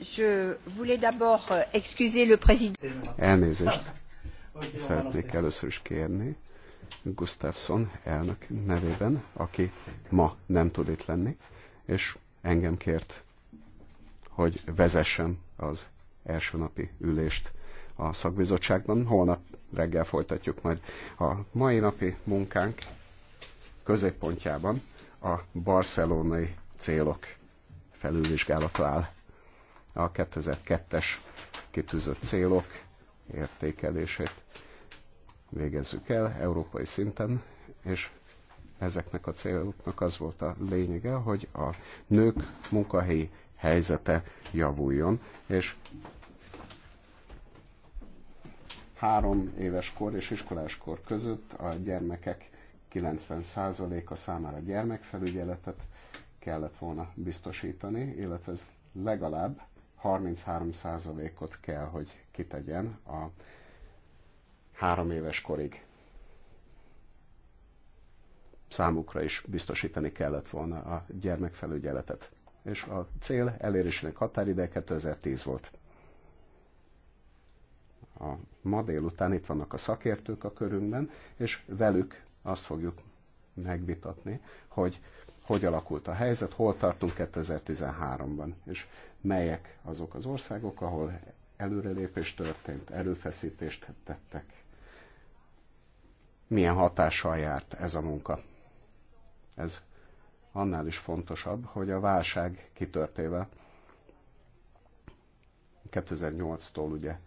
je voulais d'abord euh, excuser le président. Elnézést. Szeretnék először is kérni Gustafsson elnök nevében, aki ma nem tud itt lenni, és engem kért, hogy vezessem az első napi ülést a szakbizottságban. Holnap reggel folytatjuk majd a mai napi munkánk középpontjában a barcelonai célok felülvizsgálata áll. A 2002-es kitűzött célok értékelését végezzük el európai szinten, és ezeknek a céloknak az volt a lényege, hogy a nők munkahelyi helyzete javuljon, és három éves kor és iskoláskor között a gyermekek 90%-a számára gyermekfelügyeletet kellett volna biztosítani, illetve ez legalább 33%-ot kell, hogy kitegyen a három éves korig. Számukra is biztosítani kellett volna a gyermekfelügyeletet. És a cél elérésének határideje 2010 volt. A ma délután itt vannak a szakértők a körünkben, és velük azt fogjuk megvitatni, hogy hogy alakult a helyzet, hol tartunk 2013-ban, és melyek azok az országok, ahol előrelépés történt, előfeszítést tettek. Milyen hatással járt ez a munka? Ez annál is fontosabb, hogy a válság kitörtével 2008-tól ugye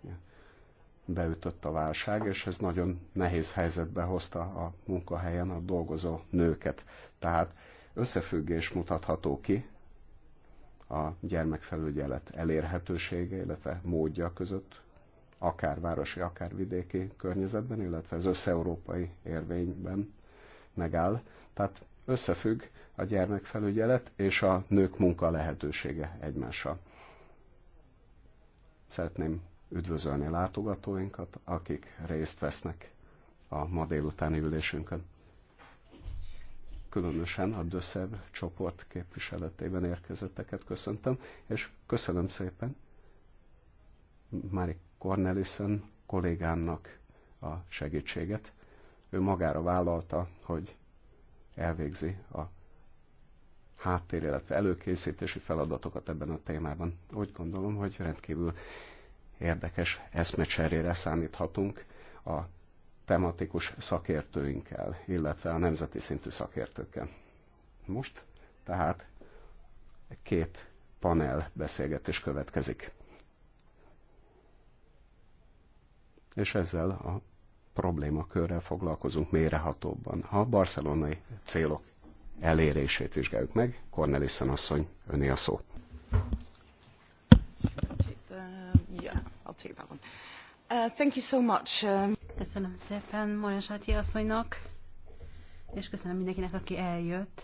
beütött a válság, és ez nagyon nehéz helyzetbe hozta a munkahelyen a dolgozó nőket. Tehát összefüggés mutatható ki a gyermekfelügyelet elérhetősége, illetve módja között, akár városi, akár vidéki környezetben, illetve az összeurópai érvényben megáll. Tehát összefügg a gyermekfelügyelet és a nők munka lehetősége egymással. Szeretném üdvözölni látogatóinkat, akik részt vesznek a ma délutáni ülésünkön. Különösen a Döszev csoport képviseletében érkezetteket köszöntöm, és köszönöm szépen Márik Cornelissen kollégámnak a segítséget. Ő magára vállalta, hogy elvégzi a háttér, illetve előkészítési feladatokat ebben a témában. Úgy gondolom, hogy rendkívül érdekes eszmecserére számíthatunk a tematikus szakértőinkkel, illetve a nemzeti szintű szakértőkkel. Most tehát két panel beszélgetés következik. És ezzel a problémakörrel foglalkozunk mélyrehatóbban. A barcelonai célok elérését vizsgáljuk meg. Cornelissen asszony, öné a szó. I'll take that one. Uh, thank you so much. Um... Köszönöm szépen Moresati asszonynak, és köszönöm mindenkinek, aki eljött.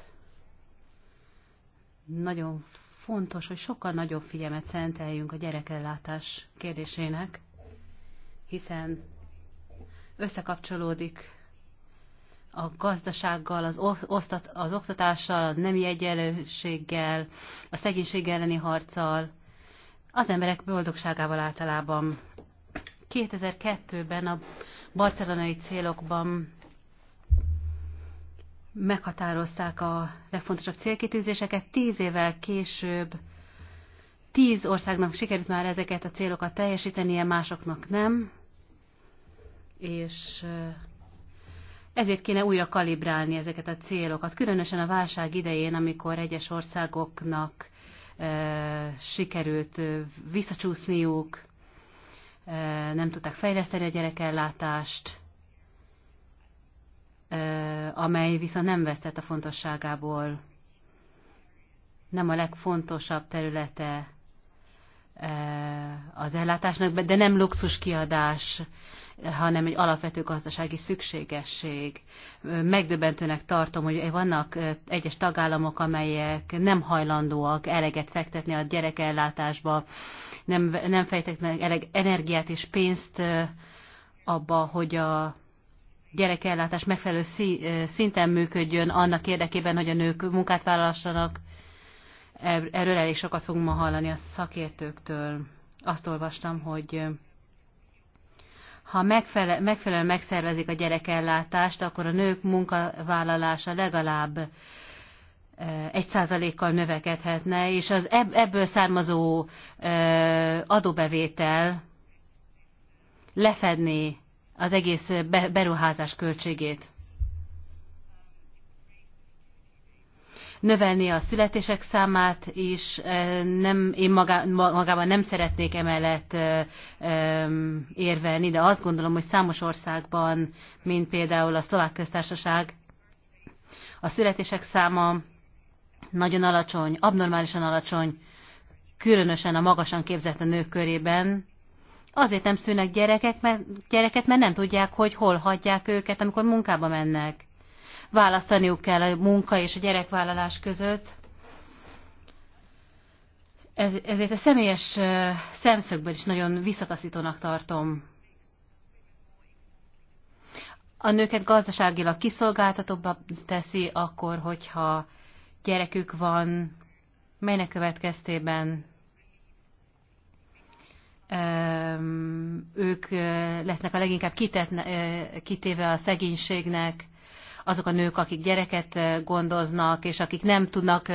Nagyon fontos, hogy sokkal nagyobb figyelmet szenteljünk a gyerekellátás kérdésének, hiszen összekapcsolódik a gazdasággal, az, osztat, az oktatással, a nemi egyenlőséggel, a szegénység elleni harccal, az emberek boldogságával általában. 2002-ben a barcelonai célokban meghatározták a legfontosabb célkitűzéseket. Tíz évvel később tíz országnak sikerült már ezeket a célokat teljesítenie, másoknak nem, és eh, ezért kéne újra kalibrálni ezeket a célokat, különösen a válság idején, amikor egyes országoknak sikerült visszacsúszniuk, nem tudták fejleszteni a gyerekellátást, amely viszont nem vesztett a fontosságából. Nem a legfontosabb területe az ellátásnak, de nem luxus kiadás hanem egy alapvető gazdasági szükségesség. Megdöbbentőnek tartom, hogy vannak egyes tagállamok, amelyek nem hajlandóak eleget fektetni a gyerekellátásba, nem, nem fejtetnek eleg energiát és pénzt abba, hogy a gyerekellátás megfelelő szinten működjön annak érdekében, hogy a nők munkát vállalassanak. Er, erről elég sokat fogunk ma hallani a szakértőktől. Azt olvastam, hogy ha megfele megfelelően megszervezik a gyerekellátást, akkor a nők munkavállalása legalább egy százalékkal növekedhetne, és az ebből származó adóbevétel lefedné az egész beruházás költségét. növelni a születések számát, és nem, én magá, magában nem szeretnék emellett érvelni, de azt gondolom, hogy számos országban, mint például a szlovák köztársaság, a születések száma nagyon alacsony, abnormálisan alacsony, különösen a magasan képzett a nők körében. Azért nem szűnek gyerekek, mert, gyereket, mert nem tudják, hogy hol hagyják őket, amikor munkába mennek választaniuk kell a munka és a gyerekvállalás között. Ez, ezért a személyes szemszögből is nagyon visszataszítónak tartom. A nőket gazdaságilag kiszolgáltatóbbá teszi akkor, hogyha gyerekük van, melynek következtében ők lesznek a leginkább kitetne, kitéve a szegénységnek, azok a nők, akik gyereket gondoznak, és akik nem tudnak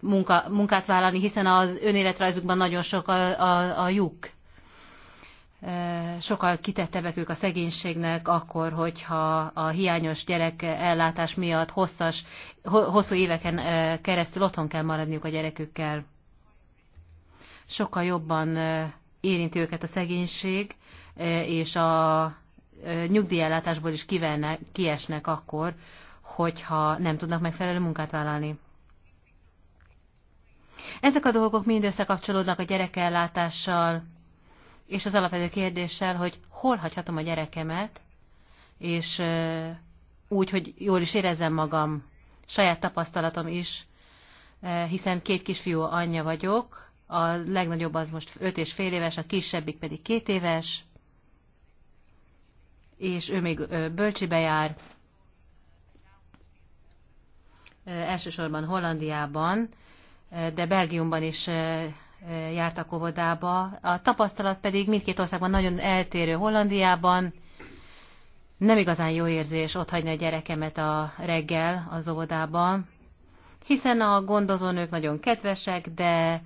munka, munkát vállalni, hiszen az önéletrajzukban nagyon sok a, a, a lyuk. Sokkal kitettebbek ők a szegénységnek akkor, hogyha a hiányos gyerek ellátás miatt hosszas, hosszú éveken keresztül otthon kell maradniuk a gyerekükkel. Sokkal jobban érinti őket a szegénység, és a nyugdíjellátásból is kivennek, kiesnek akkor, hogyha nem tudnak megfelelő munkát vállalni. Ezek a dolgok mind összekapcsolódnak a gyerekellátással, és az alapvető kérdéssel, hogy hol hagyhatom a gyerekemet, és úgy, hogy jól is érezzem magam, saját tapasztalatom is, hiszen két kisfiú anyja vagyok, a legnagyobb az most öt és fél éves, a kisebbik pedig két éves, és ő még bölcsibe jár, elsősorban Hollandiában, de Belgiumban is jártak kovodába. A tapasztalat pedig mindkét országban nagyon eltérő Hollandiában. Nem igazán jó érzés otthagyni a gyerekemet a reggel az óvodában, hiszen a gondozónők nagyon kedvesek, de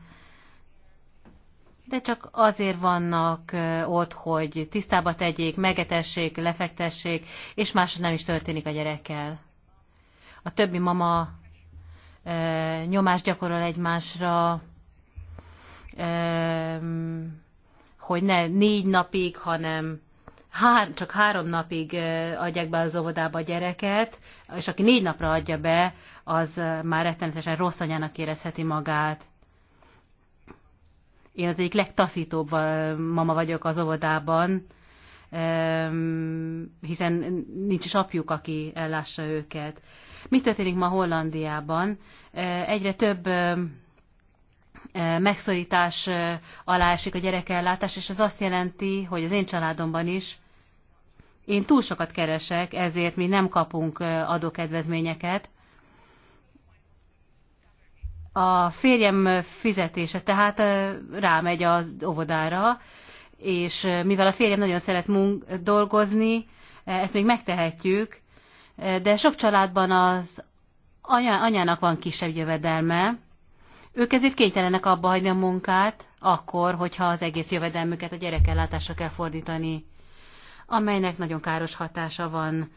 de csak azért vannak ott, hogy tisztába tegyék, megetessék, lefektessék, és más nem is történik a gyerekkel. A többi mama nyomást gyakorol egymásra, hogy ne négy napig, hanem hár, csak három napig adják be az óvodába a gyereket, és aki négy napra adja be, az már rettenetesen rossz anyának érezheti magát én az egyik legtaszítóbb mama vagyok az óvodában, hiszen nincs is apjuk, aki ellássa őket. Mi történik ma Hollandiában? Egyre több megszorítás alá esik a gyerekellátás, és ez azt jelenti, hogy az én családomban is én túl sokat keresek, ezért mi nem kapunk adókedvezményeket, a férjem fizetése tehát rámegy az óvodára, és mivel a férjem nagyon szeret munk- dolgozni, ezt még megtehetjük, de sok családban az anya- anyának van kisebb jövedelme, ők ezért kénytelenek abba hagyni a munkát, akkor, hogyha az egész jövedelmüket a gyerekellátásra kell fordítani, amelynek nagyon káros hatása van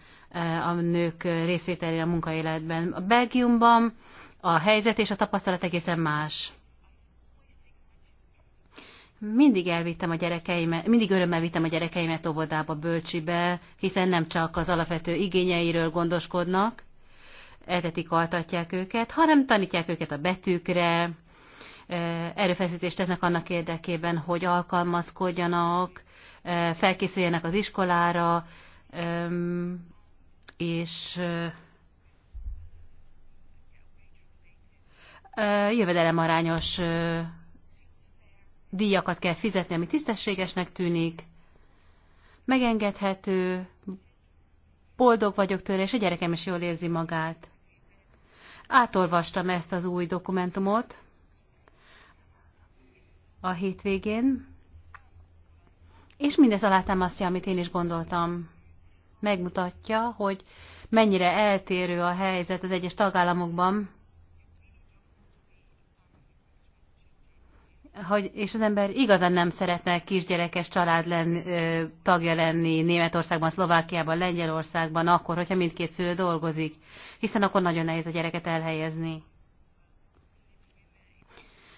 a nők részvételére a munkaéletben. A Belgiumban a helyzet és a tapasztalat egészen más. Mindig elvittem a gyerekeimet, mindig örömmel vittem a gyerekeimet óvodába, bölcsibe, hiszen nem csak az alapvető igényeiről gondoskodnak, etetik, altatják őket, hanem tanítják őket a betűkre, erőfeszítést tesznek annak érdekében, hogy alkalmazkodjanak, felkészüljenek az iskolára, és jövedelemarányos díjakat kell fizetni, ami tisztességesnek tűnik, megengedhető, boldog vagyok tőle, és a gyerekem is jól érzi magát. Átolvastam ezt az új dokumentumot a hétvégén, és mindez alátámasztja, amit én is gondoltam. Megmutatja, hogy mennyire eltérő a helyzet az egyes tagállamokban, hogy, és az ember igazán nem szeretne kisgyerekes család lenni, tagja lenni Németországban, Szlovákiában, Lengyelországban, akkor, hogyha mindkét szülő dolgozik, hiszen akkor nagyon nehéz a gyereket elhelyezni.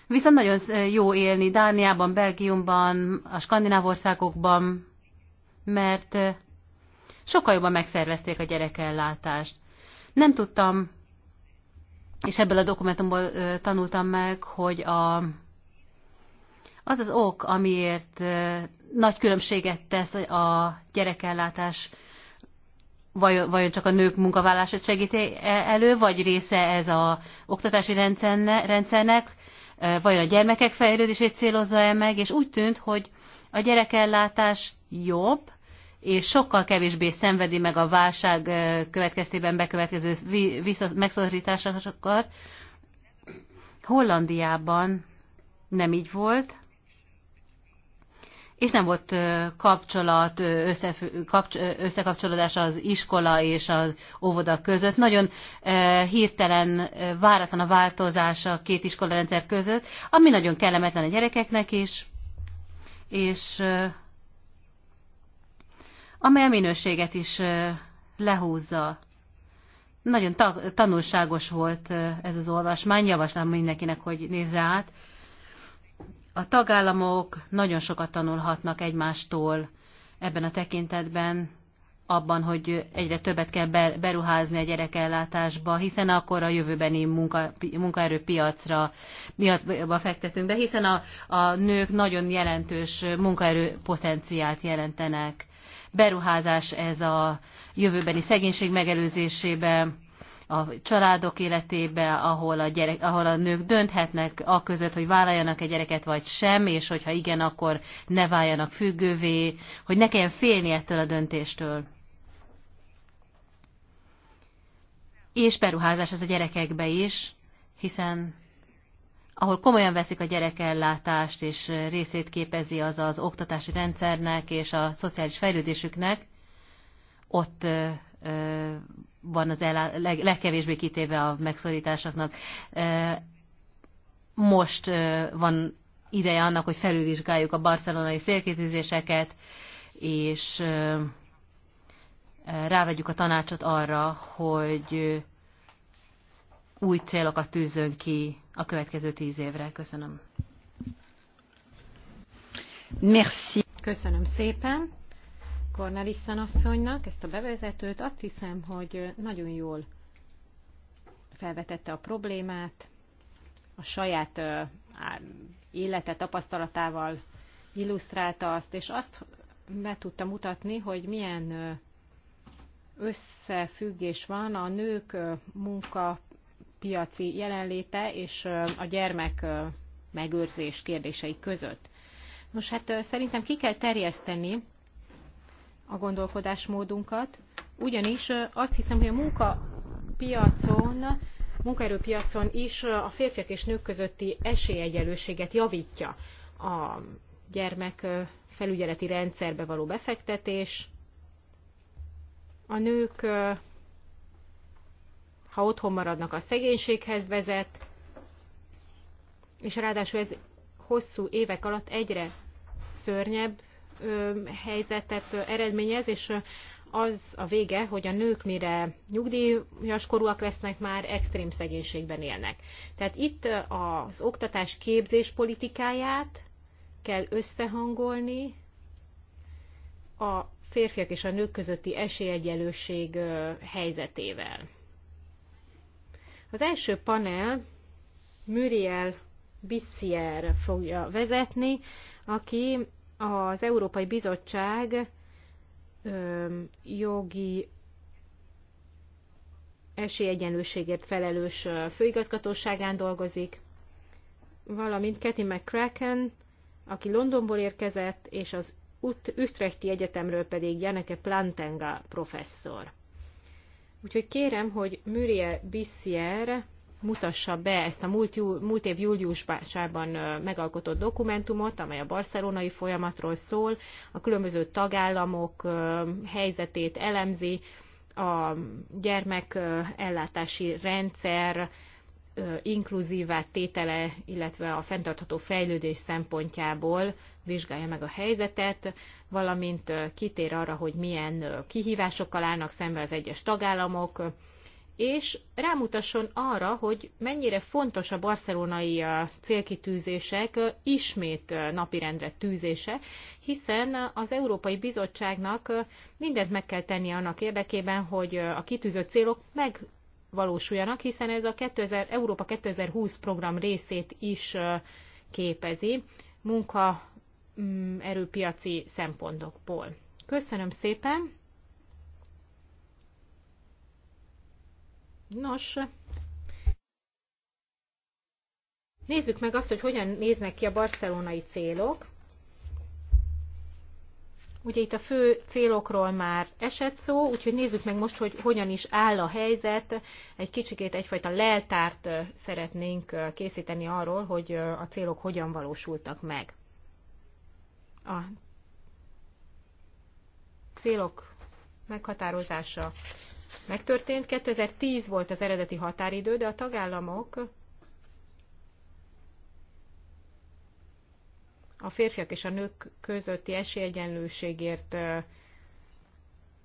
Viszont nagyon jó élni Dániában, Belgiumban, a skandináv országokban, mert sokkal jobban megszervezték a gyerekellátást. Nem tudtam, és ebből a dokumentumból tanultam meg, hogy a az az ok, amiért nagy különbséget tesz a gyerekellátás, vajon, vajon csak a nők munkavállalását segíti e elő, vagy része ez a oktatási rendszernek, vajon a gyermekek fejlődését célozza-e meg, és úgy tűnt, hogy a gyerekellátás jobb, és sokkal kevésbé szenvedi meg a válság következtében bekövetkező megszorításokat. Hollandiában nem így volt, és nem volt kapcsolat, összefü- kapcs- összekapcsolódás az iskola és az óvoda között. Nagyon hirtelen, váratlan a változás a két rendszer között, ami nagyon kellemetlen a gyerekeknek is, és amely a minőséget is lehúzza. Nagyon tanulságos volt ez az olvasmány, javaslom mindenkinek, hogy nézze át, a tagállamok nagyon sokat tanulhatnak egymástól ebben a tekintetben, abban, hogy egyre többet kell beruházni a gyerekellátásba, hiszen akkor a jövőbeni munka, munkaerőpiacra piacba fektetünk be, hiszen a, a nők nagyon jelentős munkaerő potenciált jelentenek. Beruházás ez a jövőbeni szegénység megelőzésében a családok életébe, ahol a, gyerek, ahol a nők dönthetnek a között, hogy vállaljanak egy gyereket vagy sem, és hogyha igen, akkor ne váljanak függővé, hogy ne kelljen félni ettől a döntéstől. És beruházás ez a gyerekekbe is, hiszen ahol komolyan veszik a gyerekellátást, és részét képezi az az oktatási rendszernek és a szociális fejlődésüknek, ott van az el, leg, legkevésbé kitéve a megszorításoknak. Most van ideje annak, hogy felülvizsgáljuk a barcelonai szélkétűzéseket, és rávegyük a tanácsot arra, hogy új célokat tűzön ki a következő tíz évre. Köszönöm. Merci. Köszönöm szépen. Cornelissen asszonynak ezt a bevezetőt. Azt hiszem, hogy nagyon jól felvetette a problémát, a saját élete tapasztalatával illusztrálta azt, és azt be tudta mutatni, hogy milyen összefüggés van a nők munkapiaci jelenléte és a gyermek megőrzés kérdései között. Nos, hát szerintem ki kell terjeszteni a gondolkodásmódunkat, ugyanis azt hiszem, hogy a munkapiacon, munkaerőpiacon is a férfiak és nők közötti esélyegyenlőséget javítja a gyermek felügyeleti rendszerbe való befektetés. A nők, ha otthon maradnak, a szegénységhez vezet, és ráadásul ez hosszú évek alatt egyre szörnyebb helyzetet eredményez, és az a vége, hogy a nők mire nyugdíjas korúak lesznek, már extrém szegénységben élnek. Tehát itt az oktatás képzés politikáját kell összehangolni a férfiak és a nők közötti esélyegyelőség helyzetével. Az első panel Muriel Bissier fogja vezetni, aki az Európai Bizottság jogi esélyegyenlőségért felelős főigazgatóságán dolgozik, valamint Kathy McCracken, aki Londonból érkezett, és az Utrechti Egyetemről pedig Janeke Plantenga professzor. Úgyhogy kérem, hogy Muriel Bissier mutassa be ezt a múlt, jú, múlt év júliusban megalkotott dokumentumot, amely a barcelonai folyamatról szól, a különböző tagállamok helyzetét elemzi, a gyermekellátási rendszer inkluzívá tétele, illetve a fenntartható fejlődés szempontjából vizsgálja meg a helyzetet, valamint kitér arra, hogy milyen kihívásokkal állnak szembe az egyes tagállamok, és rámutasson arra, hogy mennyire fontos a barcelonai célkitűzések ismét napirendre tűzése, hiszen az Európai Bizottságnak mindent meg kell tennie annak érdekében, hogy a kitűzött célok meg valósuljanak, hiszen ez a 2000, Európa 2020 program részét is képezi munkaerőpiaci mm, szempontokból. Köszönöm szépen! Nos, nézzük meg azt, hogy hogyan néznek ki a barcelonai célok. Ugye itt a fő célokról már esett szó, úgyhogy nézzük meg most, hogy hogyan is áll a helyzet. Egy kicsikét egyfajta leltárt szeretnénk készíteni arról, hogy a célok hogyan valósultak meg. A célok meghatározása megtörtént. 2010 volt az eredeti határidő, de a tagállamok a férfiak és a nők közötti esélyegyenlőségért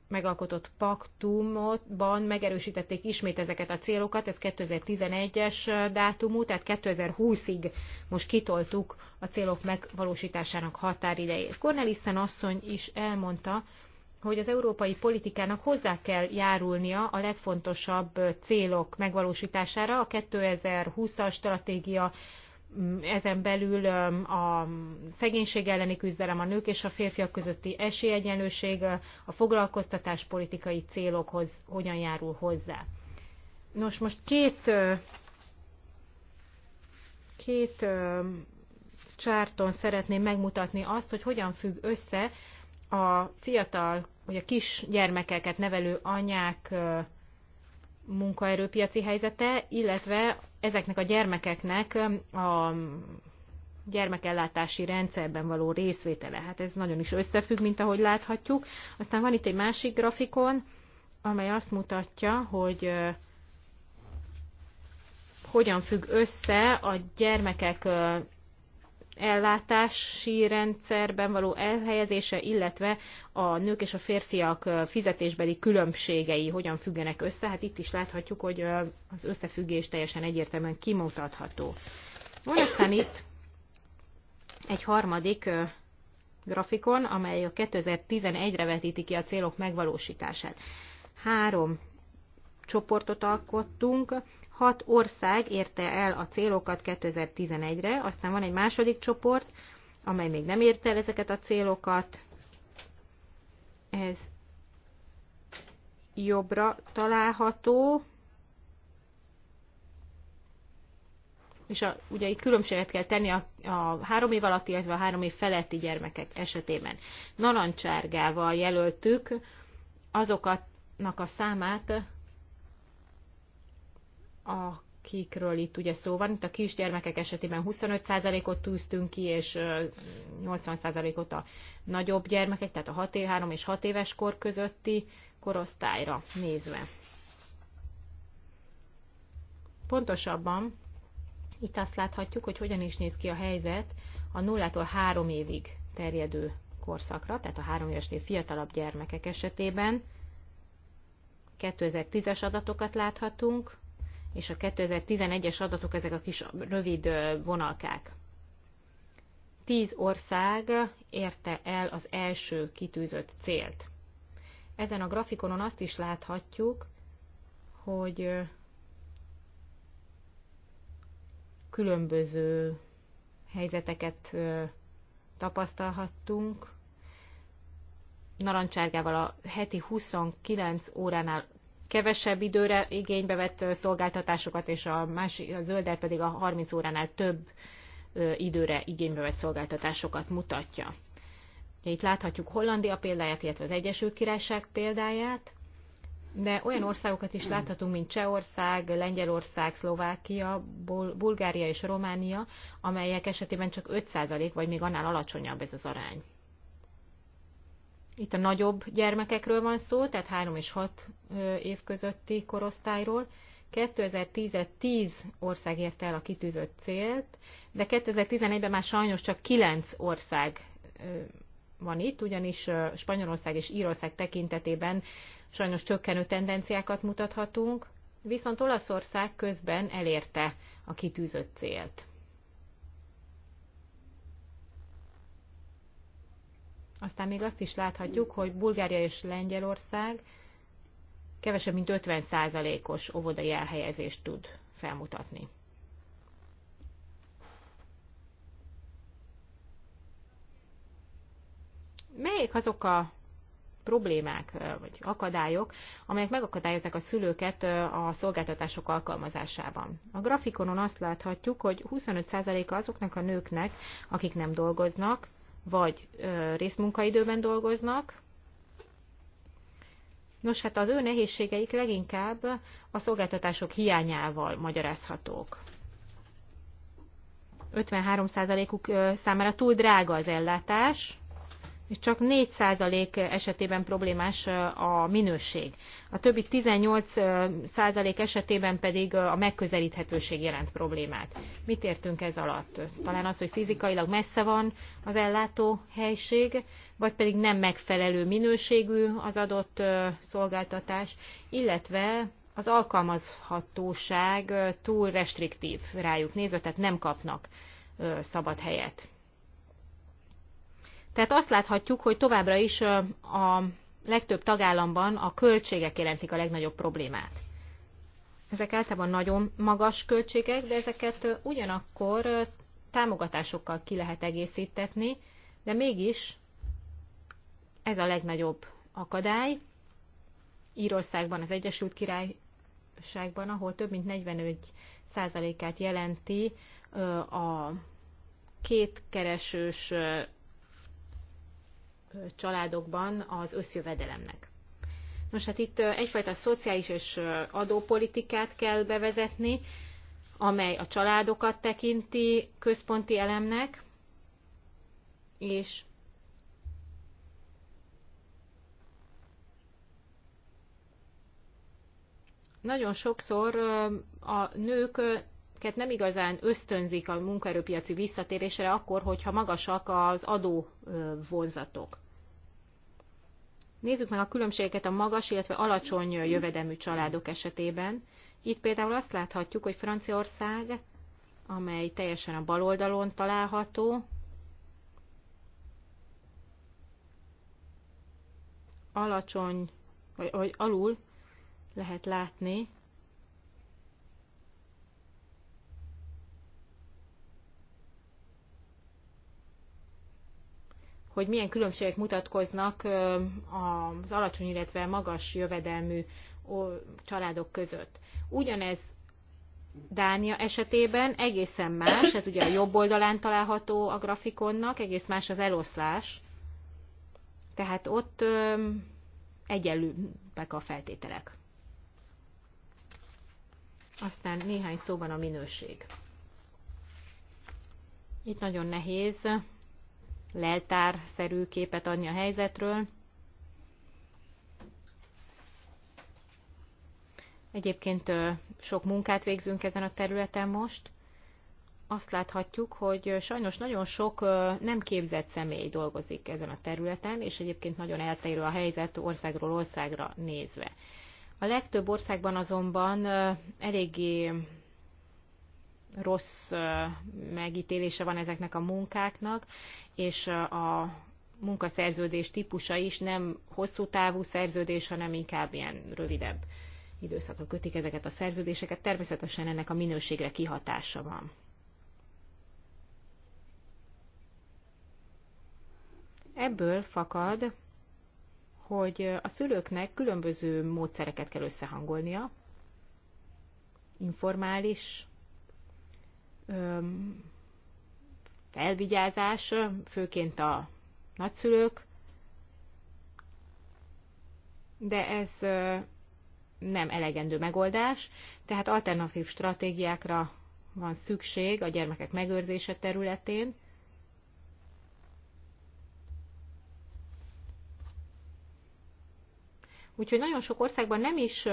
megalkotott paktumotban megerősítették ismét ezeket a célokat, ez 2011-es dátumú, tehát 2020-ig most kitoltuk a célok megvalósításának határidejét. Cornelissen asszony is elmondta, hogy az európai politikának hozzá kell járulnia a legfontosabb célok megvalósítására, a 2020-as stratégia mm, ezen belül mm, a szegénység elleni küzdelem, a nők és a férfiak közötti esélyegyenlőség, a foglalkoztatás politikai célokhoz hogyan járul hozzá. Nos, most két, két csárton szeretném megmutatni azt, hogy hogyan függ össze a fiatal, vagy a kis gyermekeket nevelő anyák munkaerőpiaci helyzete, illetve ezeknek a gyermekeknek a gyermekellátási rendszerben való részvétele. Hát ez nagyon is összefügg, mint ahogy láthatjuk. Aztán van itt egy másik grafikon, amely azt mutatja, hogy hogyan függ össze a gyermekek ellátási rendszerben való elhelyezése, illetve a nők és a férfiak fizetésbeli különbségei hogyan függenek össze. Hát itt is láthatjuk, hogy az összefüggés teljesen egyértelműen kimutatható. Van aztán itt egy harmadik grafikon, amely a 2011-re vetíti ki a célok megvalósítását. Három csoportot alkottunk, hat ország érte el a célokat 2011-re, aztán van egy második csoport, amely még nem érte el ezeket a célokat. Ez jobbra található. És a, ugye itt különbséget kell tenni a, a három év alatti, illetve a három év feletti gyermekek esetében. Narancsárgával jelöltük azokatnak a számát, akikről itt ugye szó van. Itt a kisgyermekek esetében 25%-ot tűztünk ki, és 80%-ot a nagyobb gyermekek, tehát a 6 év, 3 és 6 éves kor közötti korosztályra nézve. Pontosabban itt azt láthatjuk, hogy hogyan is néz ki a helyzet a 0-tól 3 évig terjedő korszakra, tehát a 3 évesnél fiatalabb gyermekek esetében. 2010-es adatokat láthatunk, és a 2011-es adatok ezek a kis rövid vonalkák. Tíz ország érte el az első kitűzött célt. Ezen a grafikonon azt is láthatjuk, hogy különböző helyzeteket tapasztalhattunk. Narancsárgával a heti 29 óránál kevesebb időre igénybe vett szolgáltatásokat, és a, másik, a zöldet pedig a 30 óránál több időre igénybe vett szolgáltatásokat mutatja. Itt láthatjuk Hollandia példáját, illetve az Egyesült Királyság példáját, de olyan országokat is láthatunk, mint Csehország, Lengyelország, Szlovákia, Bulgária és Románia, amelyek esetében csak 5% vagy még annál alacsonyabb ez az arány. Itt a nagyobb gyermekekről van szó, tehát 3 és 6 év közötti korosztályról. 2010-et 10 ország érte el a kitűzött célt, de 2011-ben már sajnos csak 9 ország van itt, ugyanis Spanyolország és Írország tekintetében sajnos csökkenő tendenciákat mutathatunk, viszont Olaszország közben elérte a kitűzött célt. Aztán még azt is láthatjuk, hogy Bulgária és Lengyelország kevesebb mint 50%-os óvodai elhelyezést tud felmutatni. Melyik azok a problémák vagy akadályok, amelyek megakadályozzák a szülőket a szolgáltatások alkalmazásában. A grafikonon azt láthatjuk, hogy 25%-a azoknak a nőknek, akik nem dolgoznak, vagy részmunkaidőben dolgoznak. Nos, hát az ő nehézségeik leginkább a szolgáltatások hiányával magyarázhatók. 53%-uk számára túl drága az ellátás, és csak 4% esetében problémás a minőség. A többi 18% esetében pedig a megközelíthetőség jelent problémát. Mit értünk ez alatt? Talán az, hogy fizikailag messze van az ellátó helység, vagy pedig nem megfelelő minőségű az adott szolgáltatás, illetve az alkalmazhatóság túl restriktív rájuk nézve, tehát nem kapnak szabad helyet. Tehát azt láthatjuk, hogy továbbra is a legtöbb tagállamban a költségek jelentik a legnagyobb problémát. Ezek általában nagyon magas költségek, de ezeket ugyanakkor támogatásokkal ki lehet egészítetni, de mégis ez a legnagyobb akadály. Írországban, az Egyesült Királyságban, ahol több mint 45 százalékát jelenti a kétkeresős családokban az összjövedelemnek. Nos, hát itt egyfajta szociális és adópolitikát kell bevezetni, amely a családokat tekinti központi elemnek, és nagyon sokszor a nőket nem igazán ösztönzik a munkaerőpiaci visszatérésre akkor, hogyha magasak az adó vonzatok. Nézzük meg a különbségeket a magas, illetve alacsony jövedelmű családok esetében. Itt például azt láthatjuk, hogy Franciaország, amely teljesen a bal oldalon található, alacsony, vagy, vagy alul lehet látni hogy milyen különbségek mutatkoznak az alacsony, illetve magas jövedelmű családok között. Ugyanez Dánia esetében egészen más, ez ugye a jobb oldalán található a grafikonnak, egész más az eloszlás. Tehát ott egyenlőbbek a feltételek. Aztán néhány szóban a minőség. Itt nagyon nehéz leltárszerű képet adni a helyzetről. Egyébként sok munkát végzünk ezen a területen most. Azt láthatjuk, hogy sajnos nagyon sok nem képzett személy dolgozik ezen a területen, és egyébként nagyon eltérő a helyzet országról országra nézve. A legtöbb országban azonban eléggé rossz megítélése van ezeknek a munkáknak, és a munkaszerződés típusa is nem hosszú távú szerződés, hanem inkább ilyen rövidebb időszakra kötik ezeket a szerződéseket. Természetesen ennek a minőségre kihatása van. Ebből fakad, hogy a szülőknek különböző módszereket kell összehangolnia, informális felvigyázás, főként a nagyszülők, de ez nem elegendő megoldás, tehát alternatív stratégiákra van szükség a gyermekek megőrzése területén. Úgyhogy nagyon sok országban nem is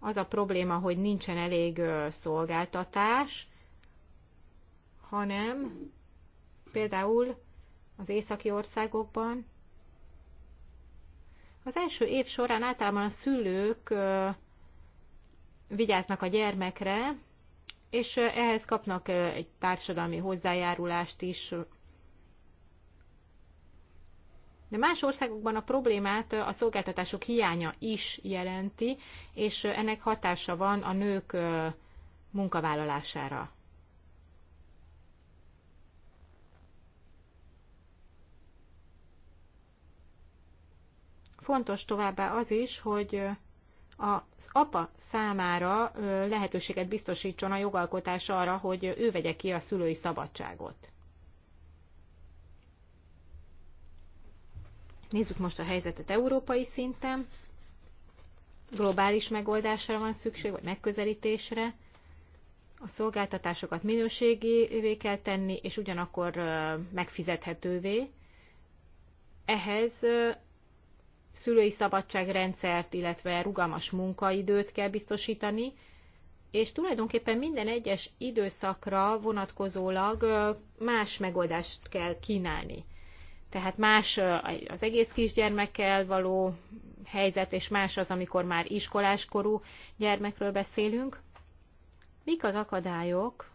az a probléma, hogy nincsen elég szolgáltatás, hanem például az északi országokban az első év során általában a szülők vigyáznak a gyermekre, és ehhez kapnak egy társadalmi hozzájárulást is, de más országokban a problémát a szolgáltatások hiánya is jelenti, és ennek hatása van a nők munkavállalására. Fontos továbbá az is, hogy az apa számára lehetőséget biztosítson a jogalkotás arra, hogy ő vegye ki a szülői szabadságot. Nézzük most a helyzetet európai szinten. Globális megoldásra van szükség, vagy megközelítésre. A szolgáltatásokat minőségévé kell tenni, és ugyanakkor megfizethetővé. Ehhez szülői szabadságrendszert, illetve rugalmas munkaidőt kell biztosítani, és tulajdonképpen minden egyes időszakra vonatkozólag más megoldást kell kínálni. Tehát más az egész kisgyermekkel való helyzet, és más az, amikor már iskoláskorú gyermekről beszélünk. Mik az akadályok?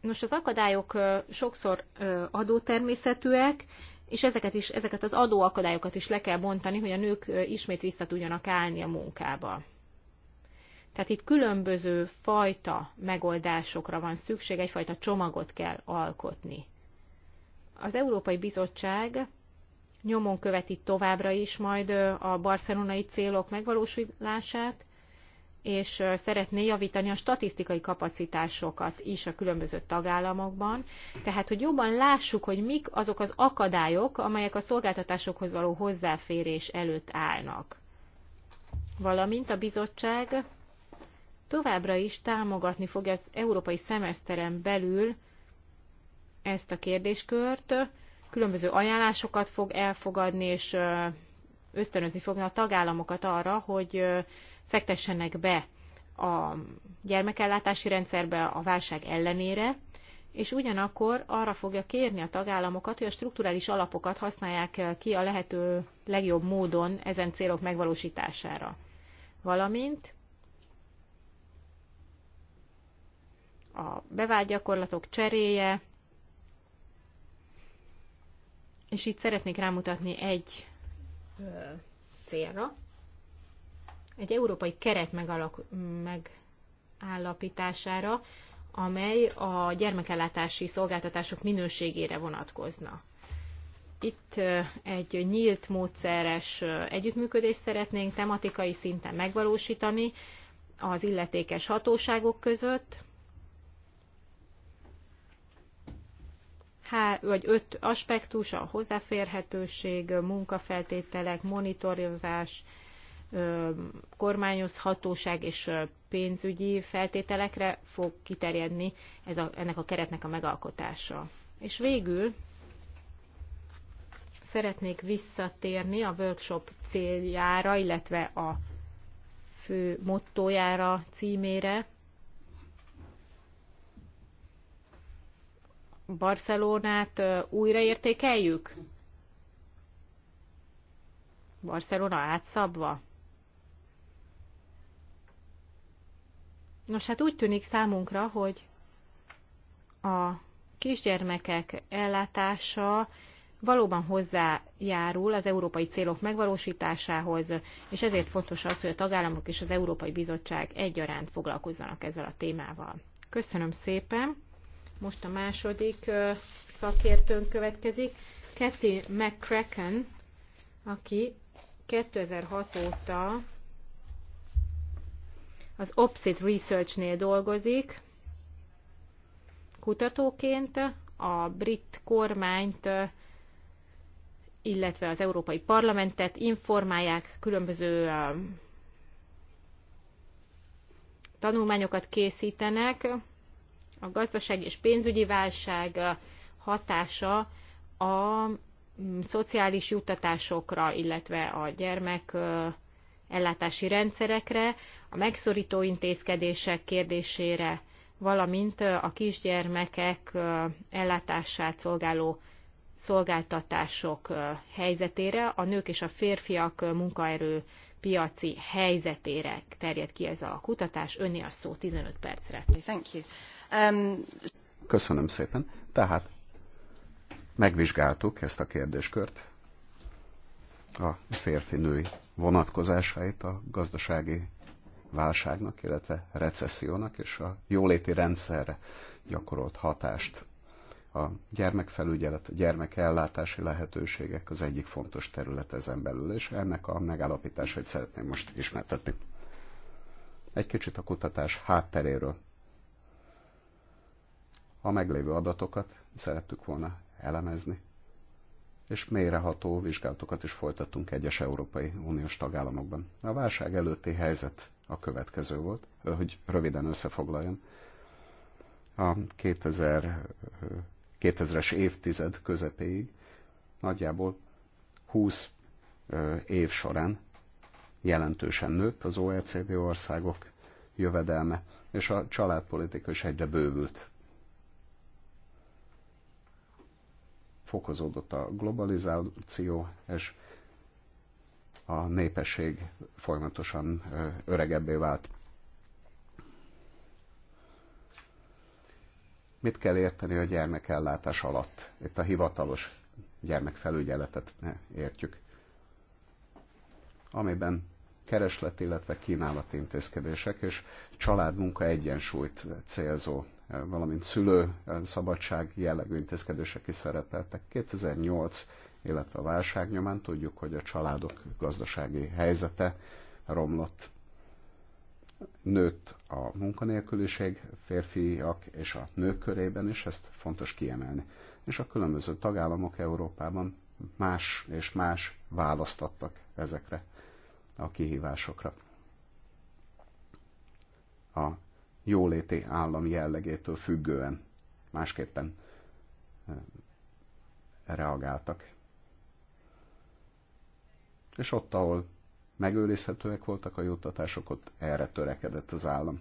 Nos, az akadályok sokszor adótermészetűek, és ezeket, is, ezeket az adóakadályokat is le kell bontani, hogy a nők ismét visszatudjanak állni a munkába. Tehát itt különböző fajta megoldásokra van szükség, egyfajta csomagot kell alkotni. Az Európai Bizottság nyomon követi továbbra is majd a barcelonai célok megvalósulását, és szeretné javítani a statisztikai kapacitásokat is a különböző tagállamokban, tehát hogy jobban lássuk, hogy mik azok az akadályok, amelyek a szolgáltatásokhoz való hozzáférés előtt állnak. Valamint a bizottság továbbra is támogatni fogja az európai szemeszteren belül ezt a kérdéskört, különböző ajánlásokat fog elfogadni, és ösztönözni fogja a tagállamokat arra, hogy fektessenek be a gyermekellátási rendszerbe a válság ellenére, és ugyanakkor arra fogja kérni a tagállamokat, hogy a strukturális alapokat használják ki a lehető legjobb módon ezen célok megvalósítására. Valamint a bevált gyakorlatok cseréje, és itt szeretnék rámutatni egy célra, egy európai keret megalak, megállapítására, amely a gyermekellátási szolgáltatások minőségére vonatkozna. Itt egy nyílt módszeres együttműködést szeretnénk tematikai szinten megvalósítani az illetékes hatóságok között, há, vagy öt aspektus, a hozzáférhetőség, munkafeltételek, monitorozás, kormányozhatóság és pénzügyi feltételekre fog kiterjedni ez a, ennek a keretnek a megalkotása. És végül szeretnék visszatérni a workshop céljára, illetve a fő mottójára, címére, Barcelonát újraértékeljük? Barcelona átszabva? Nos, hát úgy tűnik számunkra, hogy a kisgyermekek ellátása valóban hozzájárul az európai célok megvalósításához, és ezért fontos az, hogy a tagállamok és az Európai Bizottság egyaránt foglalkozzanak ezzel a témával. Köszönöm szépen! Most a második szakértőnk következik, Kathy McCracken, aki 2006 óta az Opsit Research-nél dolgozik, kutatóként a brit kormányt, illetve az Európai Parlamentet informálják, különböző tanulmányokat készítenek, a gazdaság és pénzügyi válság hatása a mm, szociális juttatásokra, illetve a gyermek ellátási rendszerekre, a megszorító intézkedések kérdésére, valamint a kisgyermekek ellátását szolgáló szolgáltatások helyzetére, a nők és a férfiak munkaerő piaci helyzetére terjed ki ez a kutatás. Önni a szó 15 percre. Thank you. Um... Köszönöm szépen. Tehát megvizsgáltuk ezt a kérdéskört, a férfi-női vonatkozásait a gazdasági válságnak, illetve recessziónak és a jóléti rendszerre gyakorolt hatást. A gyermekfelügyelet, a gyermekellátási lehetőségek az egyik fontos terület ezen belül, és ennek a megállapításait szeretném most ismertetni. Egy kicsit a kutatás hátteréről a meglévő adatokat szerettük volna elemezni, és mélyreható vizsgálatokat is folytattunk egyes Európai Uniós tagállamokban. A válság előtti helyzet a következő volt, hogy röviden összefoglaljam. A 2000, 2000-es évtized közepéig nagyjából 20 év során jelentősen nőtt az OECD országok jövedelme, és a családpolitika is egyre bővült fokozódott a globalizáció, és a népesség folyamatosan öregebbé vált. Mit kell érteni a gyermekellátás alatt? Itt a hivatalos gyermekfelügyeletet értjük, amiben kereslet, illetve kínálati intézkedések és családmunka egyensúlyt célzó valamint szülő szabadság jellegű intézkedések is szerepeltek. 2008, illetve a válság nyomán tudjuk, hogy a családok gazdasági helyzete romlott. Nőtt a munkanélküliség férfiak és a nők körében is, ezt fontos kiemelni. És a különböző tagállamok Európában más és más választattak ezekre a kihívásokra. A jóléti állami jellegétől függően másképpen eh, reagáltak. És ott, ahol megőrizhetőek voltak a juttatások, ott erre törekedett az állam.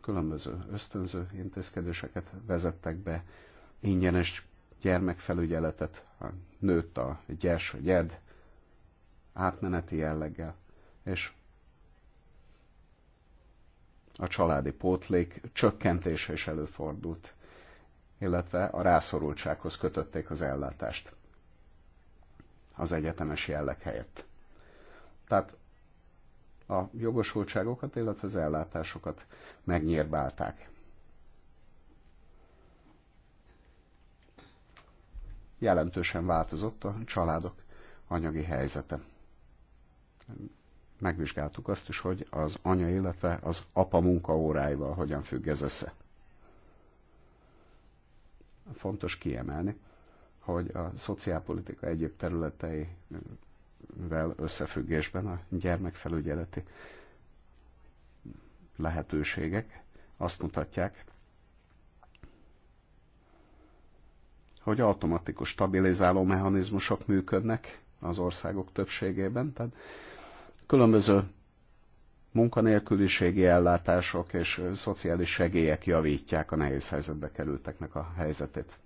Különböző ösztönző intézkedéseket vezettek be, ingyenes gyermekfelügyeletet nőtt a gyers, a gyed átmeneti jelleggel, és a családi pótlék csökkentése is előfordult, illetve a rászorultsághoz kötötték az ellátást az egyetemes jelleg helyett. Tehát a jogosultságokat, illetve az ellátásokat megnyírbálták. Jelentősen változott a családok anyagi helyzete megvizsgáltuk azt is, hogy az anya, illetve az apa munkaóráival hogyan függ ez össze. Fontos kiemelni, hogy a szociálpolitika egyéb területeivel összefüggésben a gyermekfelügyeleti lehetőségek azt mutatják, hogy automatikus stabilizáló mechanizmusok működnek az országok többségében, tehát Különböző munkanélküliségi ellátások és szociális segélyek javítják a nehéz helyzetbe kerülteknek a helyzetét.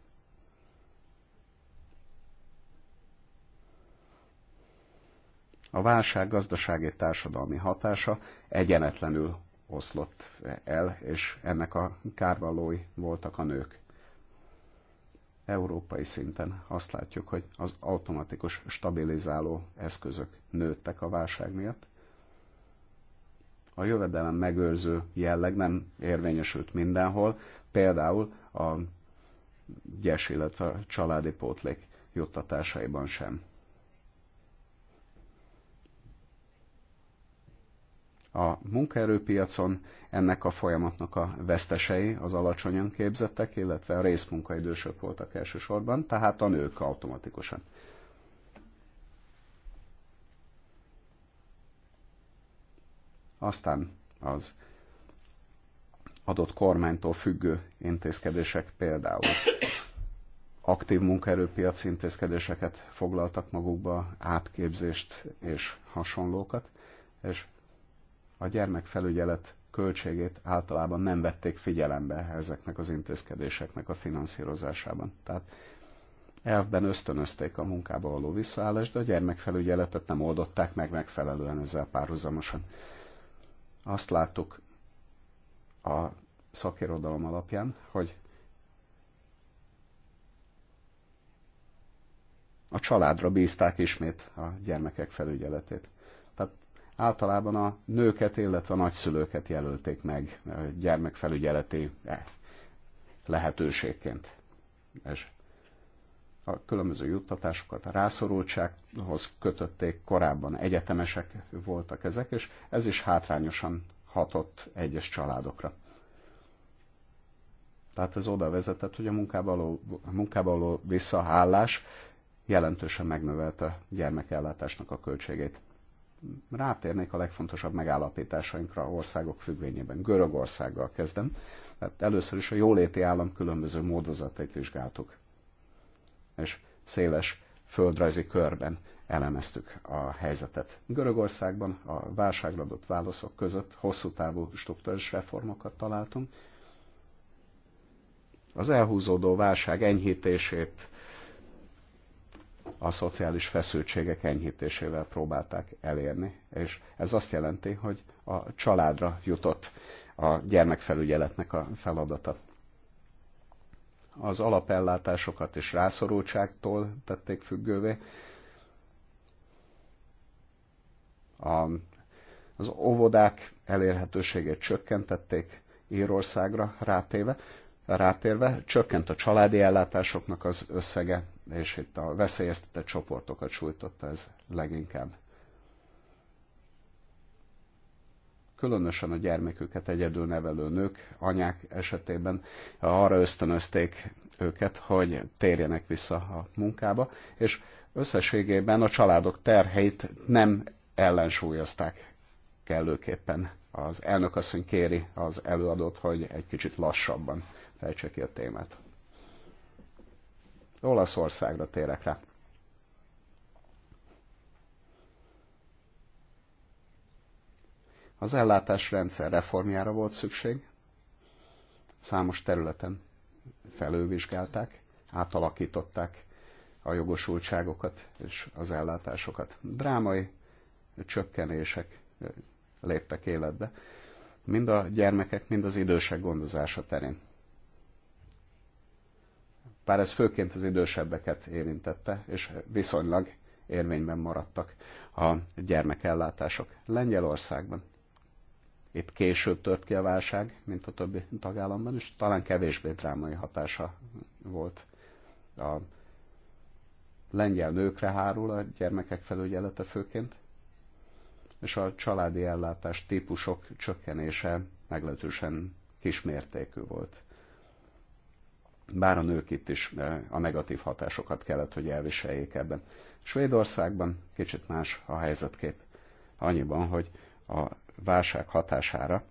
A válság gazdasági társadalmi hatása egyenetlenül oszlott el, és ennek a kárvalói voltak a nők európai szinten azt látjuk, hogy az automatikus stabilizáló eszközök nőttek a válság miatt. A jövedelem megőrző jelleg nem érvényesült mindenhol, például a gyes, illetve a családi pótlék juttatásaiban sem. a munkaerőpiacon ennek a folyamatnak a vesztesei az alacsonyan képzettek, illetve a részmunkaidősök voltak elsősorban, tehát a nők automatikusan. Aztán az adott kormánytól függő intézkedések például aktív munkaerőpiac intézkedéseket foglaltak magukba, átképzést és hasonlókat, és a gyermekfelügyelet költségét általában nem vették figyelembe ezeknek az intézkedéseknek a finanszírozásában. Tehát elvben ösztönözték a munkába való visszaállást, de a gyermekfelügyeletet nem oldották meg megfelelően ezzel párhuzamosan. Azt láttuk a szakirodalom alapján, hogy a családra bízták ismét a gyermekek felügyeletét. Tehát általában a nőket, illetve a nagyszülőket jelölték meg eh, gyermekfelügyeleti eh, lehetőségként. És a különböző juttatásokat a rászorultsághoz kötötték, korábban egyetemesek voltak ezek, és ez is hátrányosan hatott egyes családokra. Tehát ez oda vezetett, hogy a munkába való, visszahállás jelentősen megnövelte a gyermekellátásnak a költségét rátérnék a legfontosabb megállapításainkra országok függvényében. Görögországgal kezdem. Tehát először is a jóléti állam különböző módozatait vizsgáltuk. És széles földrajzi körben elemeztük a helyzetet. Görögországban a válságra adott válaszok között hosszú távú struktúrális reformokat találtunk. Az elhúzódó válság enyhítését a szociális feszültségek enyhítésével próbálták elérni. És ez azt jelenti, hogy a családra jutott a gyermekfelügyeletnek a feladata. Az alapellátásokat is rászorultságtól tették függővé. A, az óvodák elérhetőségét csökkentették Írországra rátéve, rátérve, csökkent a családi ellátásoknak az összege, és itt a veszélyeztetett csoportokat sújtotta ez leginkább. Különösen a gyermeküket egyedül nevelő nők, anyák esetében arra ösztönözték őket, hogy térjenek vissza a munkába, és összességében a családok terheit nem ellensúlyozták kellőképpen. Az elnökasszony kéri az előadót, hogy egy kicsit lassabban fejtsek ki a témát. Olaszországra térek rá. Az ellátásrendszer reformjára volt szükség, számos területen felővizsgálták, átalakították a jogosultságokat és az ellátásokat. Drámai csökkenések léptek életbe, mind a gyermekek, mind az idősek gondozása terén bár ez főként az idősebbeket érintette, és viszonylag érvényben maradtak a gyermekellátások Lengyelországban. Itt később tört ki a válság, mint a többi tagállamban, és talán kevésbé drámai hatása volt a lengyel nőkre hárul a gyermekek felügyelete főként, és a családi ellátás típusok csökkenése meglehetősen kismértékű volt bár a nők itt is eh, a negatív hatásokat kellett, hogy elviseljék ebben. Svédországban kicsit más a helyzetkép. Annyiban, hogy a válság hatására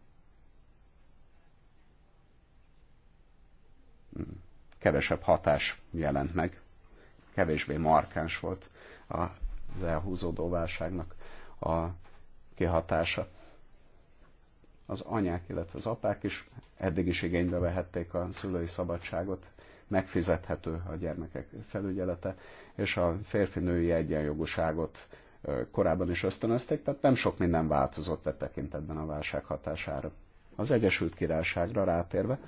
hmm, kevesebb hatás jelent meg, kevésbé markáns volt az elhúzódó válságnak a kihatása az anyák, illetve az apák is eddig is igénybe vehették a szülői szabadságot, megfizethető a gyermekek felügyelete, és a férfi-női egyenjogúságot korábban is ösztönözték, tehát nem sok minden változott e tekintetben a válság hatására. Az Egyesült Királyságra rátérve,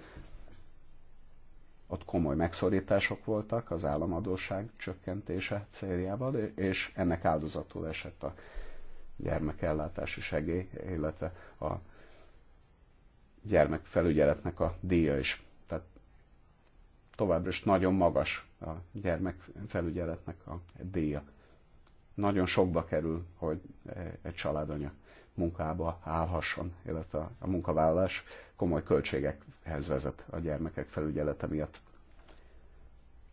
ott komoly megszorítások voltak az államadóság csökkentése céljával, és ennek áldozatul esett a gyermekellátási segély, illetve a gyermekfelügyeletnek a díja is. Tehát továbbra is nagyon magas a gyermekfelügyeletnek a díja. Nagyon sokba kerül, hogy egy családanya munkába állhasson, illetve a munkavállalás komoly költségekhez vezet a gyermekek felügyelete miatt.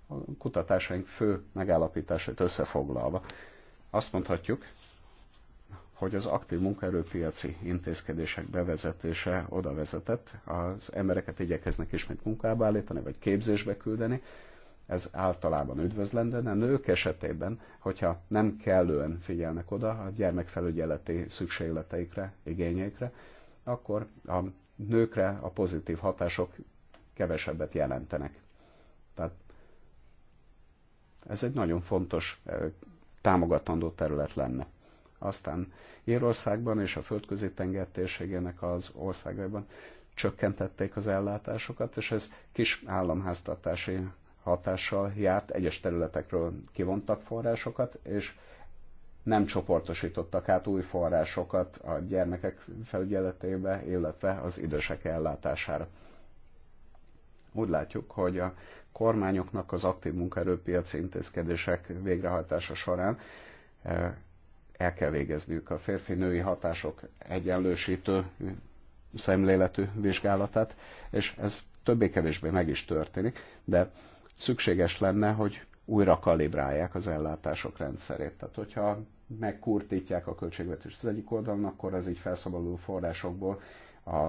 A kutatásaink fő megállapításait összefoglalva azt mondhatjuk, hogy az aktív munkaerőpiaci intézkedések bevezetése oda vezetett, az embereket igyekeznek ismét munkába állítani, vagy képzésbe küldeni, ez általában üdvözlendő, de nők esetében, hogyha nem kellően figyelnek oda a gyermekfelügyeleti szükségleteikre, igényeikre, akkor a nőkre a pozitív hatások kevesebbet jelentenek. Tehát ez egy nagyon fontos eh, támogatandó terület lenne aztán Írországban és a földközi tenger térségének az országaiban csökkentették az ellátásokat, és ez kis államháztartási hatással járt, egyes területekről kivontak forrásokat, és nem csoportosítottak át új forrásokat a gyermekek felügyeletébe, illetve az idősek ellátására. Úgy látjuk, hogy a kormányoknak az aktív munkaerőpiaci intézkedések végrehajtása során eh, el kell végezniük a férfi-női hatások egyenlősítő szemléletű vizsgálatát, és ez többé-kevésbé meg is történik, de szükséges lenne, hogy újra kalibrálják az ellátások rendszerét. Tehát, hogyha megkurtítják a költségvetést az egyik oldalon, akkor az így felszabaduló forrásokból a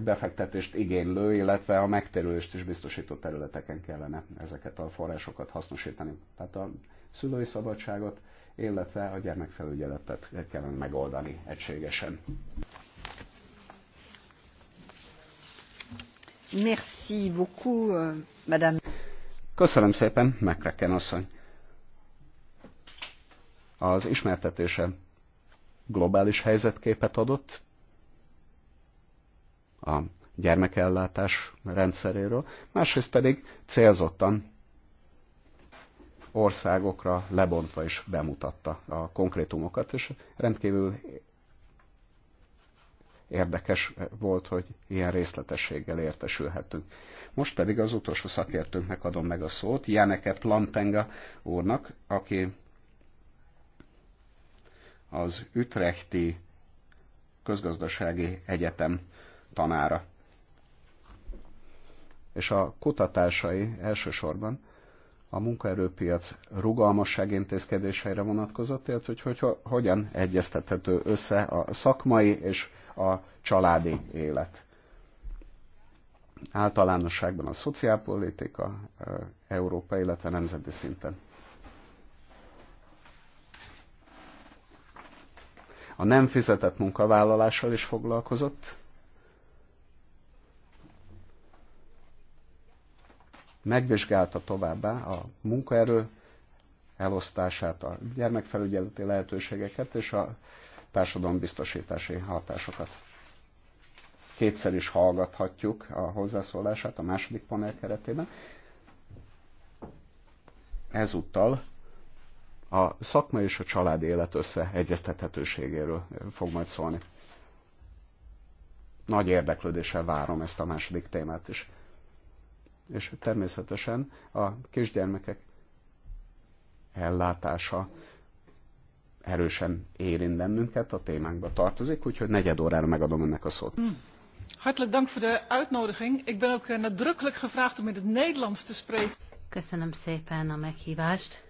befektetést igénylő, illetve a megterülést is biztosító területeken kellene ezeket a forrásokat hasznosítani. Tehát a szülői szabadságot illetve a gyermekfelügyeletet kellene megoldani egységesen. Merci beaucoup, euh, madame. Köszönöm szépen, Mekreken asszony. Az ismertetése globális helyzetképet adott a gyermekellátás rendszeréről, másrészt pedig célzottan országokra lebontva is bemutatta a konkrétumokat, és rendkívül érdekes volt, hogy ilyen részletességgel értesülhetünk. Most pedig az utolsó szakértőnknek adom meg a szót, Janeke Plantenga úrnak, aki az Ütrechti Közgazdasági Egyetem tanára. És a kutatásai elsősorban a munkaerőpiac rugalmasság intézkedéseire vonatkozott, illetve hogy, hogy, hogy hogyan egyeztethető össze a szakmai és a családi élet. Általánosságban a szociálpolitika, Európa, illetve nemzeti szinten. A nem fizetett munkavállalással is foglalkozott, Megvizsgálta továbbá a munkaerő elosztását, a gyermekfelügyeleti lehetőségeket és a társadalombiztosítási hatásokat. Kétszer is hallgathatjuk a hozzászólását a második panel keretében. Ezúttal a szakma és a család élet összeegyeztethetőségéről fog majd szólni. Nagy érdeklődéssel várom ezt a második témát is és természetesen a kisgyermekek ellátása erősen érint bennünket, a témánkba tartozik, úgyhogy negyed órára megadom ennek a szót. Hmm. Hartelijk dank voor de uitnodiging. Ik ben ook eh, nadrukkelijk gevraagd om in het Nederlands te spreken. Köszönöm szépen a meghívást.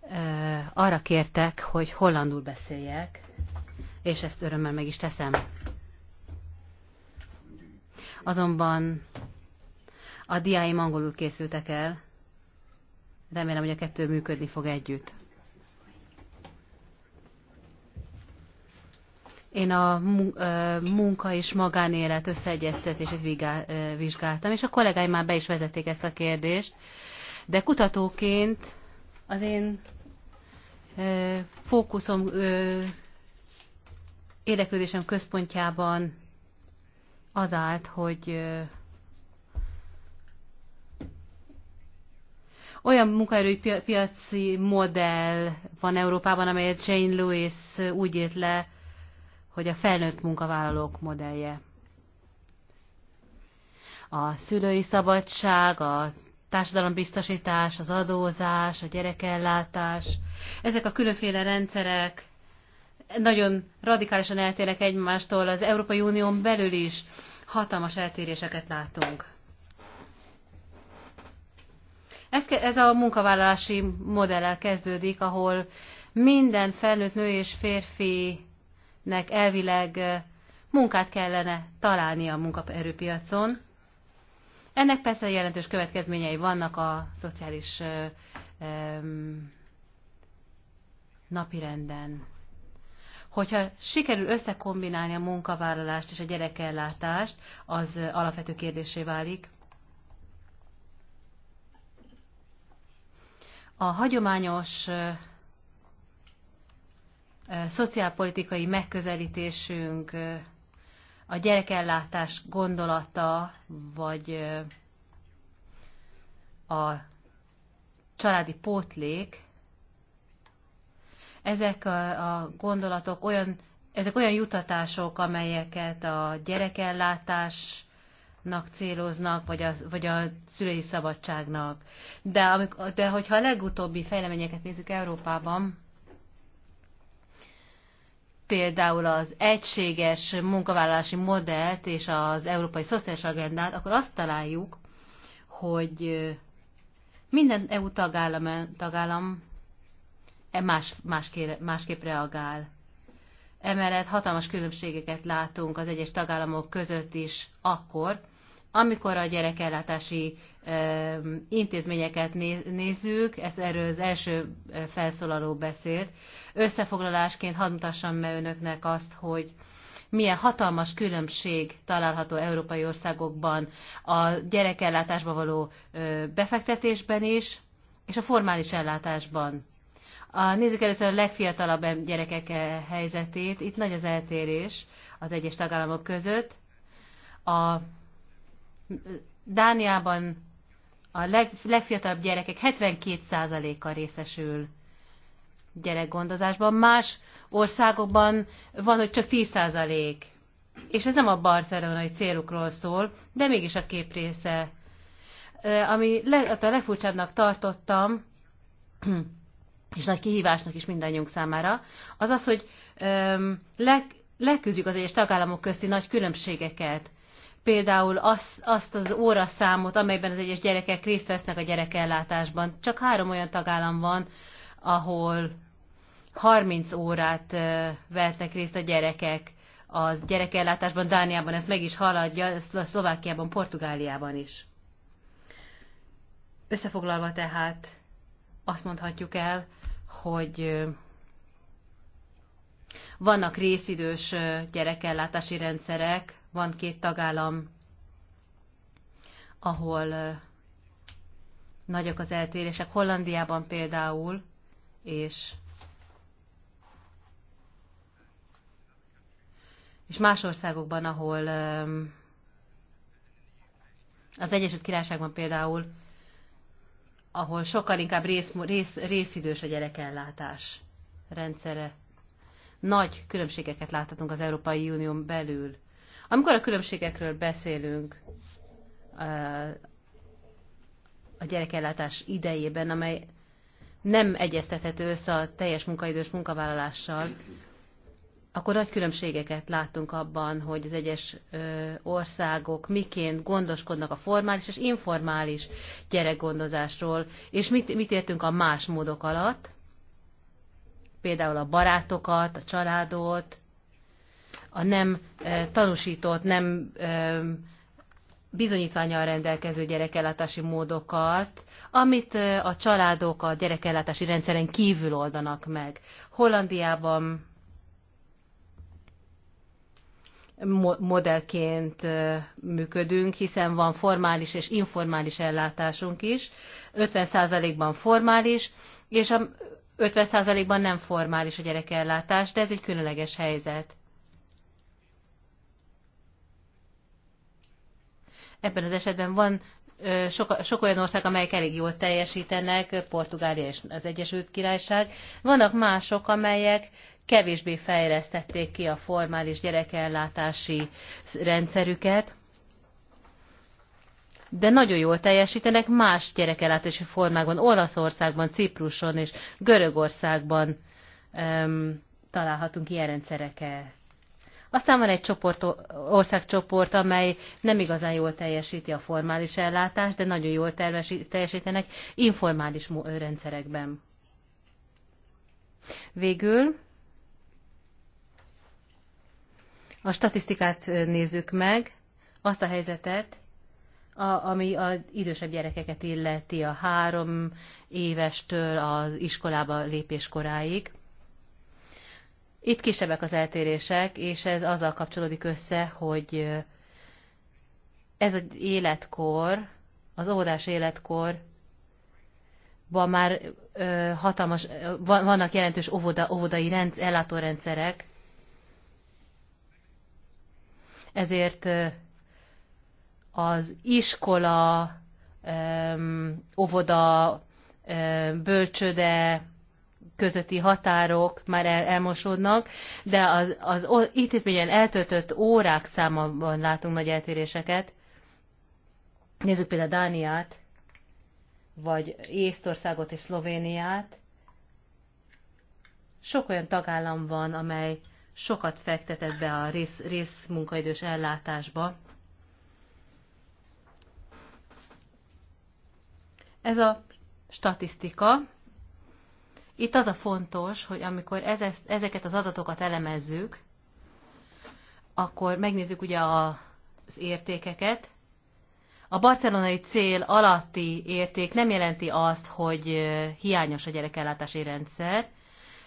Eh, arra kértek, hogy hollandul beszéljek, és ezt örömmel meg is teszem. Azonban a diáim angolul készültek el. Remélem, hogy a kettő működni fog együtt. Én a munka és magánélet összeegyeztetését vizsgáltam, és a kollégáim már be is vezették ezt a kérdést, de kutatóként az én fókuszom, érdeklődésem központjában az állt, hogy Olyan munkaerőpiaci modell van Európában, amelyet Jane Lewis úgy írt le, hogy a felnőtt munkavállalók modellje. A szülői szabadság, a társadalombiztosítás, az adózás, a gyerekellátás, ezek a különféle rendszerek nagyon radikálisan eltérnek egymástól, az Európai Unión belül is hatalmas eltéréseket látunk. Ez, ez a munkavállalási modellel kezdődik, ahol minden felnőtt nő és férfinek elvileg munkát kellene találnia a munkaerőpiacon. Ennek persze jelentős következményei vannak a szociális um, napirenden. Hogyha sikerül összekombinálni a munkavállalást és a gyerekellátást, az alapvető kérdésé válik. A hagyományos szociálpolitikai megközelítésünk, a gyerekellátás gondolata, vagy a családi pótlék, ezek a, gondolatok olyan, ezek olyan jutatások, amelyeket a gyerekellátás nak céloznak, vagy a, vagy a szülői szabadságnak. De, amikor, de hogyha a legutóbbi fejleményeket nézzük Európában, például az egységes munkavállalási modellt és az európai szociális agendát, akkor azt találjuk, hogy minden EU tagállam, tagállam más, másképp, másképp reagál Emellett hatalmas különbségeket látunk az egyes tagállamok között is akkor, amikor a gyerekellátási intézményeket nézzük, ez erről az első felszólaló beszélt, összefoglalásként hadd mutassam meg önöknek azt, hogy milyen hatalmas különbség található európai országokban a gyerekellátásba való befektetésben is, és a formális ellátásban. A, nézzük először a legfiatalabb gyerekek eh, helyzetét. Itt nagy az eltérés az egyes tagállamok között. A Dániában a leg, legfiatalabb gyerekek 72%-a részesül gyerekgondozásban. Más országokban van, hogy csak 10%. És ez nem a barcelonai célukról szól, de mégis a kép része. Eh, ami le, a legfurcsábbnak tartottam, és nagy kihívásnak is mindannyiunk számára, az az, hogy öm, le, leküzdjük az egyes tagállamok közti nagy különbségeket. Például az, azt az óraszámot, amelyben az egyes gyerekek részt vesznek a gyerekellátásban. Csak három olyan tagállam van, ahol 30 órát ö, vertek részt a gyerekek az gyerekellátásban. Dániában ez meg is haladja, Szlovákiában, Portugáliában is. Összefoglalva tehát azt mondhatjuk el, hogy vannak részidős gyerekellátási rendszerek, van két tagállam, ahol nagyok az eltérések. Hollandiában például, és és más országokban, ahol az Egyesült Királyságban például ahol sokkal inkább rész, rész, részidős a gyerekellátás rendszere. Nagy különbségeket láthatunk az Európai Unión belül. Amikor a különbségekről beszélünk eh, a gyerekellátás idejében, amely nem egyeztethető össze a teljes munkaidős munkavállalással, akkor nagy különbségeket látunk abban, hogy az egyes országok miként gondoskodnak a formális és informális gyerekgondozásról, és mit, mit értünk a más módok alatt, például a barátokat, a családot, a nem tanúsított, nem bizonyítványal rendelkező gyerekellátási módokat, amit a családok a gyerekellátási rendszeren kívül oldanak meg. Hollandiában modellként működünk, hiszen van formális és informális ellátásunk is, 50%-ban formális, és 50%-ban nem formális a gyerekellátás, de ez egy különleges helyzet. Ebben az esetben van sok, sok olyan ország, amelyek elég jól teljesítenek, Portugália és az Egyesült Királyság. Vannak mások, amelyek kevésbé fejlesztették ki a formális gyerekellátási rendszerüket, de nagyon jól teljesítenek más gyerekellátási formákban, Olaszországban, Cipruson és Görögországban um, találhatunk ilyen rendszereket. Aztán van egy csoport, országcsoport, amely nem igazán jól teljesíti a formális ellátást, de nagyon jól teljesítenek informális rendszerekben. Végül a statisztikát nézzük meg, azt a helyzetet, a, ami az idősebb gyerekeket illeti a három évestől az iskolába lépéskoráig. Itt kisebbek az eltérések, és ez azzal kapcsolódik össze, hogy ez az életkor, az óvodás életkor már ö, hatalmas, vannak jelentős óvoda, óvodai rend, ellátórendszerek, ezért az iskola, óvoda, bölcsöde közötti határok már el, elmosódnak, de az, az intézményen eltöltött órák számában látunk nagy eltéréseket. Nézzük például Dániát, vagy Észtországot és Szlovéniát. Sok olyan tagállam van, amely sokat fektetett be a rész, munkaidős ellátásba. Ez a statisztika. Itt az a fontos, hogy amikor ezeket az adatokat elemezzük, akkor megnézzük ugye az értékeket. A barcelonai cél alatti érték nem jelenti azt, hogy hiányos a gyerekellátási rendszer,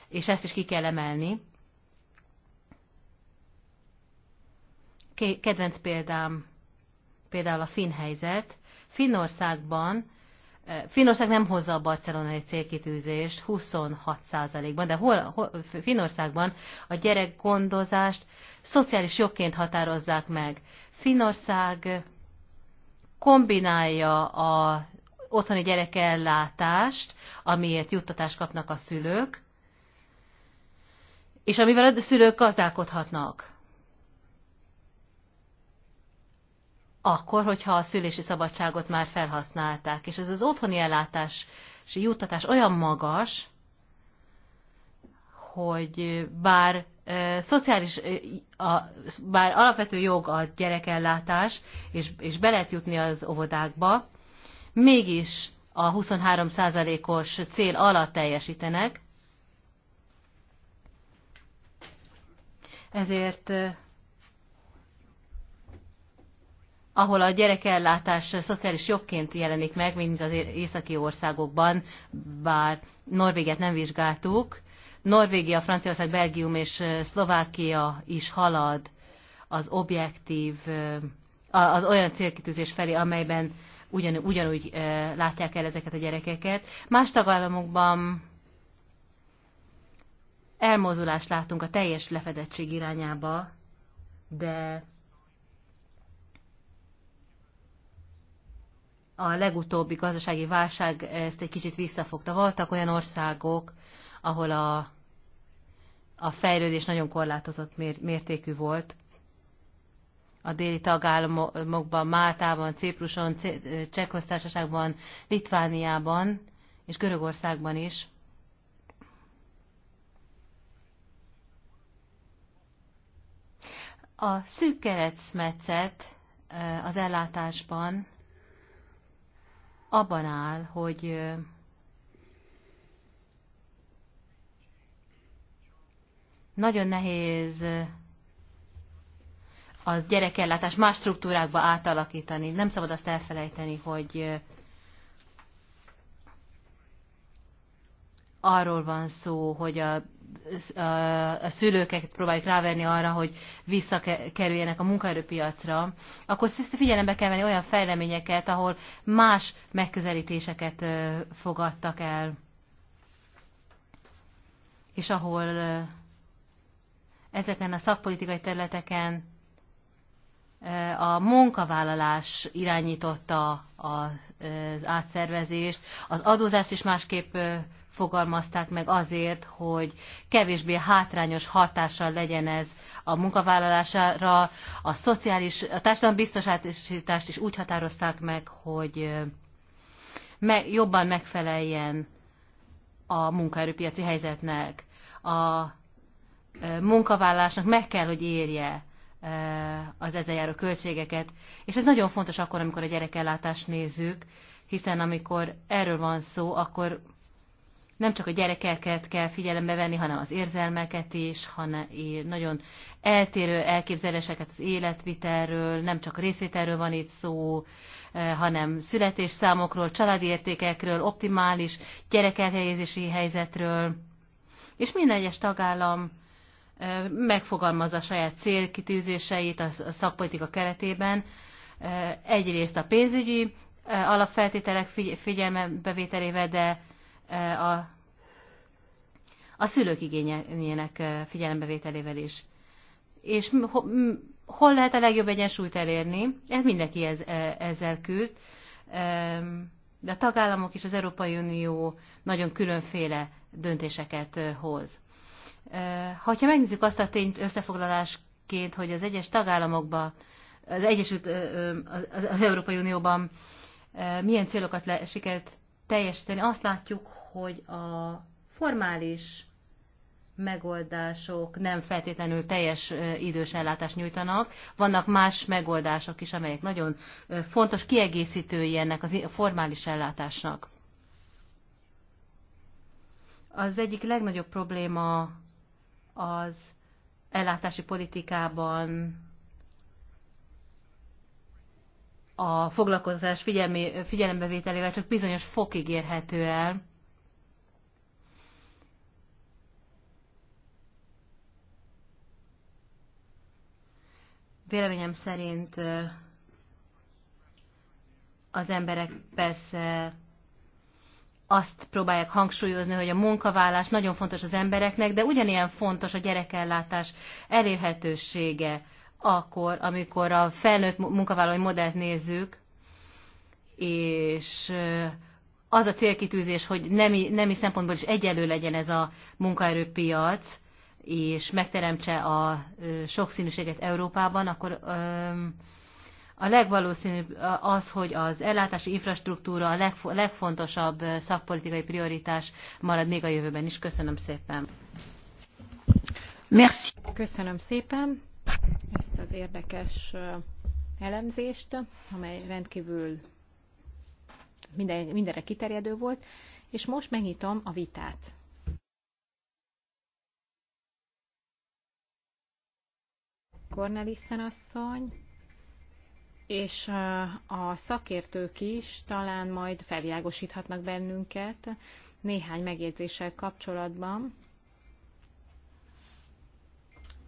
és ezt is ki kell emelni kedvenc példám például a finn helyzet. Finnországban eh, Finnország nem hozza a barcelonai célkitűzést 26%-ban, de hol, hol, Finnországban a gyerekgondozást szociális jogként határozzák meg. Finnország kombinálja a otthoni gyerekellátást, amiért juttatást kapnak a szülők, és amivel a szülők gazdálkodhatnak. akkor, hogyha a szülési szabadságot már felhasználták. És ez az otthoni ellátás és juttatás olyan magas, hogy bár szociális, a, bár alapvető jog a gyerekellátás, és, és be lehet jutni az óvodákba, mégis a 23%-os cél alatt teljesítenek. Ezért ahol a gyerekellátás szociális jogként jelenik meg, mint az északi országokban, bár Norvégiát nem vizsgáltuk. Norvégia, Franciaország, Belgium és Szlovákia is halad az objektív, az olyan célkitűzés felé, amelyben ugyan, ugyanúgy látják el ezeket a gyerekeket. Más tagállamokban elmozulást látunk a teljes lefedettség irányába, de a legutóbbi gazdasági válság ezt egy kicsit visszafogta. Voltak olyan országok, ahol a, a fejlődés nagyon korlátozott mértékű volt. A déli tagállamokban, Máltában, Cipruson, Csekköztársaságban, Litvániában és Görögországban is. A szűk keresztmetszet az ellátásban abban áll, hogy nagyon nehéz a gyerekellátást más struktúrákba átalakítani. Nem szabad azt elfelejteni, hogy arról van szó, hogy a a szülőket próbáljuk rávenni arra, hogy visszakerüljenek a munkaerőpiacra, akkor figyelembe kell venni olyan fejleményeket, ahol más megközelítéseket fogadtak el, és ahol ezeken a szakpolitikai területeken a munkavállalás irányította az átszervezést, az adózást is másképp fogalmazták meg azért, hogy kevésbé hátrányos hatással legyen ez a munkavállalására. A szociális, a társadalmi biztosítást is úgy határozták meg, hogy me, jobban megfeleljen a munkaerőpiaci helyzetnek. A munkavállalásnak meg kell, hogy érje az ezzel járó költségeket. És ez nagyon fontos akkor, amikor a gyerekellátást nézzük, hiszen amikor erről van szó, akkor nem csak a gyerekeket kell figyelembe venni, hanem az érzelmeket is, hanem nagyon eltérő elképzeléseket az életvitelről, nem csak részvételről van itt szó, eh, hanem születésszámokról, családi értékekről, optimális gyerekelhelyezési helyzetről, és minden egyes tagállam eh, megfogalmazza saját célkitűzéseit a szakpolitika keretében. Eh, egyrészt a pénzügyi alapfeltételek figyelmebevételével, de a, a szülők igényének figyelembevételével is. És hol lehet a legjobb egyensúlyt elérni? Ez hát mindenki ez, ezzel küzd. De a tagállamok és az Európai Unió nagyon különféle döntéseket hoz. Ha megnézzük azt a tényt összefoglalásként, hogy az egyes tagállamokban, az Egyesült, az Európai Unióban milyen célokat le, sikert teljesíteni, azt látjuk, hogy a formális megoldások nem feltétlenül teljes idős ellátást nyújtanak. Vannak más megoldások is, amelyek nagyon fontos kiegészítői ennek a formális ellátásnak. Az egyik legnagyobb probléma az ellátási politikában a foglalkozás figyelmi, figyelembevételével csak bizonyos fokig érhető el Véleményem szerint az emberek persze azt próbálják hangsúlyozni, hogy a munkavállás nagyon fontos az embereknek, de ugyanilyen fontos a gyerekellátás elérhetősége akkor, amikor a felnőtt munkavállalói modellt nézzük, és az a célkitűzés, hogy nemi, nemi szempontból is egyelő legyen ez a munkaerőpiac, és megteremtse a sokszínűséget Európában, akkor a legvalószínűbb az, hogy az ellátási infrastruktúra a legfontosabb szakpolitikai prioritás marad még a jövőben is. Köszönöm szépen. Merci. Köszönöm szépen ezt az érdekes elemzést, amely rendkívül minden, mindenre kiterjedő volt, és most megnyitom a vitát. Cornelissen asszony, és a szakértők is talán majd felvilágosíthatnak bennünket néhány megjegyzéssel kapcsolatban,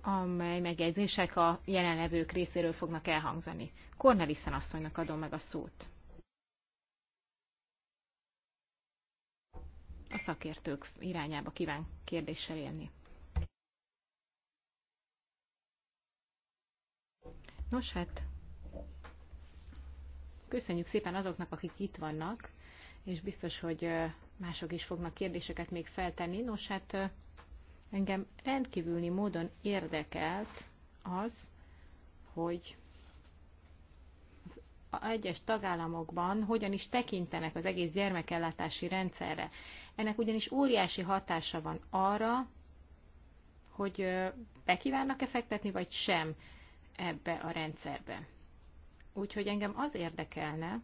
amely megjegyzések a jelenlevők részéről fognak elhangzani. Cornelissen asszonynak adom meg a szót. A szakértők irányába kíván kérdéssel élni. Nos hát, köszönjük szépen azoknak, akik itt vannak, és biztos, hogy mások is fognak kérdéseket még feltenni. Nos hát, engem rendkívüli módon érdekelt az, hogy a egyes tagállamokban hogyan is tekintenek az egész gyermekellátási rendszerre. Ennek ugyanis óriási hatása van arra, hogy bekívánnak e fektetni, vagy sem ebbe a rendszerbe. Úgyhogy engem az érdekelne,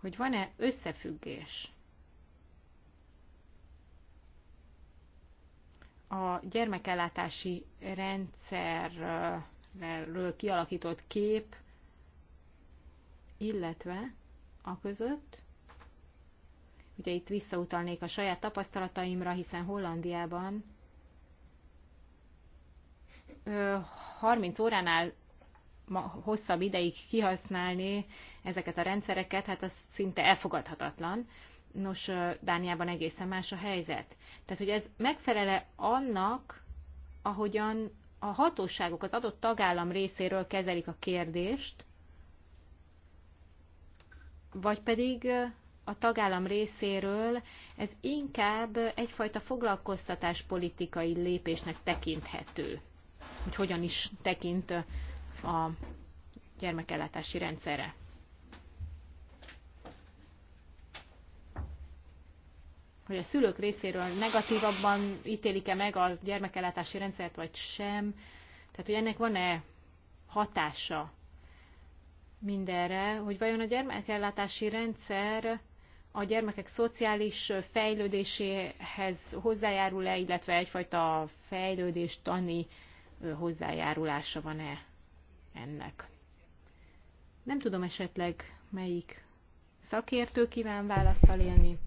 hogy van-e összefüggés a gyermekellátási rendszerről kialakított kép, illetve a között, ugye itt visszautalnék a saját tapasztalataimra, hiszen Hollandiában 30 óránál hosszabb ideig kihasználni ezeket a rendszereket, hát az szinte elfogadhatatlan. Nos, Dániában egészen más a helyzet. Tehát, hogy ez megfelele annak, ahogyan a hatóságok az adott tagállam részéről kezelik a kérdést, vagy pedig a tagállam részéről ez inkább egyfajta foglalkoztatáspolitikai lépésnek tekinthető hogy hogyan is tekint a gyermekellátási rendszerre. hogy a szülők részéről negatívabban ítélik-e meg a gyermekellátási rendszert, vagy sem. Tehát, hogy ennek van-e hatása mindenre, hogy vajon a gyermekellátási rendszer a gyermekek szociális fejlődéséhez hozzájárul-e, illetve egyfajta fejlődést tanít hozzájárulása van-e ennek. Nem tudom esetleg, melyik szakértő kíván válaszsal élni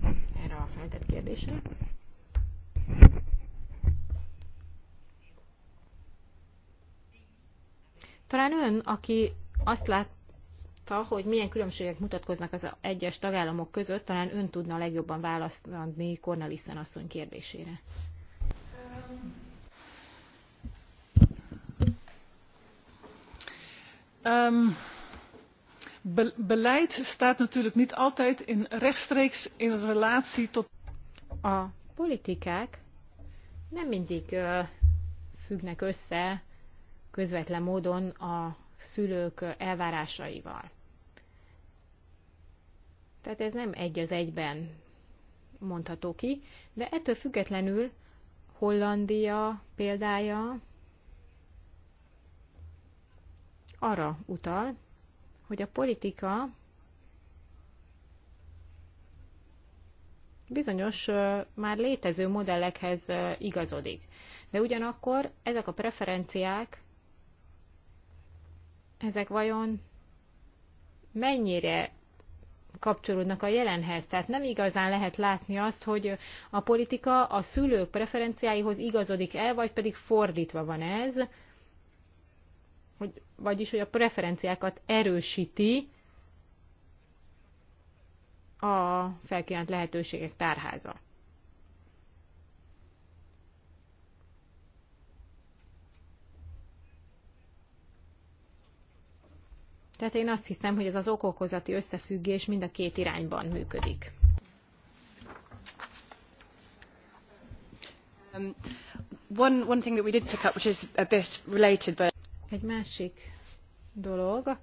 erre a feltett kérdésre. Talán ön, aki azt látta, hogy milyen különbségek mutatkoznak az egyes tagállamok között, talán ön tudna legjobban választani Cornelissen asszony kérdésére. Ehm, beleid staat natuurlijk niet altijd in rechtstreeks in relatie tot. A politikák nem mindig uh, függnek össze közvetlen módon a szülők eh, elvárásaival. Tehát ez nem egy az egyben mondható ki, de ettől függetlenül Hollandia példája arra utal, hogy a politika bizonyos már létező modellekhez igazodik. De ugyanakkor ezek a preferenciák, ezek vajon mennyire kapcsolódnak a jelenhez. Tehát nem igazán lehet látni azt, hogy a politika a szülők preferenciáihoz igazodik el, vagy pedig fordítva van ez, hogy, vagyis hogy a preferenciákat erősíti a felkínált lehetőségek tárháza. Tehát én azt hiszem, hogy ez az okokozati összefüggés mind a két irányban működik. Um, one, one thing that we did pick up, which is a bit related, but egy másik dolog,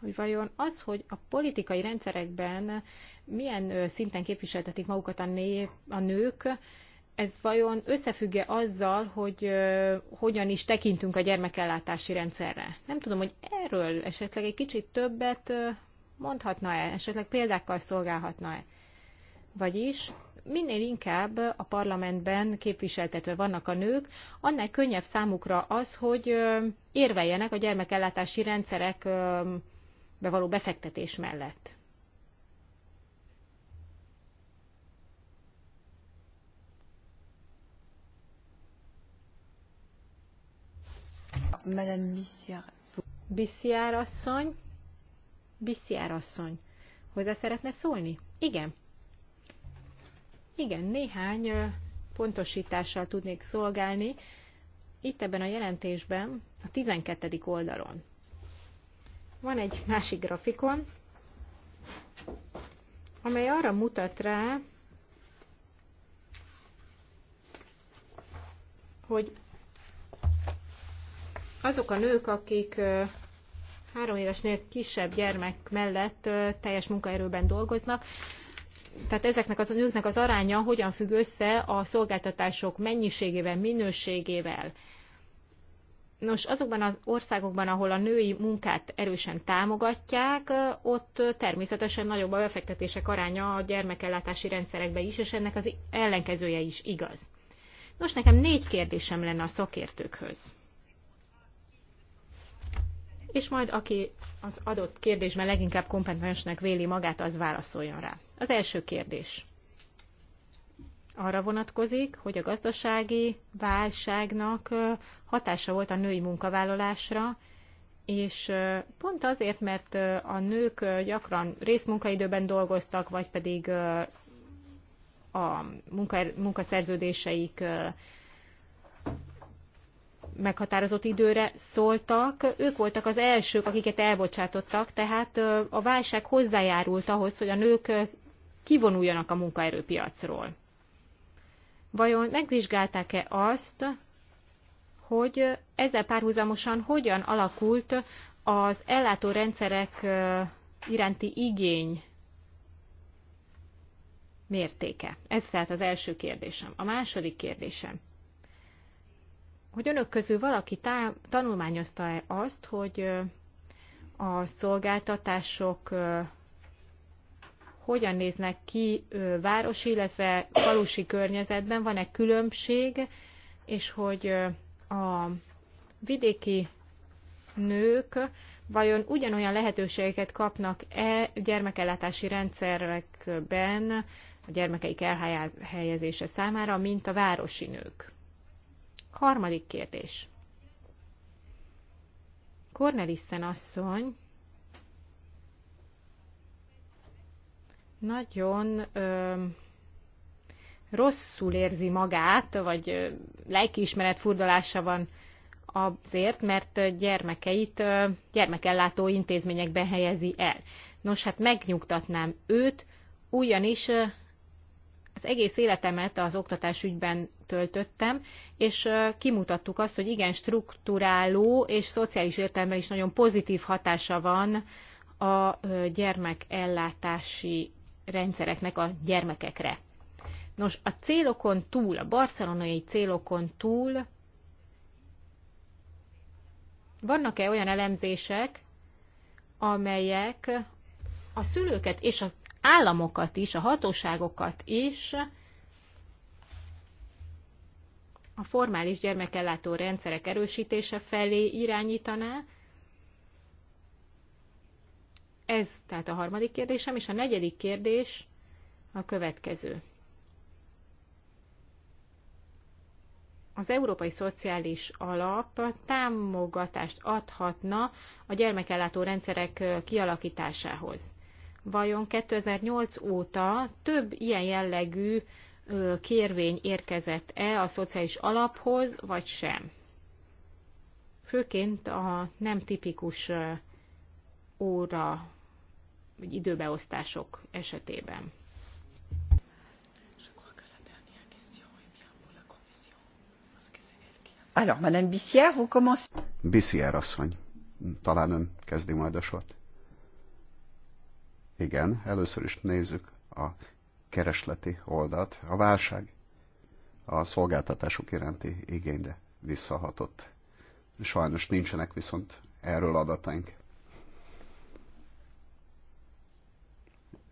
hogy vajon az, hogy a politikai rendszerekben milyen szinten képviseltetik magukat a, né, a nők, ez vajon összefügge azzal, hogy hogyan is tekintünk a gyermekellátási rendszerre? Nem tudom, hogy erről esetleg egy kicsit többet mondhatna-e, esetleg példákkal szolgálhatna-e. Vagyis minél inkább a parlamentben képviseltetve vannak a nők, annál könnyebb számukra az, hogy érveljenek a gyermekellátási rendszerek bevaló befektetés mellett. Madame Bissier. Bissier asszony. Bissier asszony. Hozzá szeretne szólni? Igen. Igen, néhány pontosítással tudnék szolgálni. Itt ebben a jelentésben, a 12. oldalon van egy másik grafikon, amely arra mutat rá, hogy azok a nők, akik három évesnél kisebb gyermek mellett teljes munkaerőben dolgoznak, tehát ezeknek az nőknek az aránya hogyan függ össze a szolgáltatások mennyiségével, minőségével. Nos, azokban az országokban, ahol a női munkát erősen támogatják, ott természetesen nagyobb a befektetések aránya a gyermekellátási rendszerekbe is, és ennek az ellenkezője is igaz. Nos, nekem négy kérdésem lenne a szakértőkhöz és majd aki az adott kérdésben leginkább kompetensnek véli magát, az válaszoljon rá. Az első kérdés arra vonatkozik, hogy a gazdasági válságnak hatása volt a női munkavállalásra, és pont azért, mert a nők gyakran részmunkaidőben dolgoztak, vagy pedig a munkaszerződéseik meghatározott időre szóltak. Ők voltak az elsők, akiket elbocsátottak, tehát a válság hozzájárult ahhoz, hogy a nők kivonuljanak a munkaerőpiacról. Vajon megvizsgálták-e azt, hogy ezzel párhuzamosan hogyan alakult az ellátórendszerek iránti igény mértéke? Ez tehát az első kérdésem. A második kérdésem hogy önök közül valaki tá- tanulmányozta-e azt, hogy a szolgáltatások hogyan néznek ki városi, illetve falusi környezetben, van-e különbség, és hogy a vidéki nők vajon ugyanolyan lehetőségeket kapnak-e gyermekellátási rendszerekben a gyermekeik elhelyezése számára, mint a városi nők? Harmadik kérdés. Cornelissen asszony nagyon ö, rosszul érzi magát, vagy lelkiismeret furdalása van azért, mert gyermekeit gyermekellátó intézményekben helyezi el. Nos, hát megnyugtatnám őt, ugyanis az egész életemet az oktatásügyben töltöttem, és kimutattuk azt, hogy igen struktúráló és szociális értelemben is nagyon pozitív hatása van a gyermekellátási rendszereknek a gyermekekre. Nos, a célokon túl, a barcelonai célokon túl vannak-e olyan elemzések, amelyek a szülőket és az államokat is, a hatóságokat is a formális gyermekellátó rendszerek erősítése felé irányítaná. Ez tehát a harmadik kérdésem, és a negyedik kérdés a következő. az Európai Szociális Alap támogatást adhatna a gyermekellátó rendszerek kialakításához. Vajon 2008 óta több ilyen jellegű kérvény érkezett-e a szociális alaphoz, vagy sem. Főként a nem tipikus óra vagy időbeosztások esetében. Alors, Madame Bissière, vous commencez. Bissière asszony. Talán ön kezdi majd a sort. Igen, először is nézzük a keresleti oldalt, a válság a szolgáltatások iránti igényre visszahatott. Sajnos nincsenek viszont erről adataink.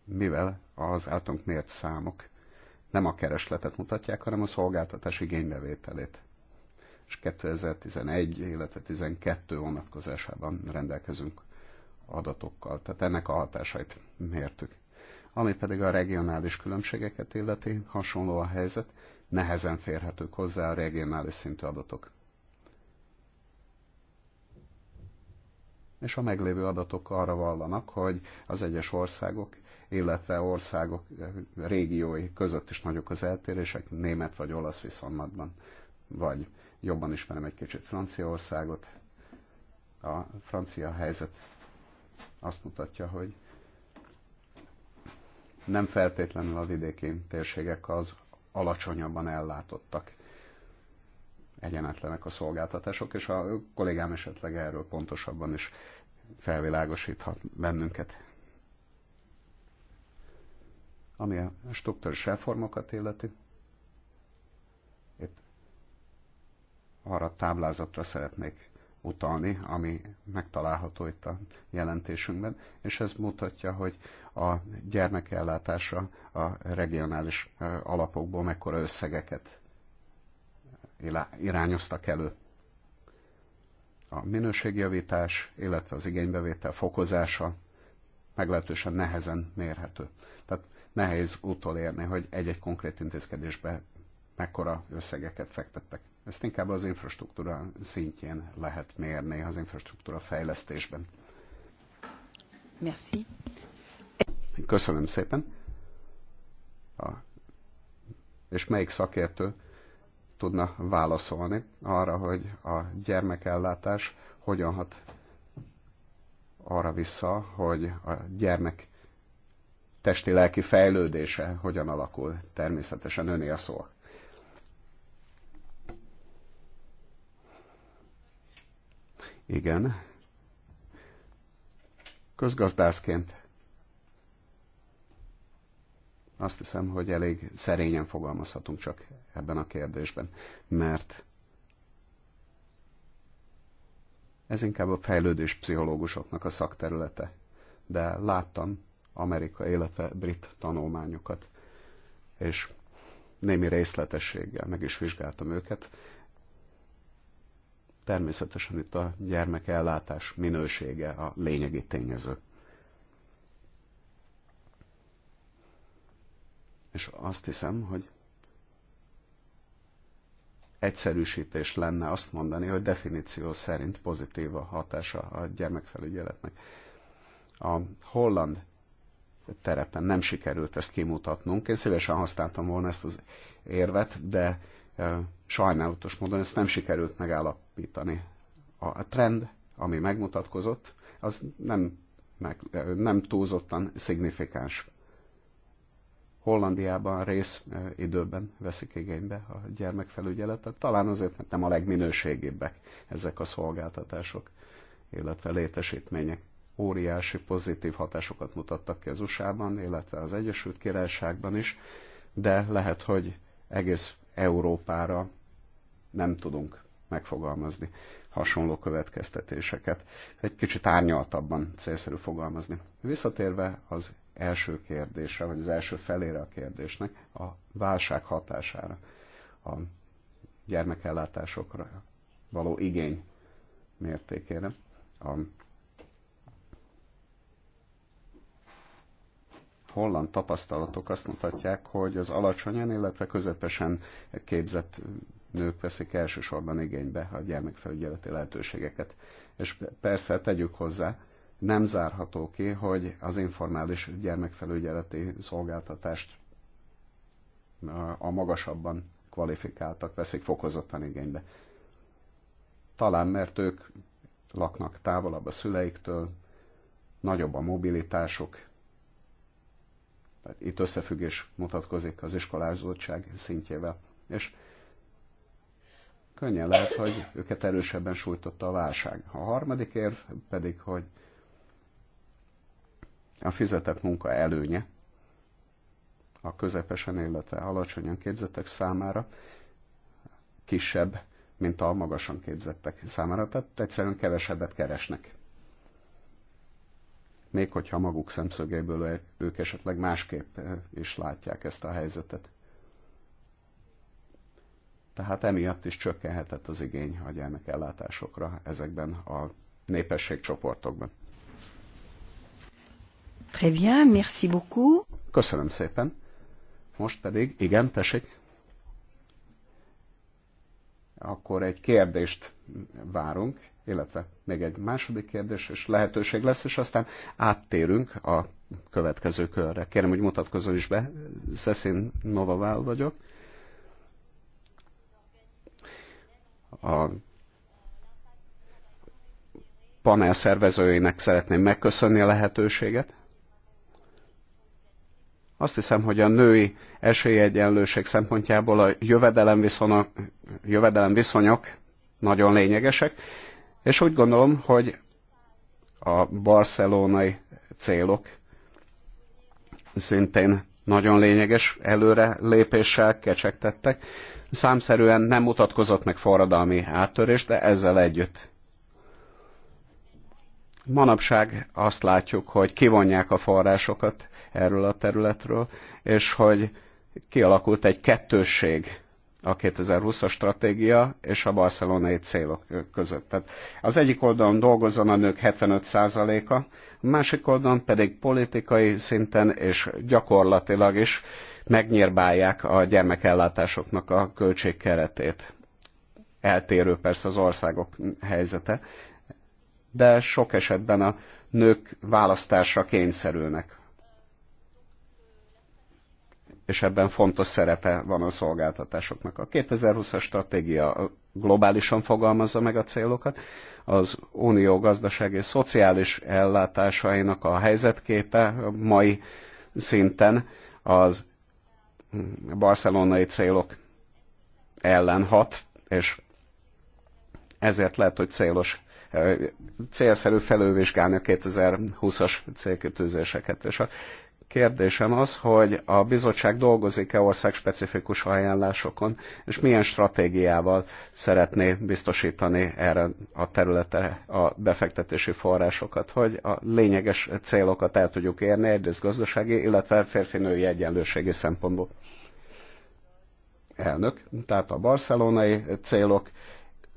Mivel az általunk mért számok nem a keresletet mutatják, hanem a szolgáltatás igénybevételét. És 2011, illetve 12 vonatkozásában rendelkezünk adatokkal. Tehát ennek a hatásait mértük. Ami pedig a regionális különbségeket illeti, hasonló a helyzet, nehezen férhetők hozzá a regionális szintű adatok. És a meglévő adatok arra vallanak, hogy az egyes országok, illetve országok régiói között is nagyok az eltérések, német vagy olasz viszonylatban, vagy jobban ismerem egy kicsit Franciaországot. A francia helyzet azt mutatja, hogy nem feltétlenül a vidéki térségek az alacsonyabban ellátottak. Egyenetlenek a szolgáltatások, és a kollégám esetleg erről pontosabban is felvilágosíthat bennünket. Ami a struktúris reformokat illeti, itt arra táblázatra szeretnék utalni, ami megtalálható itt a jelentésünkben, és ez mutatja, hogy a gyermekellátásra a regionális alapokból mekkora összegeket irányoztak elő. A minőségjavítás, illetve az igénybevétel fokozása meglehetősen nehezen mérhető. Tehát nehéz utolérni, hogy egy-egy konkrét intézkedésbe mekkora összegeket fektettek. Ezt inkább az infrastruktúra szintjén lehet mérni, az infrastruktúra fejlesztésben. Merci. Köszönöm szépen. A, és melyik szakértő tudna válaszolni arra, hogy a gyermekellátás hogyan hat arra vissza, hogy a gyermek testi-lelki fejlődése hogyan alakul. Természetesen öné a szó. Igen. Közgazdászként azt hiszem, hogy elég szerényen fogalmazhatunk csak ebben a kérdésben, mert ez inkább a fejlődés pszichológusoknak a szakterülete. De láttam Amerika illetve brit tanulmányokat, és némi részletességgel meg is vizsgáltam őket, Természetesen itt a gyermekellátás minősége a lényegi tényező. És azt hiszem, hogy egyszerűsítés lenne azt mondani, hogy definíció szerint pozitív a hatása a gyermekfelügyeletnek. A holland terepen nem sikerült ezt kimutatnunk. Én szívesen használtam volna ezt az érvet, de sajnálatos módon ezt nem sikerült megállapítani. A trend, ami megmutatkozott, az nem, nem túlzottan szignifikáns. Hollandiában rész időben veszik igénybe a gyermekfelügyeletet, talán azért, mert nem a legminőségébbek ezek a szolgáltatások, illetve létesítmények. Óriási pozitív hatásokat mutattak ki az USA-ban, illetve az Egyesült Királyságban is, de lehet, hogy egész Európára nem tudunk megfogalmazni hasonló következtetéseket. Egy kicsit árnyaltabban célszerű fogalmazni. Visszatérve az első kérdésre, vagy az első felére a kérdésnek, a válság hatására, a gyermekellátásokra való igény mértékére. A holland tapasztalatok azt mutatják, hogy az alacsonyan, illetve közepesen képzett nők veszik elsősorban igénybe a gyermekfelügyeleti lehetőségeket. És persze tegyük hozzá, nem zárható ki, hogy az informális gyermekfelügyeleti szolgáltatást a magasabban kvalifikáltak veszik fokozottan igénybe. Talán mert ők laknak távolabb a szüleiktől, nagyobb a mobilitásuk, itt összefüggés mutatkozik az iskolázottság szintjével. És könnyen lehet, hogy őket erősebben sújtotta a válság. A harmadik érv pedig, hogy a fizetett munka előnye a közepesen, illetve alacsonyan képzettek számára kisebb, mint a magasan képzettek számára, tehát egyszerűen kevesebbet keresnek még hogyha maguk szemszögéből ők esetleg másképp eh, is látják ezt a helyzetet. Tehát emiatt is csökkenhetett az igény a gyermekellátásokra ezekben a népességcsoportokban. Très bien, merci beaucoup. Köszönöm szépen. Most pedig, igen, tessék. Akkor egy kérdést várunk illetve még egy második kérdés és lehetőség lesz, és aztán áttérünk a következő körre. Kérem, hogy mutatkozol is be. Szeszin Novavál vagyok. A panel szervezőinek szeretném megköszönni a lehetőséget. Azt hiszem, hogy a női esélyegyenlőség szempontjából a jövedelem, viszonyok, jövedelem viszonyok nagyon lényegesek és úgy gondolom, hogy a barcelonai célok szintén nagyon lényeges előre lépéssel kecsegtettek. Számszerűen nem mutatkozott meg forradalmi áttörés, de ezzel együtt. Manapság azt látjuk, hogy kivonják a forrásokat erről a területről, és hogy kialakult egy kettősség a 2020-as stratégia és a barcelonai célok között. Tehát az egyik oldalon dolgozon a nők 75%-a, a másik oldalon pedig politikai szinten és gyakorlatilag is megnyírbálják a gyermekellátásoknak a költségkeretét. Eltérő persze az országok helyzete, de sok esetben a nők választásra kényszerülnek és ebben fontos szerepe van a szolgáltatásoknak. A 2020-as stratégia globálisan fogalmazza meg a célokat, az unió gazdasági és szociális ellátásainak a helyzetképe mai szinten az barcelonai célok ellen hat, és ezért lehet, hogy célos célszerű felővizsgálni a 2020-as célkötőzéseket, és a kérdésem az, hogy a bizottság dolgozik-e országspecifikus ajánlásokon, és milyen stratégiával szeretné biztosítani erre a területre a befektetési forrásokat, hogy a lényeges célokat el tudjuk érni, egyrészt gazdasági, illetve férfinői egyenlőségi szempontból. Elnök, tehát a barcelonai célok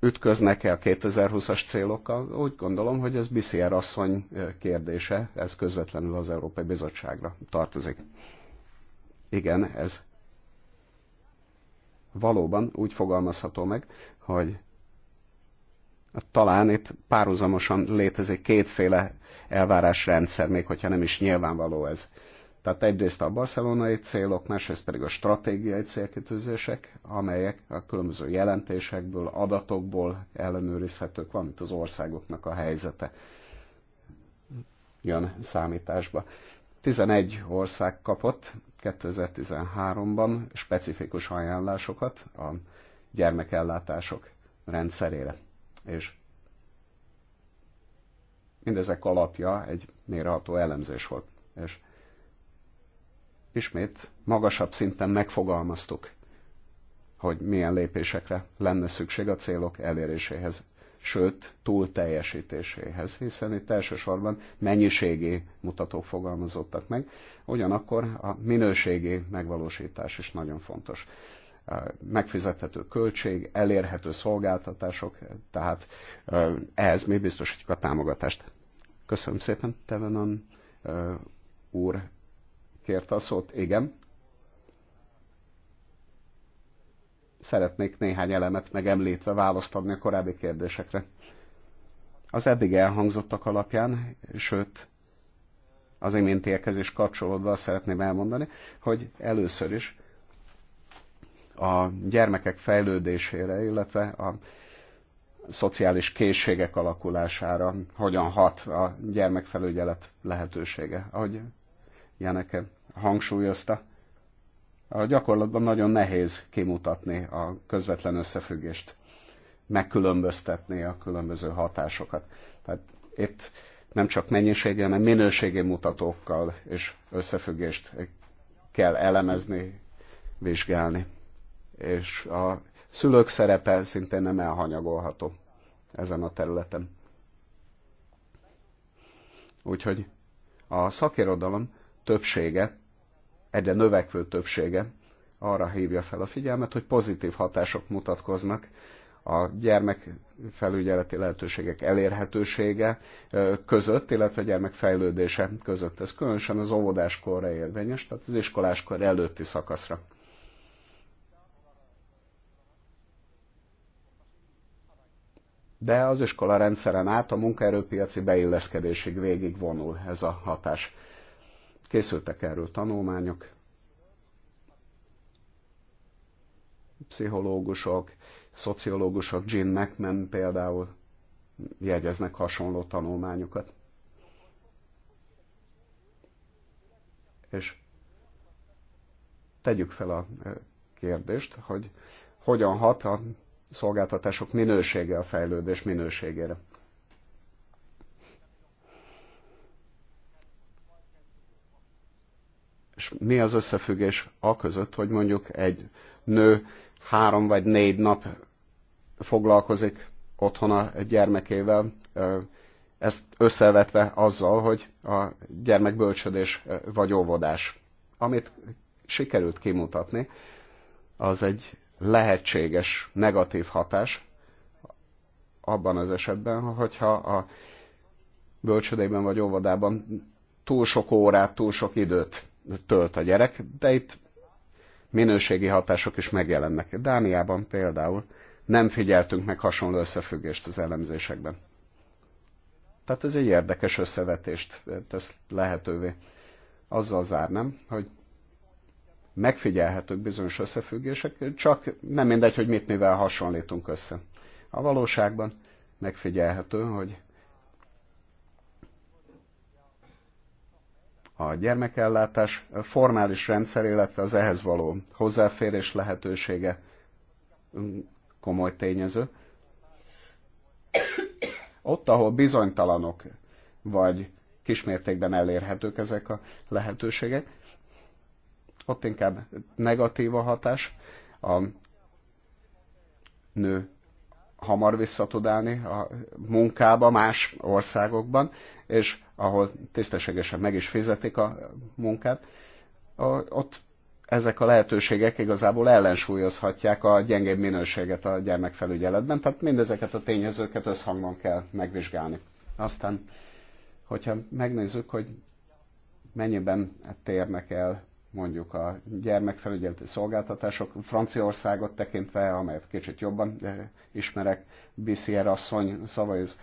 ütköznek-e a 2020-as célokkal, úgy gondolom, hogy ez Bissier asszony kérdése, ez közvetlenül az Európai Bizottságra tartozik. Igen, ez valóban úgy fogalmazható meg, hogy talán itt párhuzamosan létezik kétféle elvárásrendszer, még hogyha nem is nyilvánvaló ez. Tehát egyrészt a barcelonai célok, másrészt pedig a stratégiai célkitűzések, amelyek a különböző jelentésekből, adatokból ellenőrizhetők, valamint az országoknak a helyzete jön számításba. 11 ország kapott 2013-ban specifikus ajánlásokat a gyermekellátások rendszerére, és mindezek alapja egy mérható elemzés volt, és ismét magasabb szinten megfogalmaztuk, hogy milyen lépésekre lenne szükség a célok eléréséhez, sőt, túl teljesítéséhez, hiszen itt elsősorban mennyiségi mutatók fogalmazottak meg, ugyanakkor a minőségi megvalósítás is nagyon fontos. Megfizethető költség, elérhető szolgáltatások, tehát ehhez mi biztosítjuk a támogatást. Köszönöm szépen, Tevenan úr, kért a szót. Igen. Szeretnék néhány elemet megemlítve választ adni a korábbi kérdésekre. Az eddig elhangzottak alapján, sőt, az imént érkezés kapcsolódva azt szeretném elmondani, hogy először is a gyermekek fejlődésére, illetve a szociális készségek alakulására hogyan hat a gyermekfelügyelet lehetősége. Ahogy Jeneke hangsúlyozta, a gyakorlatban nagyon nehéz kimutatni a közvetlen összefüggést, megkülönböztetni a különböző hatásokat. Tehát itt nem csak mennyiségi, hanem minőségi mutatókkal és összefüggést kell elemezni, vizsgálni. És a szülők szerepe szintén nem elhanyagolható ezen a területen. Úgyhogy a szakirodalom többsége, egyre növekvő többsége arra hívja fel a figyelmet, hogy pozitív hatások mutatkoznak a gyermekfelügyeleti lehetőségek elérhetősége között, illetve a gyermek fejlődése között. Ez különösen az óvodáskorra érvényes, tehát az iskoláskor előtti szakaszra. De az iskola rendszeren át a munkaerőpiaci beilleszkedésig végig vonul ez a hatás. Készültek erről tanulmányok, pszichológusok, szociológusok, Jim McMahon például jegyeznek hasonló tanulmányokat. És tegyük fel a kérdést, hogy hogyan hat a szolgáltatások minősége a fejlődés minőségére. És mi az összefüggés a között, hogy mondjuk egy nő három vagy négy nap foglalkozik otthon a gyermekével, ezt összevetve azzal, hogy a gyermekbölcsödés vagy óvodás, amit sikerült kimutatni, az egy lehetséges negatív hatás abban az esetben, hogyha a bölcsödében vagy óvodában túl sok órát, túl sok időt tölt a gyerek, de itt minőségi hatások is megjelennek. Dániában például nem figyeltünk meg hasonló összefüggést az elemzésekben. Tehát ez egy érdekes összevetést tesz lehetővé. Azzal zárnám, hogy megfigyelhetők bizonyos összefüggések, csak nem mindegy, hogy mit mivel hasonlítunk össze. A valóságban megfigyelhető, hogy a gyermekellátás formális rendszer, illetve az ehhez való hozzáférés lehetősége komoly tényező. Ott, ahol bizonytalanok vagy kismértékben elérhetők ezek a lehetőségek, ott inkább negatív a hatás. A nő hamar vissza tud állni a munkába más országokban, és ahol tisztességesen meg is fizetik a munkát, ott ezek a lehetőségek igazából ellensúlyozhatják a gyengébb minőséget a gyermekfelügyeletben, tehát mindezeket a tényezőket összhangban kell megvizsgálni. Aztán, hogyha megnézzük, hogy mennyiben térnek el mondjuk a gyermekfelügyeleti szolgáltatások, Franciaországot tekintve, amelyet kicsit jobban eh, ismerek, BCR asszony szavaiz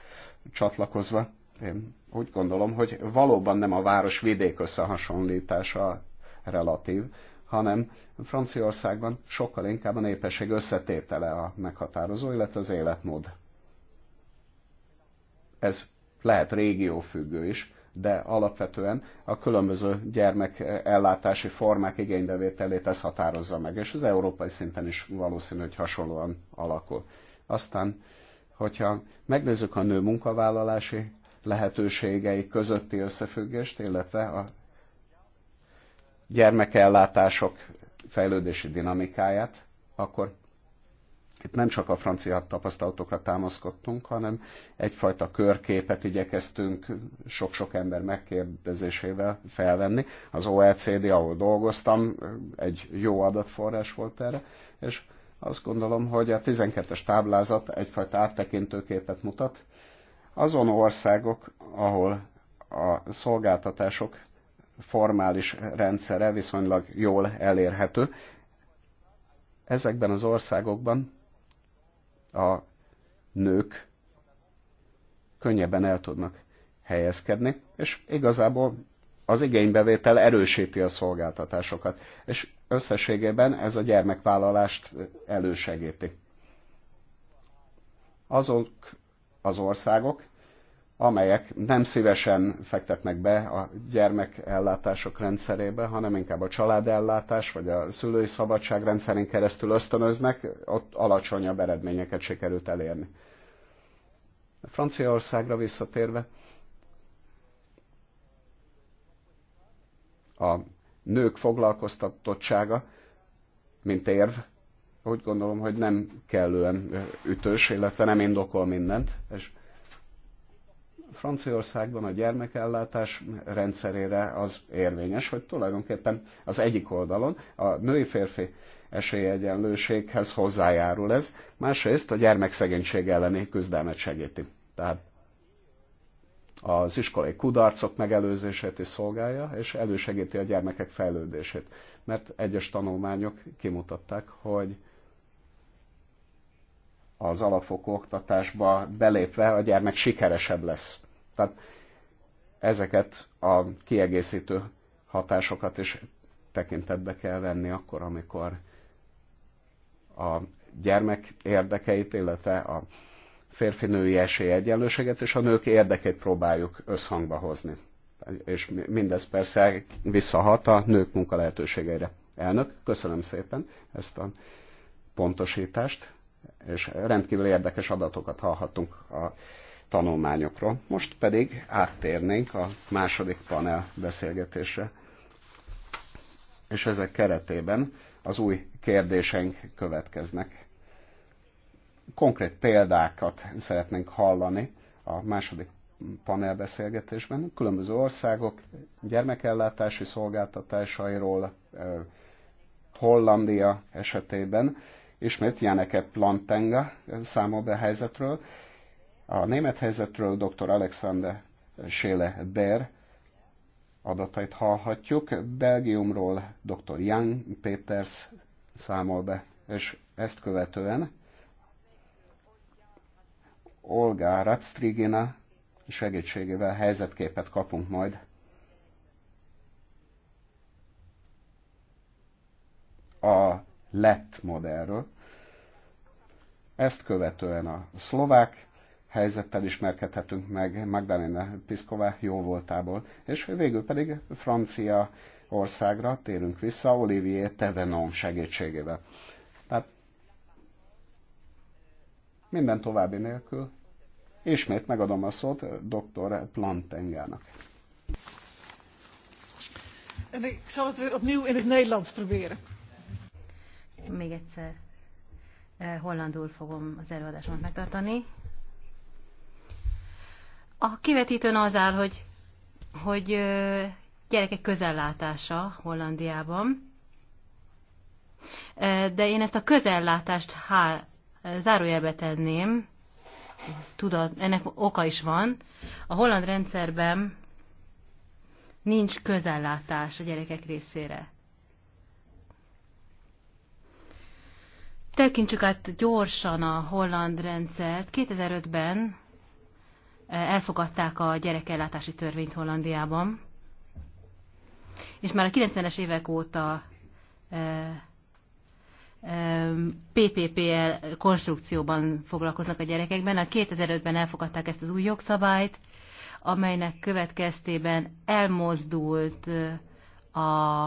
csatlakozva, én úgy gondolom, hogy valóban nem a város-vidék összehasonlítása relatív, hanem Franciaországban sokkal inkább a népesség összetétele a meghatározó, illetve az életmód. Ez lehet régiófüggő is, de alapvetően a különböző gyermek ellátási formák igénybevételét ez határozza meg, és az európai szinten is valószínű, hogy hasonlóan alakul. Aztán, hogyha megnézzük a nő munkavállalási lehetőségei közötti összefüggést, illetve a gyermekellátások fejlődési dinamikáját, akkor itt nem csak a francia tapasztalatokra támaszkodtunk, hanem egyfajta körképet igyekeztünk sok-sok ember megkérdezésével felvenni. Az OECD, ahol dolgoztam, egy jó adatforrás volt erre, és azt gondolom, hogy a 12-es táblázat egyfajta áttekintő képet mutat, azon országok, ahol a szolgáltatások formális rendszere viszonylag jól elérhető, ezekben az országokban a nők könnyebben el tudnak helyezkedni, és igazából az igénybevétel erősíti a szolgáltatásokat, és összességében ez a gyermekvállalást elősegíti. Azok az országok, amelyek nem szívesen fektetnek be a gyermekellátások rendszerébe, hanem inkább a családellátás vagy a szülői szabadság rendszerén keresztül ösztönöznek, ott alacsonyabb eredményeket sikerült elérni. Franciaországra visszatérve, a nők foglalkoztatottsága, mint érv, úgy gondolom, hogy nem kellően ütős, illetve nem indokol mindent. És Franciaországban a gyermekellátás rendszerére az érvényes, hogy tulajdonképpen az egyik oldalon a női-férfi esélyegyenlőséghez hozzájárul ez, másrészt a gyermekszegénység elleni küzdelmet segíti. Tehát az iskolai kudarcok megelőzését is szolgálja, és elősegíti a gyermekek fejlődését. Mert egyes tanulmányok kimutatták, hogy az alapfokú oktatásba belépve a gyermek sikeresebb lesz. Tehát ezeket a kiegészítő hatásokat is tekintetbe kell venni akkor, amikor a gyermek érdekeit, illetve a férfi-női esélyegyenlőséget és a nők érdekeit próbáljuk összhangba hozni. És mindez persze visszahat a nők munkalehetőségeire. Elnök, köszönöm szépen ezt a pontosítást és rendkívül érdekes adatokat hallhattunk a tanulmányokról. Most pedig áttérnénk a második panel beszélgetésre, és ezek keretében az új kérdéseink következnek. Konkrét példákat szeretnénk hallani a második panelbeszélgetésben, különböző országok gyermekellátási szolgáltatásairól, Hollandia esetében Ismét Janeke Plantenga számol be a helyzetről. A német helyzetről dr. Alexander Schele Ber adatait hallhatjuk. Belgiumról dr. Jan Peters számol be, és ezt követően Olga Ratstrigina segítségével helyzetképet kapunk majd a lett modellről. Ezt követően a szlovák helyzettel ismerkedhetünk meg Magdalena Piszková jó voltából, és végül pedig francia országra térünk vissza Olivier Tevenon segítségével. Tehát minden további nélkül ismét megadom a szót dr. Plantengának. En ik zal het weer opnieuw in het Nederlands proberen. Még egyszer eh, hollandul fogom az előadásomat megtartani. A kivetítőn az áll, hogy, hogy gyerekek közellátása Hollandiában, eh, de én ezt a közellátást há, zárójelbe tenném, tudat, ennek oka is van. A holland rendszerben nincs közellátás a gyerekek részére. Tekintsük át gyorsan a holland rendszert. 2005-ben eh, elfogadták a gyerekellátási törvényt Hollandiában, és már a 90-es évek óta eh, eh, PPPL konstrukcióban foglalkoznak a gyerekekben. A 2005-ben elfogadták ezt az új jogszabályt, amelynek következtében elmozdult a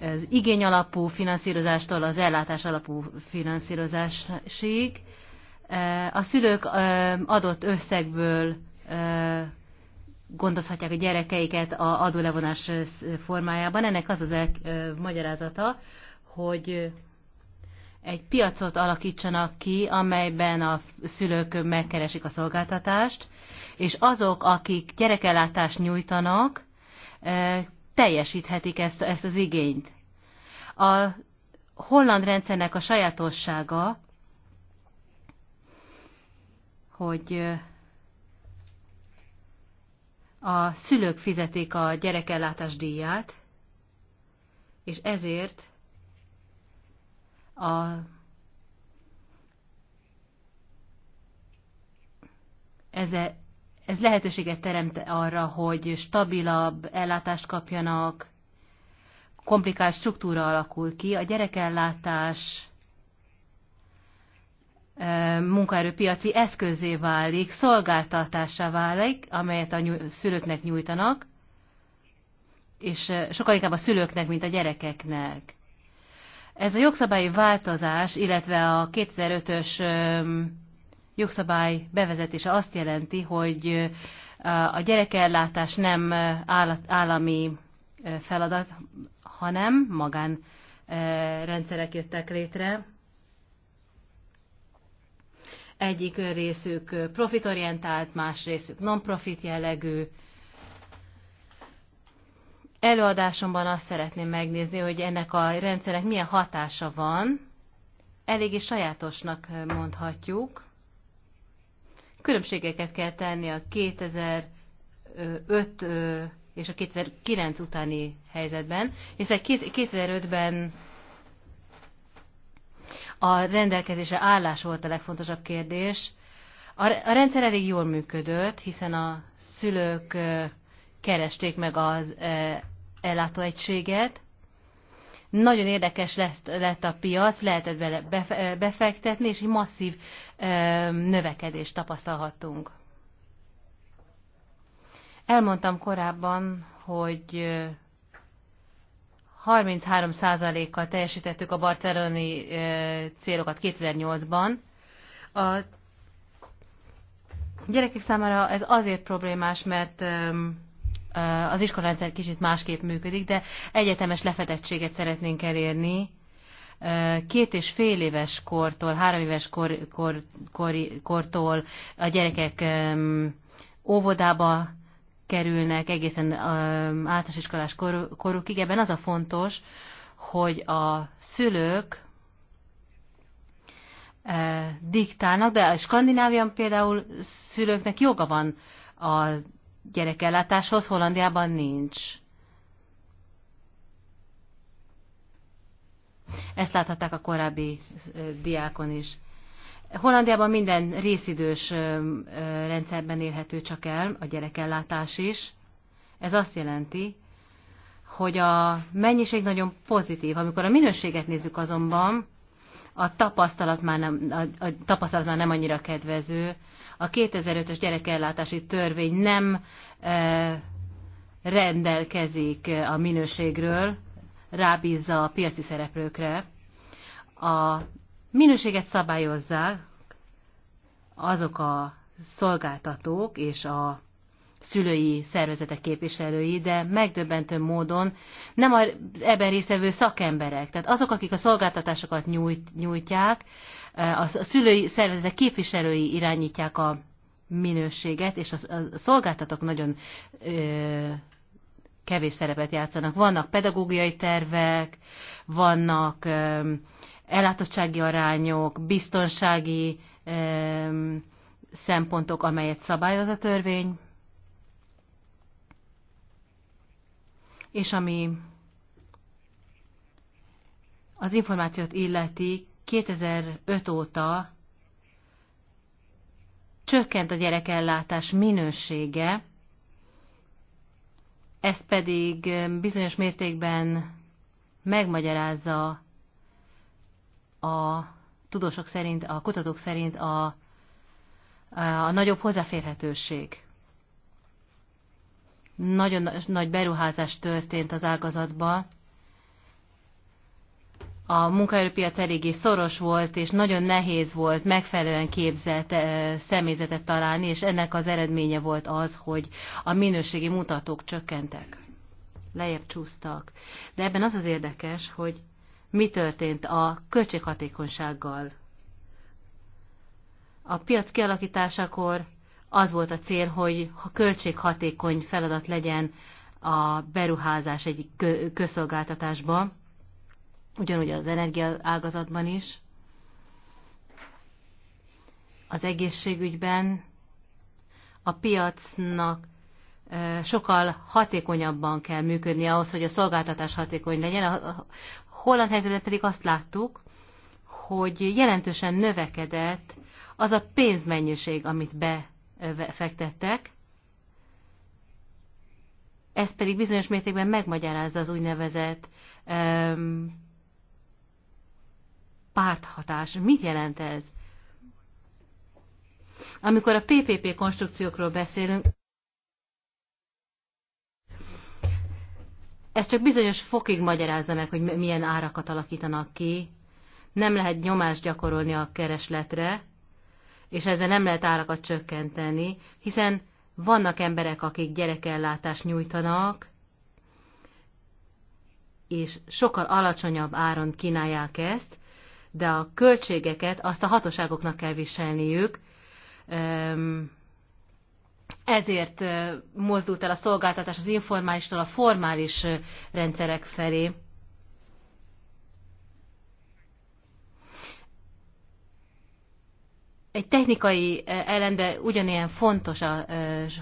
az igény alapú finanszírozástól az ellátás alapú finanszírozásig. E, a szülők e, adott összegből e, gondozhatják a gyerekeiket a adólevonás formájában. Ennek az az el, magyarázata, hogy egy piacot alakítsanak ki, amelyben a szülők megkeresik a szolgáltatást, és azok, akik gyerekellátást nyújtanak, teljesíthetik ezt, ezt az igényt. A holland rendszernek a sajátossága, hogy a szülők fizetik a gyerekellátás díját, és ezért a ezzel ez lehetőséget teremt arra, hogy stabilabb ellátást kapjanak, komplikált struktúra alakul ki, a gyerekellátás munkaerőpiaci eszközé válik, szolgáltatásá válik, amelyet a szülőknek nyújtanak, és sokkal inkább a szülőknek, mint a gyerekeknek. Ez a jogszabályi változás, illetve a 2005-ös jogszabály bevezetése azt jelenti, hogy a gyerekellátás nem állami feladat, hanem magán rendszerek jöttek létre. Egyik részük profitorientált, más részük non-profit jellegű. Előadásomban azt szeretném megnézni, hogy ennek a rendszernek milyen hatása van. Eléggé sajátosnak mondhatjuk Különbségeket kell tenni a 2005 és a 2009 utáni helyzetben, hiszen 2005-ben a rendelkezésre állás volt a legfontosabb kérdés. A rendszer elég jól működött, hiszen a szülők keresték meg az ellátóegységet, nagyon érdekes lesz, lett a piac, lehetett bele befektetni, és egy masszív növekedést tapasztalhattunk. Elmondtam korábban, hogy 33%-kal teljesítettük a barceloni célokat 2008-ban. A gyerekek számára ez azért problémás, mert az iskolarendszer kicsit másképp működik, de egyetemes lefedettséget szeretnénk elérni. Két és fél éves kortól, három éves kor, kor, kor, kortól a gyerekek óvodába kerülnek egészen általános iskolás kor, korukig. Ebben az a fontos, hogy a szülők diktálnak, de a Skandinávian például szülőknek joga van a gyerekellátáshoz Hollandiában nincs. Ezt láthatták a korábbi diákon is. Hollandiában minden részidős rendszerben élhető csak el, a gyerekellátás is. Ez azt jelenti, hogy a mennyiség nagyon pozitív. Amikor a minőséget nézzük azonban, a tapasztalat már nem, a, a tapasztalat már nem annyira kedvező, a 2005-ös gyerekellátási törvény nem e, rendelkezik a minőségről, rábízza a piaci szereplőkre. A minőséget szabályozzák azok a szolgáltatók és a szülői szervezetek képviselői, de megdöbbentő módon nem az ebben részevő szakemberek, tehát azok, akik a szolgáltatásokat nyújt, nyújtják, a szülői szervezetek képviselői irányítják a minőséget, és a szolgáltatók nagyon kevés szerepet játszanak. Vannak pedagógiai tervek, vannak ellátottsági arányok, biztonsági szempontok, amelyet szabályoz a törvény, és ami az információt illeti, 2005 óta csökkent a gyerekellátás minősége, ez pedig bizonyos mértékben megmagyarázza a tudósok szerint, a kutatók szerint a, a nagyobb hozzáférhetőség. Nagyon nagy beruházás történt az ágazatban a munkaerőpiac eléggé szoros volt, és nagyon nehéz volt megfelelően képzett eh, személyzetet találni, és ennek az eredménye volt az, hogy a minőségi mutatók csökkentek, lejjebb csúsztak. De ebben az az érdekes, hogy mi történt a költséghatékonysággal. A piac kialakításakor az volt a cél, hogy ha költséghatékony feladat legyen a beruházás egy közszolgáltatásban, ugyanúgy az energia ágazatban is, az egészségügyben a piacnak sokkal hatékonyabban kell működni ahhoz, hogy a szolgáltatás hatékony legyen. A holland helyzetben pedig azt láttuk, hogy jelentősen növekedett az a pénzmennyiség, amit befektettek, ez pedig bizonyos mértékben megmagyarázza az úgynevezett párthatás. Mit jelent ez? Amikor a PPP konstrukciókról beszélünk, ez csak bizonyos fokig magyarázza meg, hogy milyen árakat alakítanak ki. Nem lehet nyomást gyakorolni a keresletre, és ezzel nem lehet árakat csökkenteni, hiszen vannak emberek, akik gyerekellátást nyújtanak, és sokkal alacsonyabb áron kínálják ezt, de a költségeket azt a hatóságoknak kell viselniük. Ezért mozdult el a szolgáltatás az informálistól a formális rendszerek felé. egy technikai ellen, de ugyanilyen fontos a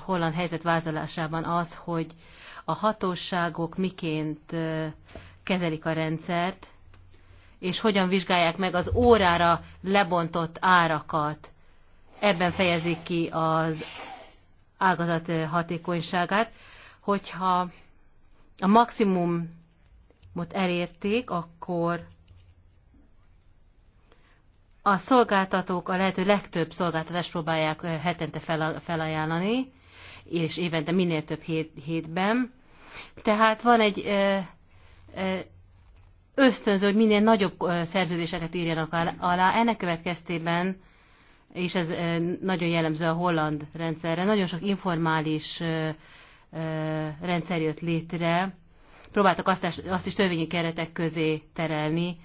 holland helyzet vázolásában az, hogy a hatóságok miként kezelik a rendszert, és hogyan vizsgálják meg az órára lebontott árakat. Ebben fejezik ki az ágazat hatékonyságát, hogyha a maximumot elérték, akkor a szolgáltatók a lehető legtöbb szolgáltatást próbálják eh, hetente felajánlani, és évente minél több hét, hétben. Tehát van egy ö, eh, ö, eh, ösztönző, hogy minél nagyobb szerződéseket írjanak alá. Ennek következtében, és ez nagyon jellemző a holland rendszerre, nagyon sok informális rendszer jött létre. Próbáltak azt is törvényi keretek közé terelni.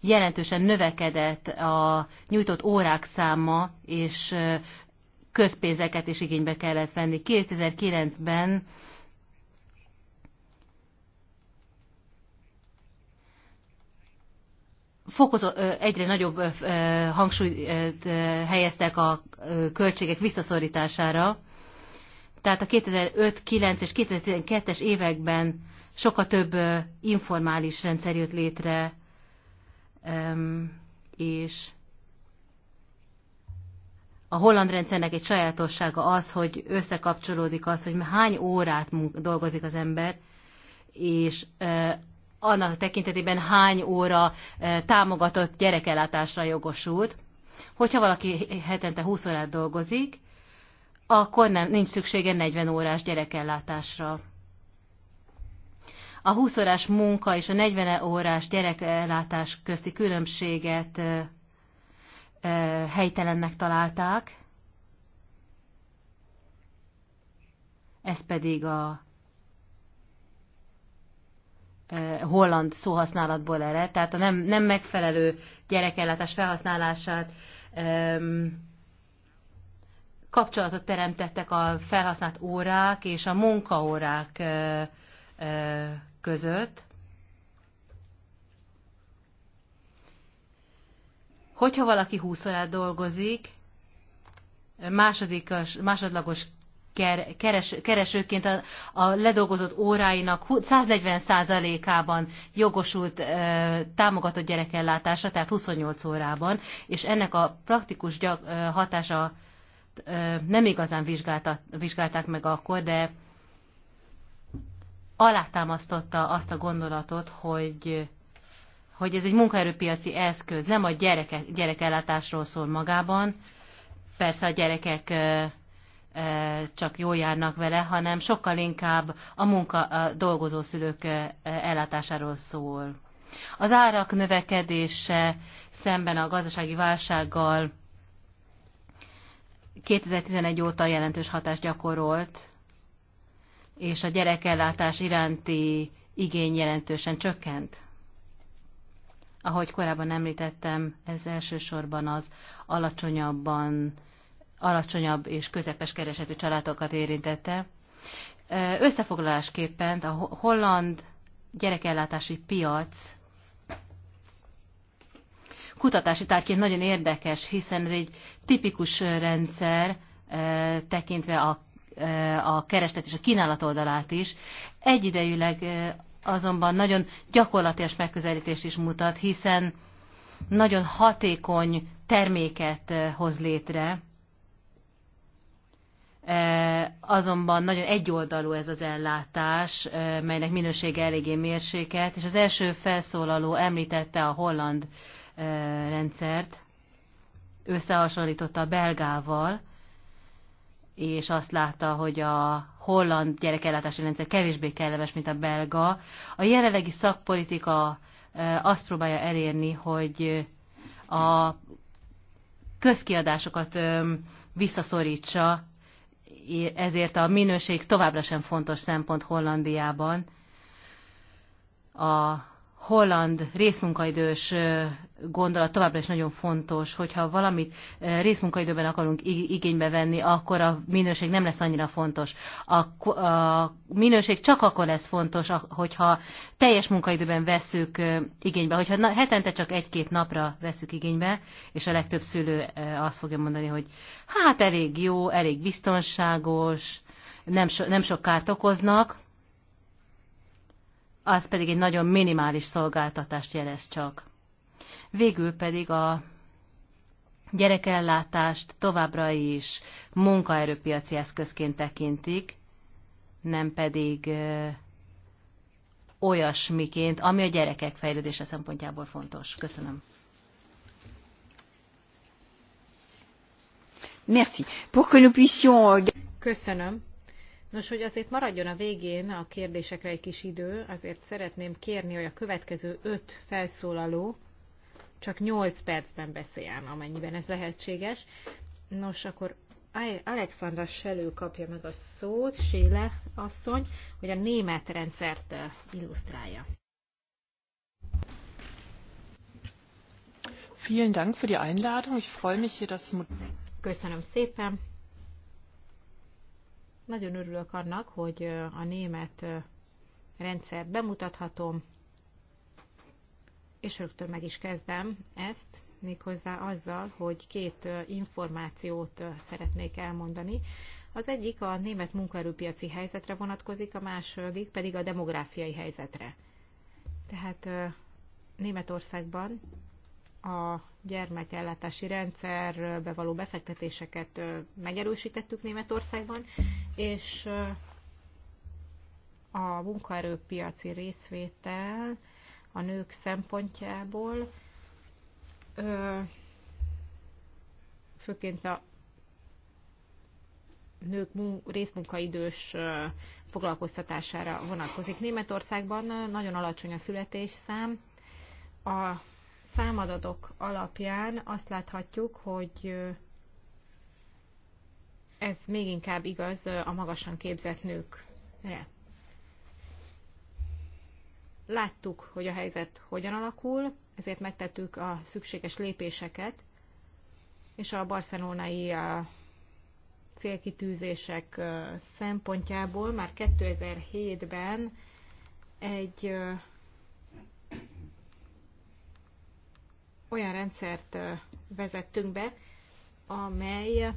Jelentősen növekedett a nyújtott órák száma, és közpénzeket is igénybe kellett venni. 2009-ben fokozó, egyre nagyobb hangsúlyt helyeztek a költségek visszaszorítására. Tehát a 2005, 9 és 2012-es években sokkal több informális rendszer jött létre, és a holland rendszernek egy sajátossága az, hogy összekapcsolódik az, hogy hány órát dolgozik az ember, és annak tekintetében hány óra e, támogatott gyerekellátásra jogosult. Hogyha valaki hetente 20 órát dolgozik, akkor nem, nincs szüksége 40 órás gyerekellátásra. A 20 órás munka és a 40 órás gyerekellátás közti különbséget ö, e, ö, e, helytelennek találták, ez pedig a Eh, holland szóhasználatból ered, tehát a nem, nem megfelelő gyerekellátás felhasználását kapcsolatot teremtettek a felhasznált órák és a munkaórák eh, eh, között. Hogyha valaki 20 órát dolgozik, másodikos, másodlagos keres, keresőként a, a ledolgozott óráinak 140%-ában jogosult e, támogatott gyerekellátása, tehát 28 órában, és ennek a praktikus gyak, e, hatása e, nem igazán vizsgálták meg akkor, de alátámasztotta azt a gondolatot, hogy hogy ez egy munkaerőpiaci eszköz, nem a gyereke, gyerekellátásról szól magában. Persze a gyerekek csak jól járnak vele, hanem sokkal inkább a munka a dolgozó szülők ellátásáról szól. Az árak növekedése szemben a gazdasági válsággal 2011 óta jelentős hatást gyakorolt, és a gyerekellátás iránti igény jelentősen csökkent. Ahogy korábban említettem, ez elsősorban az alacsonyabban alacsonyabb és közepes keresetű családokat érintette. Összefoglalásképpen a holland gyerekellátási piac kutatási tárgyként nagyon érdekes, hiszen ez egy tipikus rendszer, tekintve a, a kereslet és a kínálat oldalát is. Egyidejűleg azonban nagyon gyakorlatilag megközelítést is mutat, hiszen nagyon hatékony terméket hoz létre, azonban nagyon egyoldalú ez az ellátás, melynek minősége eléggé mérséket, és az első felszólaló említette a holland rendszert, összehasonlította a belgával, és azt látta, hogy a holland gyerekellátási rendszer kevésbé kellemes, mint a belga. A jelenlegi szakpolitika azt próbálja elérni, hogy a közkiadásokat visszaszorítsa, ezért a minőség továbbra sem fontos szempont Hollandiában. A holland részmunkaidős gondolat továbbra is nagyon fontos, hogyha valamit eh, részmunkaidőben akarunk igénybe venni, akkor a minőség nem lesz annyira fontos. A, a minőség csak akkor lesz fontos, hogyha teljes munkaidőben veszük eh, igénybe. Hogyha hetente csak egy-két napra veszük igénybe, és a legtöbb szülő eh, azt fogja mondani, hogy hát elég jó, elég biztonságos, nem, so, nem sok kárt okoznak, az pedig egy nagyon minimális szolgáltatást jelez csak végül pedig a gyerekellátást továbbra is munkaerőpiaci eszközként tekintik, nem pedig olyasmiként, ami a gyerekek fejlődése szempontjából fontos. Köszönöm. Merci. Pour que nous puissions... Euh, Köszönöm. Nos, hogy azért maradjon a végén a kérdésekre egy kis idő, azért szeretném kérni, hogy a következő öt felszólaló csak 8 percben beszéljen, amennyiben ez lehetséges. Nos, akkor Alexandra Selő kapja meg a szót, Séle asszony, hogy a német rendszert eh, illusztrálja. Vielen Dank für die Einladung. Ich freue mich hier, dass... Köszönöm szépen. Nagyon örülök annak, hogy eh, a német eh, rendszert bemutathatom és rögtön meg is kezdem ezt, méghozzá azzal, hogy két információt szeretnék elmondani. Az egyik a német munkaerőpiaci helyzetre vonatkozik, a második pedig a demográfiai helyzetre. Tehát Németországban a gyermekellátási rendszerbe való befektetéseket megerősítettük Németországban, és a munkaerőpiaci részvétel a nők szempontjából, főként a nők részmunkaidős foglalkoztatására vonatkozik. Németországban nagyon alacsony a születésszám. A számadatok alapján azt láthatjuk, hogy ez még inkább igaz a magasan képzett nőkre. Láttuk, hogy a helyzet hogyan alakul, ezért megtettük a szükséges lépéseket, és a barcelonai célkitűzések szempontjából már 2007-ben egy olyan rendszert vezettünk be, amely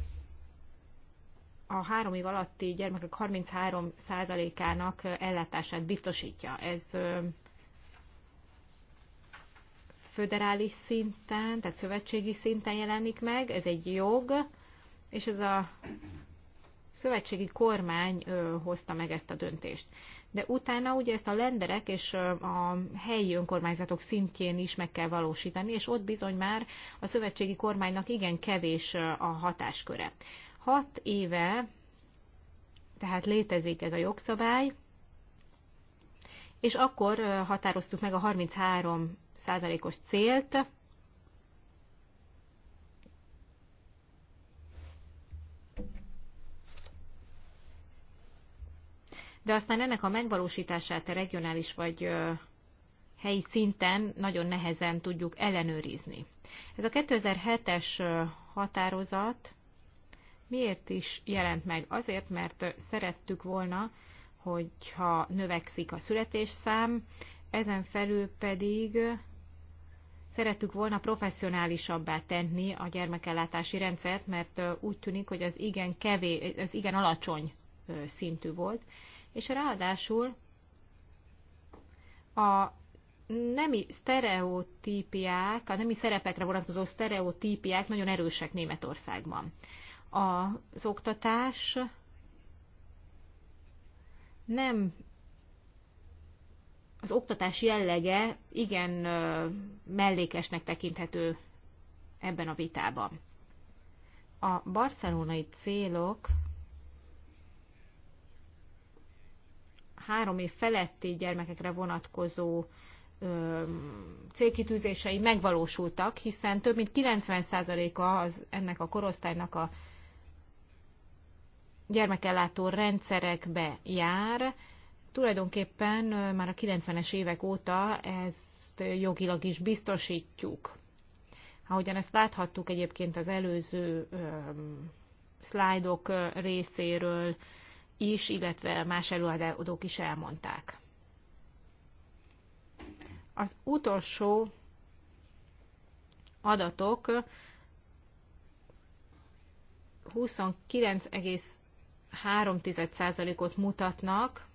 a három év alatti gyermekek 33%-ának ellátását biztosítja. Ez föderális szinten, tehát szövetségi szinten jelenik meg, ez egy jog, és ez a szövetségi kormány ö, hozta meg ezt a döntést. De utána ugye ezt a lenderek és a helyi önkormányzatok szintjén is meg kell valósítani, és ott bizony már a szövetségi kormánynak igen kevés a hatásköre. Hat éve tehát létezik ez a jogszabály, és akkor határoztuk meg a 33 százalékos célt, de aztán ennek a megvalósítását a regionális vagy helyi szinten nagyon nehezen tudjuk ellenőrizni. Ez a 2007-es határozat miért is jelent meg? Azért, mert szerettük volna hogyha növekszik a születésszám, ezen felül pedig szerettük volna professzionálisabbá tenni a gyermekellátási rendszert, mert úgy tűnik, hogy az igen, kevés, az igen alacsony szintű volt, és ráadásul a nemi sztereotípiák, a nemi szerepekre vonatkozó sztereotípiák nagyon erősek Németországban. Az oktatás nem az oktatás jellege igen mellékesnek tekinthető ebben a vitában. A barcelonai célok három év feletti gyermekekre vonatkozó célkitűzései megvalósultak, hiszen több mint 90%-a ennek a korosztálynak a gyermekellátó rendszerekbe jár. Tulajdonképpen már a 90-es évek óta ezt jogilag is biztosítjuk. Ahogyan ezt láthattuk egyébként az előző szlájdok részéről is, illetve más előadók is elmondták. Az utolsó adatok 29, 3%-ot mutatnak,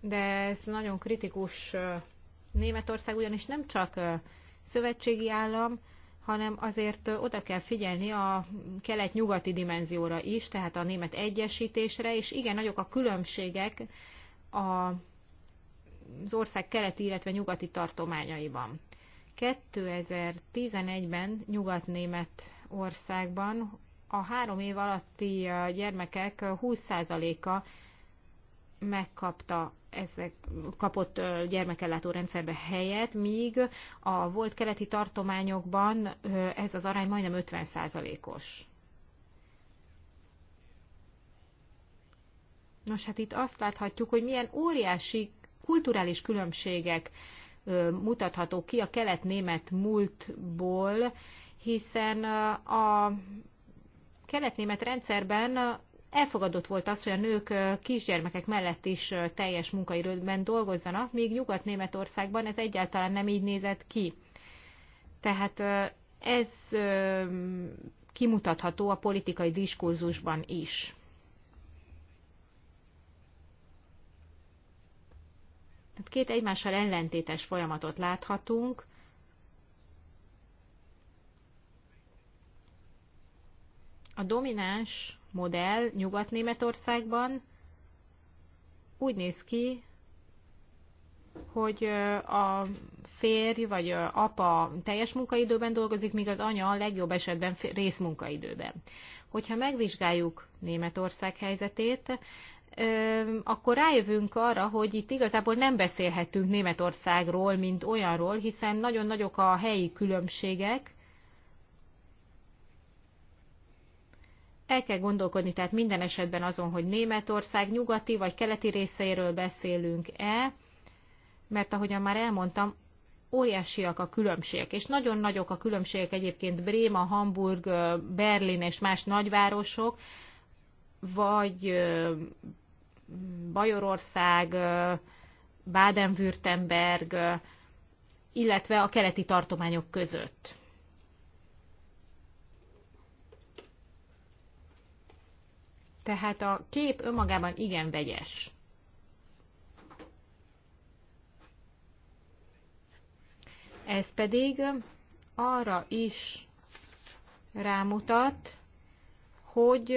de ez nagyon kritikus Németország ugyanis nem csak szövetségi állam, hanem azért oda kell figyelni a kelet-nyugati dimenzióra is, tehát a német egyesítésre, és igen, nagyok a különbségek a, az ország keleti, illetve nyugati tartományaiban. 2011-ben Nyugat-Német országban a három év alatti gyermekek 20%-a megkapta ezek, kapott gyermekellátó rendszerbe helyet, míg a volt keleti tartományokban ez az arány majdnem 50%-os. Nos, hát itt azt láthatjuk, hogy milyen óriási kulturális különbségek mutathatók ki a kelet-német múltból, hiszen a keletnémet rendszerben elfogadott volt az, hogy a nők kisgyermekek mellett is teljes munkaidőben dolgozzanak, míg Nyugat-Németországban ez egyáltalán nem így nézett ki. Tehát ez kimutatható a politikai diskurzusban is. két egymással ellentétes folyamatot láthatunk, A domináns modell Nyugat-Németországban úgy néz ki, hogy a férj vagy a apa teljes munkaidőben dolgozik, míg az anya a legjobb esetben részmunkaidőben. Hogyha megvizsgáljuk Németország helyzetét, akkor rájövünk arra, hogy itt igazából nem beszélhetünk Németországról, mint olyanról, hiszen nagyon nagyok a helyi különbségek, el kell gondolkodni tehát minden esetben azon, hogy Németország nyugati vagy keleti részeiről beszélünk-e, mert ahogyan már elmondtam, óriásiak a különbségek, és nagyon nagyok a különbségek egyébként Bréma, Hamburg, Berlin és más nagyvárosok, vagy Bajorország, Baden-Württemberg, illetve a keleti tartományok között. Tehát a kép önmagában igen vegyes. Ez pedig arra is rámutat, hogy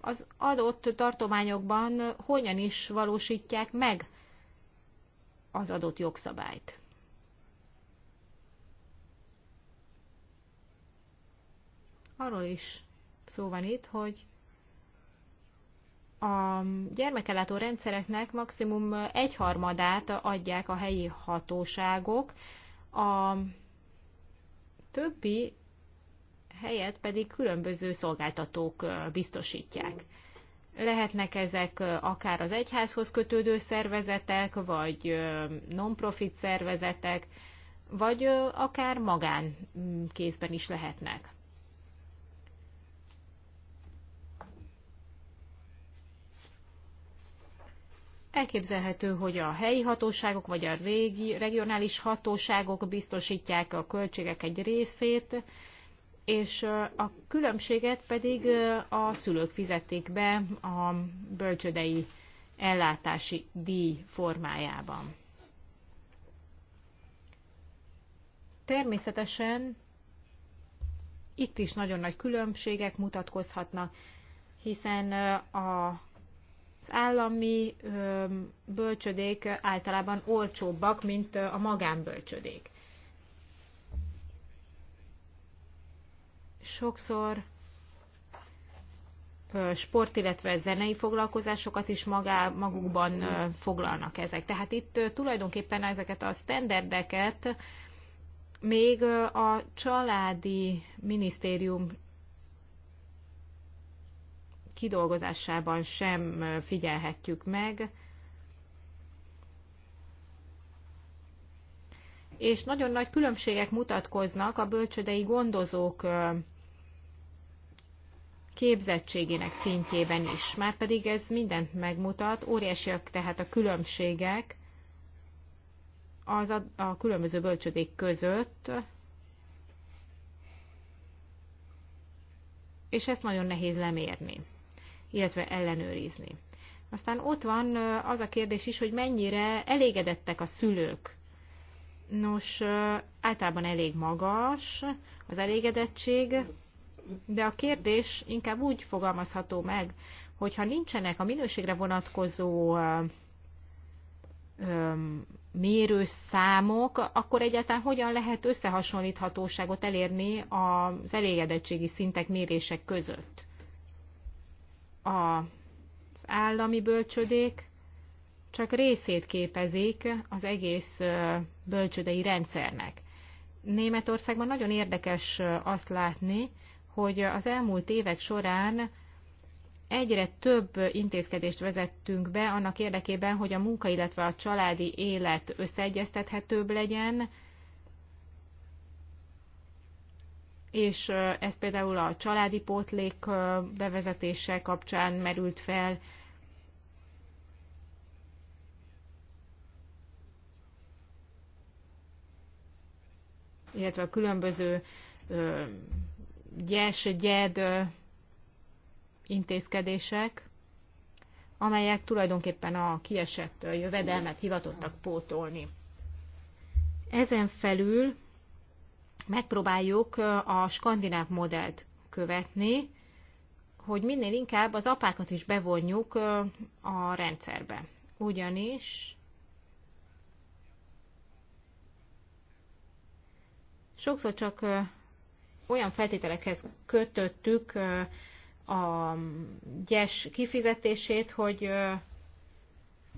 az adott tartományokban hogyan is valósítják meg az adott jogszabályt. Arról is szó van itt, hogy a gyermekelátó rendszereknek maximum egyharmadát adják a helyi hatóságok, a többi helyet pedig különböző szolgáltatók biztosítják. Lehetnek ezek akár az egyházhoz kötődő szervezetek, vagy non-profit szervezetek, vagy akár magánkézben is lehetnek. Elképzelhető, hogy a helyi hatóságok vagy a régi, regionális hatóságok biztosítják a költségek egy részét, és a különbséget pedig a szülők fizették be a bölcsödei ellátási díj formájában. Természetesen itt is nagyon nagy különbségek mutatkozhatnak, hiszen a állami bölcsödék általában olcsóbbak, mint a magánbölcsödék. Sokszor sport, illetve zenei foglalkozásokat is magá, magukban foglalnak ezek. Tehát itt tulajdonképpen ezeket a standardeket még a családi minisztérium kidolgozásában sem figyelhetjük meg. És nagyon nagy különbségek mutatkoznak a bölcsödei gondozók képzettségének szintjében is. pedig ez mindent megmutat, óriásiak tehát a különbségek az a, a különböző bölcsödék között, és ezt nagyon nehéz lemérni illetve ellenőrizni. Aztán ott van az a kérdés is, hogy mennyire elégedettek a szülők. Nos, általában elég magas az elégedettség, de a kérdés inkább úgy fogalmazható meg, hogyha nincsenek a minőségre vonatkozó mérőszámok, akkor egyáltalán hogyan lehet összehasonlíthatóságot elérni az elégedettségi szintek mérések között? az állami bölcsödék csak részét képezik az egész bölcsödei rendszernek. Németországban nagyon érdekes azt látni, hogy az elmúlt évek során egyre több intézkedést vezettünk be annak érdekében, hogy a munka, illetve a családi élet összeegyeztethetőbb legyen, és ez például a családi pótlék bevezetése kapcsán merült fel, illetve a különböző gyes, gyed intézkedések, amelyek tulajdonképpen a kiesett jövedelmet hivatottak pótolni. Ezen felül megpróbáljuk a skandináv modellt követni, hogy minél inkább az apákat is bevonjuk a rendszerbe. Ugyanis sokszor csak olyan feltételekhez kötöttük a gyes kifizetését, hogy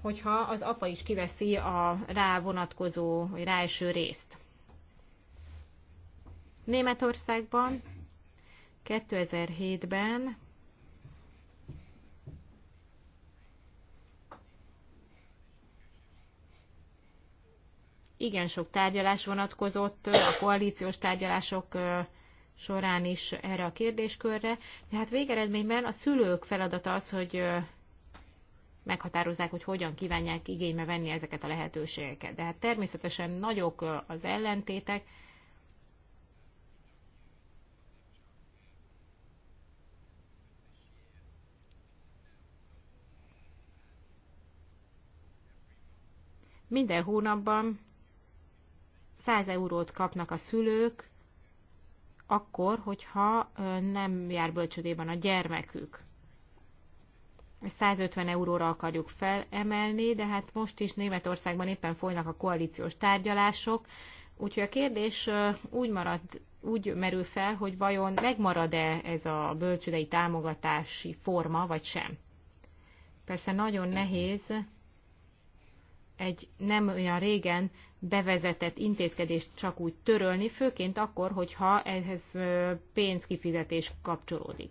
hogyha az apa is kiveszi a rá vonatkozó, vagy ráeső részt. Németországban 2007-ben igen sok tárgyalás vonatkozott a koalíciós tárgyalások során is erre a kérdéskörre. De hát végeredményben a szülők feladata az, hogy meghatározzák, hogy hogyan kívánják igénybe venni ezeket a lehetőségeket. De hát természetesen nagyok az ellentétek, Minden hónapban 100 eurót kapnak a szülők, akkor, hogyha nem jár bölcsödében a gyermekük. 150 euróra akarjuk felemelni, de hát most is Németországban éppen folynak a koalíciós tárgyalások, úgyhogy a kérdés úgy marad, úgy merül fel, hogy vajon megmarad-e ez a bölcsödei támogatási forma, vagy sem. Persze nagyon nehéz egy nem olyan régen bevezetett intézkedést csak úgy törölni, főként akkor, hogyha ehhez pénzkifizetés kapcsolódik.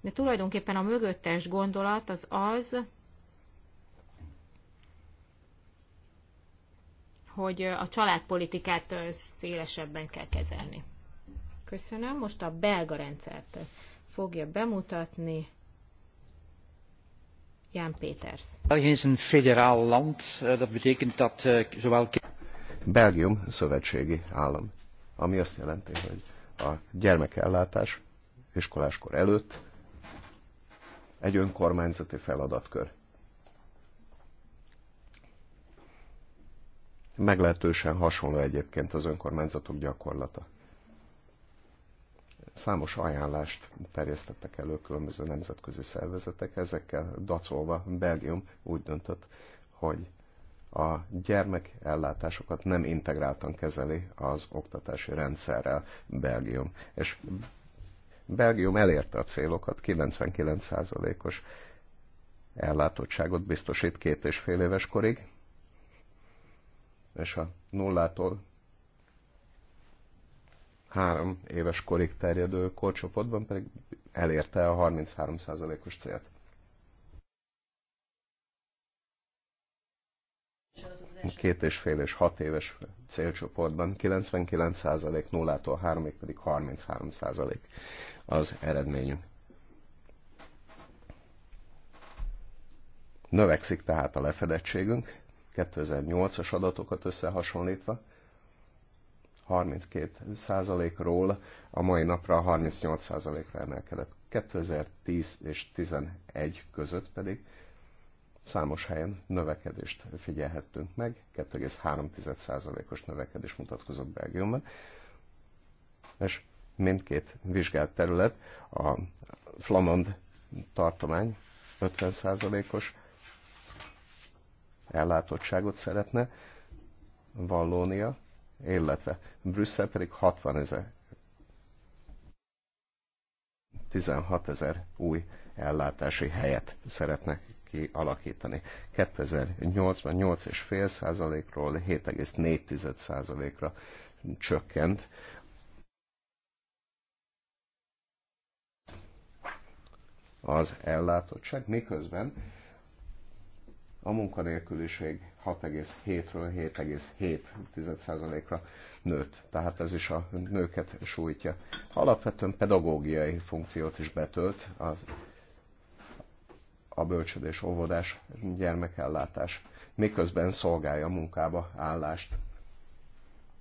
De tulajdonképpen a mögöttes gondolat az az, hogy a családpolitikát szélesebben kell kezelni. Köszönöm. Most a belga rendszert fogja bemutatni Ján Péters. België is een federaal land, eh, dat betekent dat eh, zowel... Belgium szövetségi állam, ami azt jelenti, hogy a gyermekellátás iskoláskor előtt egy önkormányzati feladatkör. Meglehetősen hasonló egyébként az önkormányzatok gyakorlata számos ajánlást terjesztettek elő különböző nemzetközi szervezetek, ezekkel dacolva Belgium úgy döntött, hogy a gyermekellátásokat nem integráltan kezeli az oktatási rendszerrel Belgium. És Belgium elérte a célokat, 99%-os ellátottságot biztosít két és fél éves korig, és a nullától három éves korig terjedő korcsoportban pedig elérte a 33%-os célt. Két és fél és hat éves célcsoportban 99% nullától háromig pedig 33% az eredményünk. Növekszik tehát a lefedettségünk, 2008-as adatokat összehasonlítva, 32%-ról a mai napra 38%-ra emelkedett. 2010 és 11 között pedig számos helyen növekedést figyelhettünk meg, 2,3%-os növekedés mutatkozott Belgiumban, és mindkét vizsgált terület, a Flamand tartomány 50%-os ellátottságot szeretne, Vallónia illetve Brüsszel pedig 60 ezer 16 ezer új ellátási helyet szeretne kialakítani. 2008-ban 8,5%-ról 7,4%-ra csökkent. Az ellátottság miközben a munkanélküliség 6,7-ről 7,7%-ra nőtt, tehát ez is a nőket sújtja. Alapvetően pedagógiai funkciót is betölt az, a bölcsödés, óvodás, gyermekellátás, miközben szolgálja a munkába állást.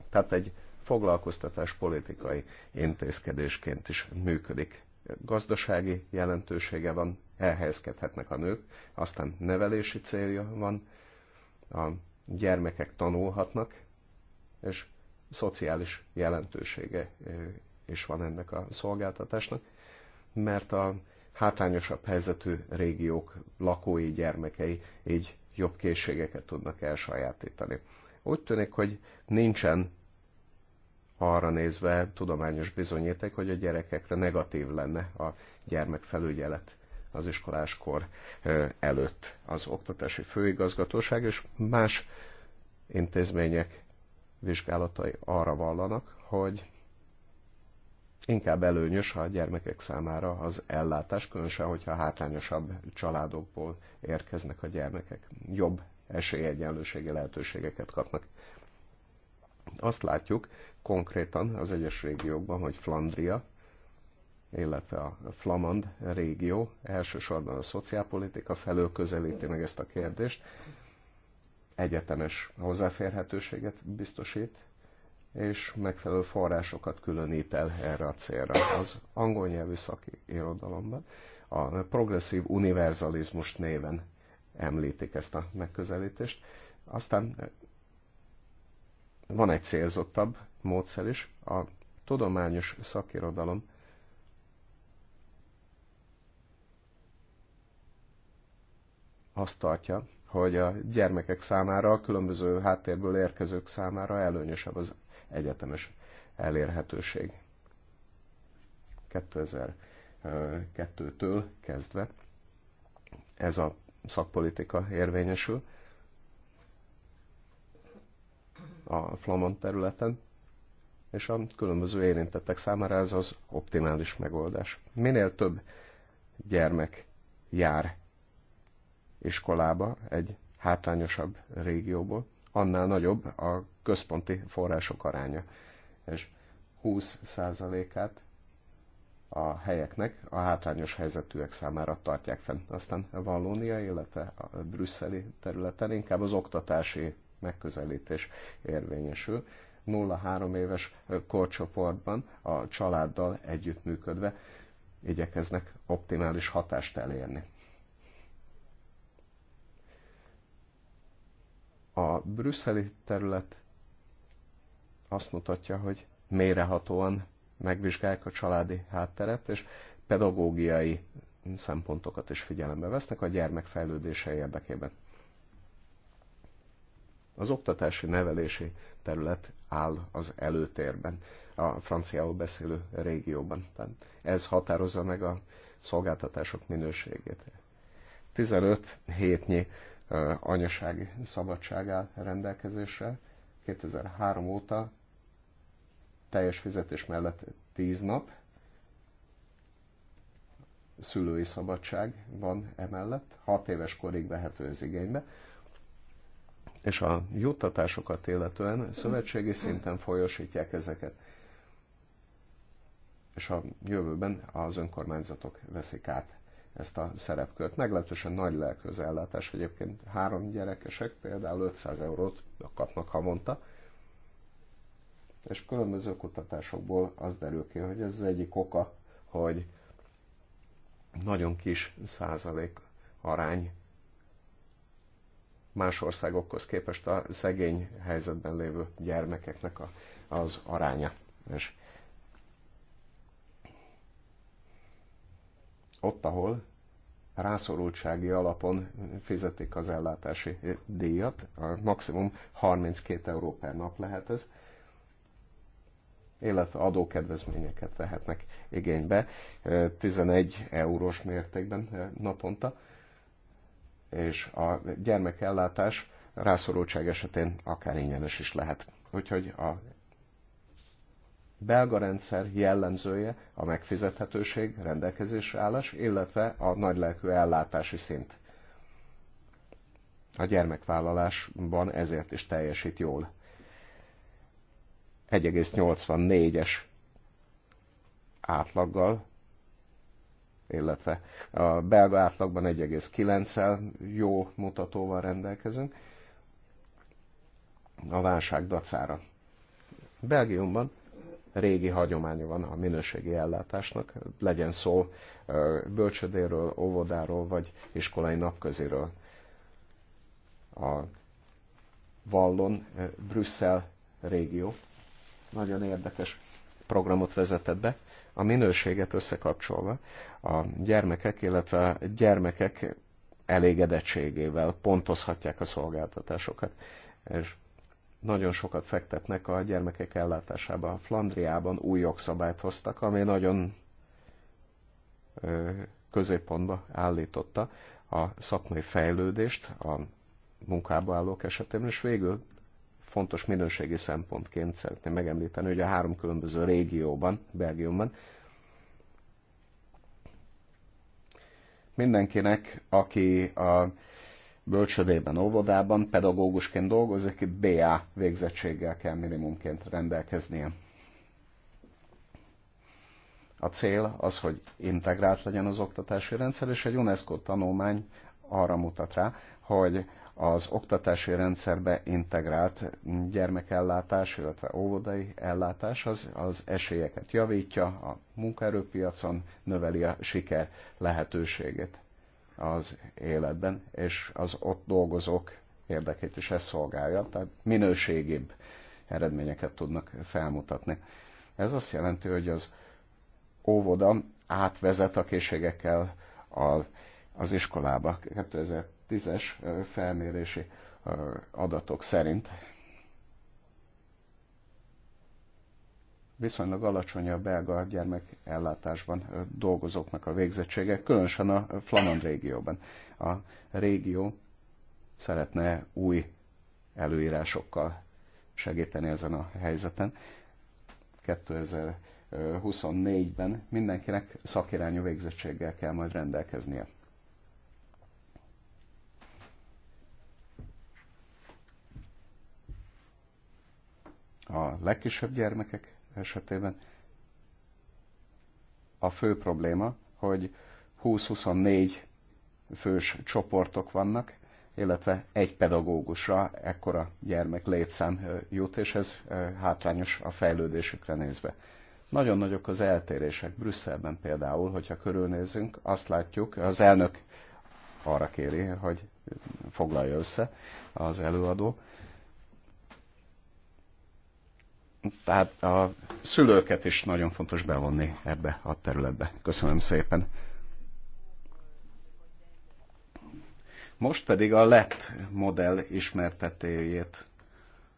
Tehát egy foglalkoztatás politikai intézkedésként is működik gazdasági jelentősége van, elhelyezkedhetnek a nők, aztán nevelési célja van, a gyermekek tanulhatnak, és szociális jelentősége is van ennek a szolgáltatásnak, mert a hátrányosabb helyzetű régiók lakói gyermekei így jobb készségeket tudnak elsajátítani. Úgy tűnik, hogy nincsen arra nézve tudományos bizonyíték, hogy a gyerekekre negatív lenne a gyermekfelügyelet az iskoláskor előtt. Az oktatási főigazgatóság és más intézmények vizsgálatai arra vallanak, hogy inkább előnyös a gyermekek számára az ellátás, különösen, hogyha hátrányosabb családokból érkeznek a gyermekek. Jobb esélyegyenlőségi lehetőségeket kapnak. Azt látjuk, konkrétan az egyes régiókban, hogy Flandria, illetve a Flamand régió elsősorban a szociálpolitika felől közelíti meg ezt a kérdést, egyetemes hozzáférhetőséget biztosít, és megfelelő forrásokat különít el erre a célra. Az angol nyelvű irodalomban a progresszív univerzalizmus néven említik ezt a megközelítést. Aztán van egy célzottabb módszer is. A tudományos szakirodalom azt tartja, hogy a gyermekek számára, a különböző háttérből érkezők számára előnyösebb az egyetemes elérhetőség. 2002-től kezdve ez a szakpolitika érvényesül a Flamand területen, és a különböző érintettek számára ez az optimális megoldás. Minél több gyermek jár iskolába egy hátrányosabb régióból, annál nagyobb a központi források aránya. És 20%-át a helyeknek a hátrányos helyzetűek számára tartják fenn. Aztán a Vallónia, illetve a brüsszeli területen inkább az oktatási megközelítés érvényesül, 0-3 éves korcsoportban a családdal együttműködve igyekeznek optimális hatást elérni. A brüsszeli terület azt mutatja, hogy mérehatóan megvizsgálják a családi hátteret, és pedagógiai szempontokat is figyelembe vesznek a gyermek fejlődése érdekében. Az oktatási nevelési terület áll az előtérben a franciául beszélő régióban. Tehát ez határozza meg a szolgáltatások minőségét. 15 hétnyi anyasági szabadság áll rendelkezésre. 2003 óta teljes fizetés mellett 10 nap, szülői szabadság van emellett, 6 éves korig vehető ez igénybe, és a juttatásokat illetően szövetségi szinten folyosítják ezeket. És a jövőben az önkormányzatok veszik át ezt a szerepkört. Meglehetősen nagy lelközellátás egyébként. Három gyerekesek például 500 eurót kapnak havonta, és különböző kutatásokból az derül ki, hogy ez az egyik oka, hogy nagyon kis százalék arány más országokhoz képest a szegény helyzetben lévő gyermekeknek a, az aránya. És ott, ahol rászorultsági alapon fizetik az ellátási díjat, a maximum 32 euró per nap lehet ez, illetve adókedvezményeket vehetnek igénybe 11 eurós mértékben naponta és a gyermekellátás rászorultság esetén akár ingyenes is lehet. Úgyhogy a belga rendszer jellemzője a megfizethetőség, rendelkezésre állás, illetve a nagylelkű ellátási szint. A gyermekvállalásban ezért is teljesít jól. 1,84-es átlaggal illetve a belga átlagban 1,9-el jó mutatóval rendelkezünk a válság dacára. Belgiumban régi hagyománya van a minőségi ellátásnak, legyen szó bölcsödéről, óvodáról, vagy iskolai napköziről. A Vallon, Brüsszel régió nagyon érdekes programot vezetett be, a minőséget összekapcsolva a gyermekek, illetve a gyermekek elégedettségével pontozhatják a szolgáltatásokat. És nagyon sokat fektetnek a gyermekek ellátásába. A Flandriában új jogszabályt hoztak, ami nagyon középpontba állította a szakmai fejlődést a munkába állók esetében, és végül fontos minőségi szempontként szeretném megemlíteni, hogy a három különböző régióban, Belgiumban, mindenkinek, aki a bölcsödében, óvodában pedagógusként dolgozik, BA végzettséggel kell minimumként rendelkeznie. A cél az, hogy integrált legyen az oktatási rendszer, és egy UNESCO tanulmány arra mutat rá, hogy az oktatási rendszerbe integrált gyermekellátás, illetve óvodai ellátás az, az esélyeket javítja, a munkaerőpiacon növeli a siker lehetőségét az életben, és az ott dolgozók érdekét is ez szolgálja, tehát minőségibb eredményeket tudnak felmutatni. Ez azt jelenti, hogy az óvoda átvezet a készségekkel az, az iskolába. 2000 2010-es felmérési adatok szerint viszonylag alacsony a belga gyermekellátásban dolgozóknak a végzettsége, különösen a Flamand régióban. A régió szeretne új előírásokkal segíteni ezen a helyzeten. 2024-ben mindenkinek szakirányú végzettséggel kell majd rendelkeznie. a legkisebb gyermekek esetében a fő probléma, hogy 20-24 fős csoportok vannak, illetve egy pedagógusra ekkora gyermek létszám jut, és ez hátrányos a fejlődésükre nézve. Nagyon nagyok az eltérések. Brüsszelben például, hogyha körülnézünk, azt látjuk, az elnök arra kéri, hogy foglalja össze az előadó, tehát a szülőket is nagyon fontos bevonni ebbe a területbe. Köszönöm szépen. Most pedig a lett modell ismertetőjét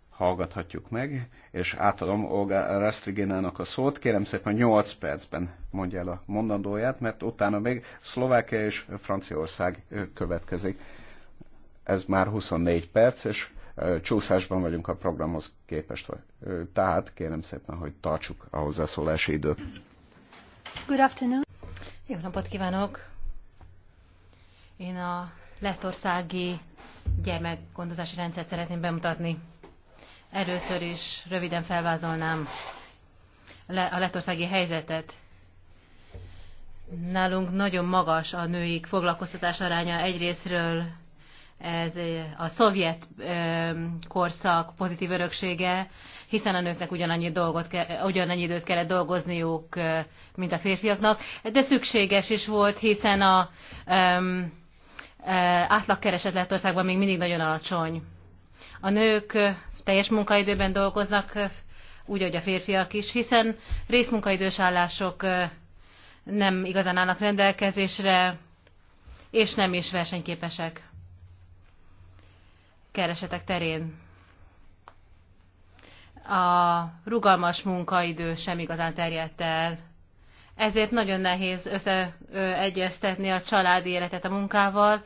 hallgathatjuk meg, és átadom Olga Rastriginának a szót. Kérem szépen 8 percben mondja el a mondandóját, mert utána még Szlovákia és Franciaország következik. Ez már 24 perc, és csúszásban vagyunk a programhoz képest. Tehát kérem szépen, hogy tartsuk a hozzászólási időt. Good afternoon. Jó napot kívánok! Én a lettországi gyermekgondozási rendszert szeretném bemutatni. Először is röviden felvázolnám a lettországi helyzetet. Nálunk nagyon magas a női foglalkoztatás aránya egyrésztről ez a szovjet korszak pozitív öröksége, hiszen a nőknek ugyanannyi, dolgot, ugyanannyi időt kellett dolgozniuk, mint a férfiaknak, de szükséges is volt, hiszen a um, átlagkereset Lettországban még mindig nagyon alacsony. A nők teljes munkaidőben dolgoznak, úgy, ahogy a férfiak is, hiszen részmunkaidős állások nem igazán állnak rendelkezésre, és nem is versenyképesek keresetek terén. A rugalmas munkaidő sem igazán terjedt el, ezért nagyon nehéz összeegyeztetni a családi életet a munkával,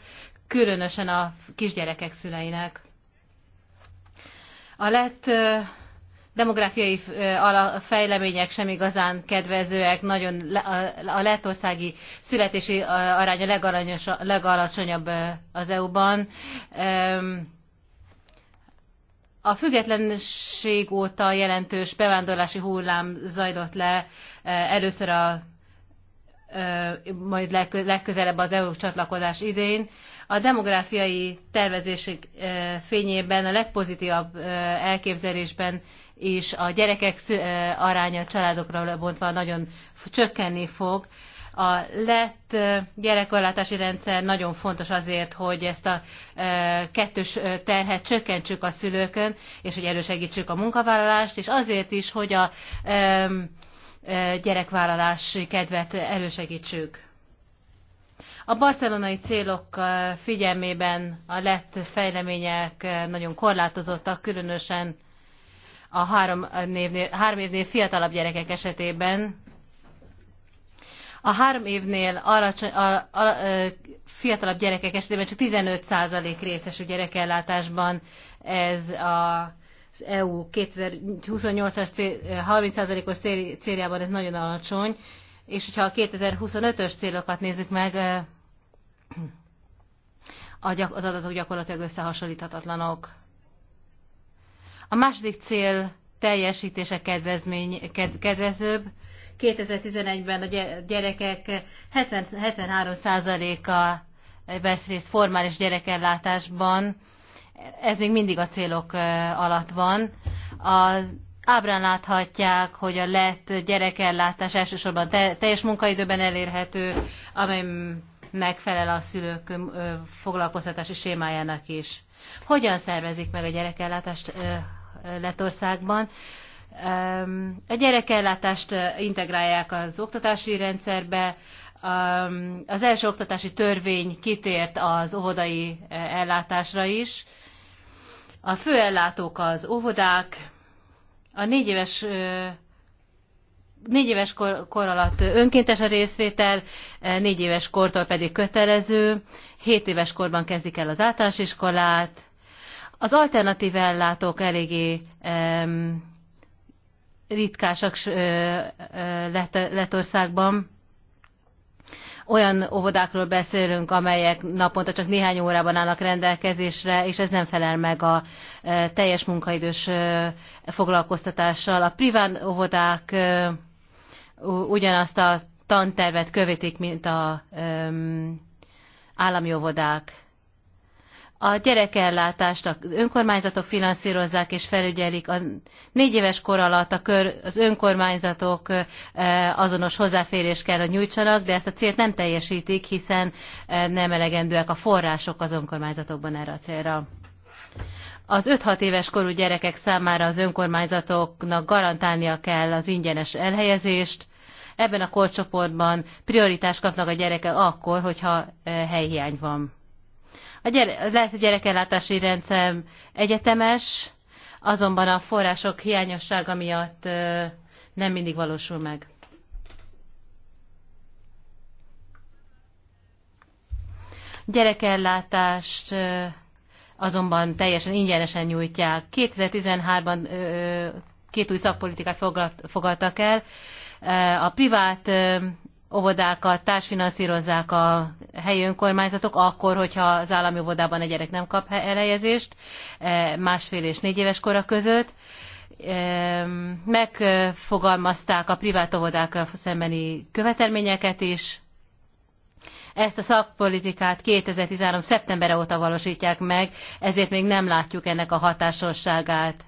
különösen a kisgyerekek szüleinek. A lett demográfiai fejlemények sem igazán kedvezőek, nagyon a lettországi születési aránya legalacsonyabb az EU-ban. A függetlenség óta jelentős bevándorlási hullám zajlott le e, először a e, majd legközelebb az EU csatlakozás idén. A demográfiai tervezések e, fényében a legpozitívabb elképzelésben és a gyerekek aránya családokra bontva nagyon csökkenni fog. A lett gyerekorlátási rendszer nagyon fontos azért, hogy ezt a kettős terhet csökkentsük a szülőkön, és hogy elősegítsük a munkavállalást, és azért is, hogy a gyerekvállalási kedvet elősegítsük. A barcelonai célok figyelmében a lett fejlemények nagyon korlátozottak, különösen a három, névnél, három évnél fiatalabb gyerekek esetében, a három évnél alacsony, a, a, a, fiatalabb gyerekek esetében csak 15% részesül gyerekellátásban. Ez a, az EU 2028-as cél, 30%-os cél, céljában ez nagyon alacsony, és hogyha a 2025-ös célokat nézzük meg, az adatok gyakorlatilag összehasonlíthatatlanok. A második cél teljesítése kedvezmény, kedvezőbb, 2011-ben a gyerekek 70, 73%-a vesz részt formális gyerekellátásban. Ez még mindig a célok alatt van. Az ábrán láthatják, hogy a lett gyerekellátás elsősorban teljes munkaidőben elérhető, amely megfelel a szülők foglalkoztatási sémájának is. Hogyan szervezik meg a gyerekellátást Lettországban? A gyerekellátást eh, integrálják az oktatási rendszerbe, az első oktatási törvény kitért az óvodai eh, ellátásra is. A főellátók az óvodák, a négy éves, eh, négy éves kor, kor alatt önkéntes a részvétel, négy éves kortól pedig kötelező, hét éves korban kezdik el az általános iskolát. Az alternatív ellátók eléggé ritkásak Letországban. Olyan óvodákról beszélünk, amelyek naponta csak néhány órában állnak rendelkezésre, és ez nem felel meg a teljes munkaidős foglalkoztatással. A privát óvodák ugyanazt a tantervet követik, mint a állami óvodák a gyerekellátást az önkormányzatok finanszírozzák és felügyelik. A négy éves kor alatt a kör, az önkormányzatok azonos hozzáférés kell, hogy nyújtsanak, de ezt a célt nem teljesítik, hiszen nem elegendőek a források az önkormányzatokban erre a célra. Az 5-6 éves korú gyerekek számára az önkormányzatoknak garantálnia kell az ingyenes elhelyezést. Ebben a korcsoportban prioritást kapnak a gyerekek akkor, hogyha helyhiány van. A gyere, lehet a gyerekellátási rendszer egyetemes, azonban a források hiányossága miatt nem mindig valósul meg. Gyerekellátást azonban teljesen ingyenesen nyújtják. 2013-ban két új szakpolitikát fogadtak el. A privát óvodákat társfinanszírozzák a helyi önkormányzatok, akkor, hogyha az állami óvodában a gyerek nem kap elhelyezést e, másfél és négy éves kora között. E, megfogalmazták a privát óvodákkal szembeni követelményeket is. Ezt a szakpolitikát 2013. szeptembere óta valósítják meg, ezért még nem látjuk ennek a hatásosságát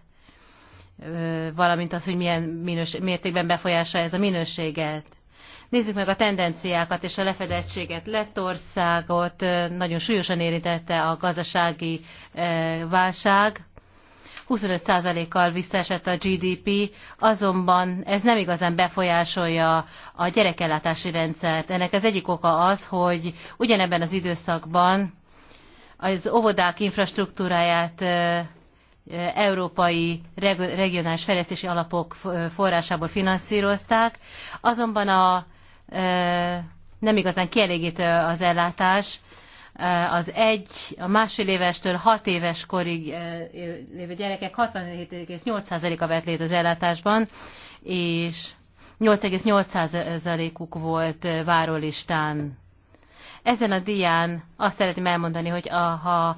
e, valamint az, hogy milyen minős, mértékben befolyásolja ez a minőséget Nézzük meg a tendenciákat és a lefedettséget. Lettországot nagyon súlyosan érintette a gazdasági válság. 25%-kal visszaesett a GDP, azonban ez nem igazán befolyásolja a gyerekellátási rendszert. Ennek az egyik oka az, hogy ugyanebben az időszakban az óvodák infrastruktúráját európai regionális fejlesztési alapok forrásából finanszírozták, azonban a nem igazán kielégítő az ellátás. Az egy, a másfél évestől hat éves korig lévő gyerekek 67,8%-a vett lét az ellátásban, és 8,8%-uk volt várólistán. Ezen a dián azt szeretném elmondani, hogy a, ha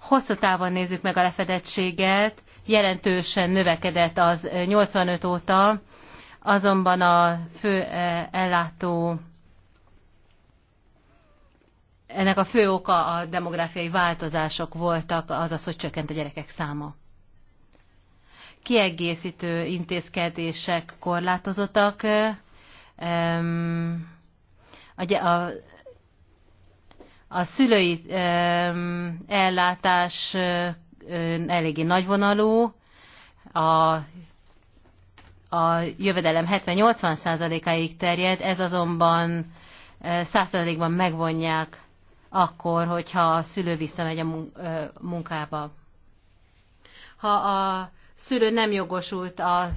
hosszú távon nézzük meg a lefedettséget, jelentősen növekedett az 85 óta, azonban a fő eh, ellátó ennek a fő oka a demográfiai változások voltak, azaz, hogy csökkent a gyerekek száma. Kiegészítő intézkedések korlátozottak. A, a, a szülői ellátás eléggé nagyvonalú, a a jövedelem 70-80%-áig terjed, ez azonban 100%-ban megvonják akkor, hogyha a szülő visszamegy a munkába. Ha a szülő nem jogosult a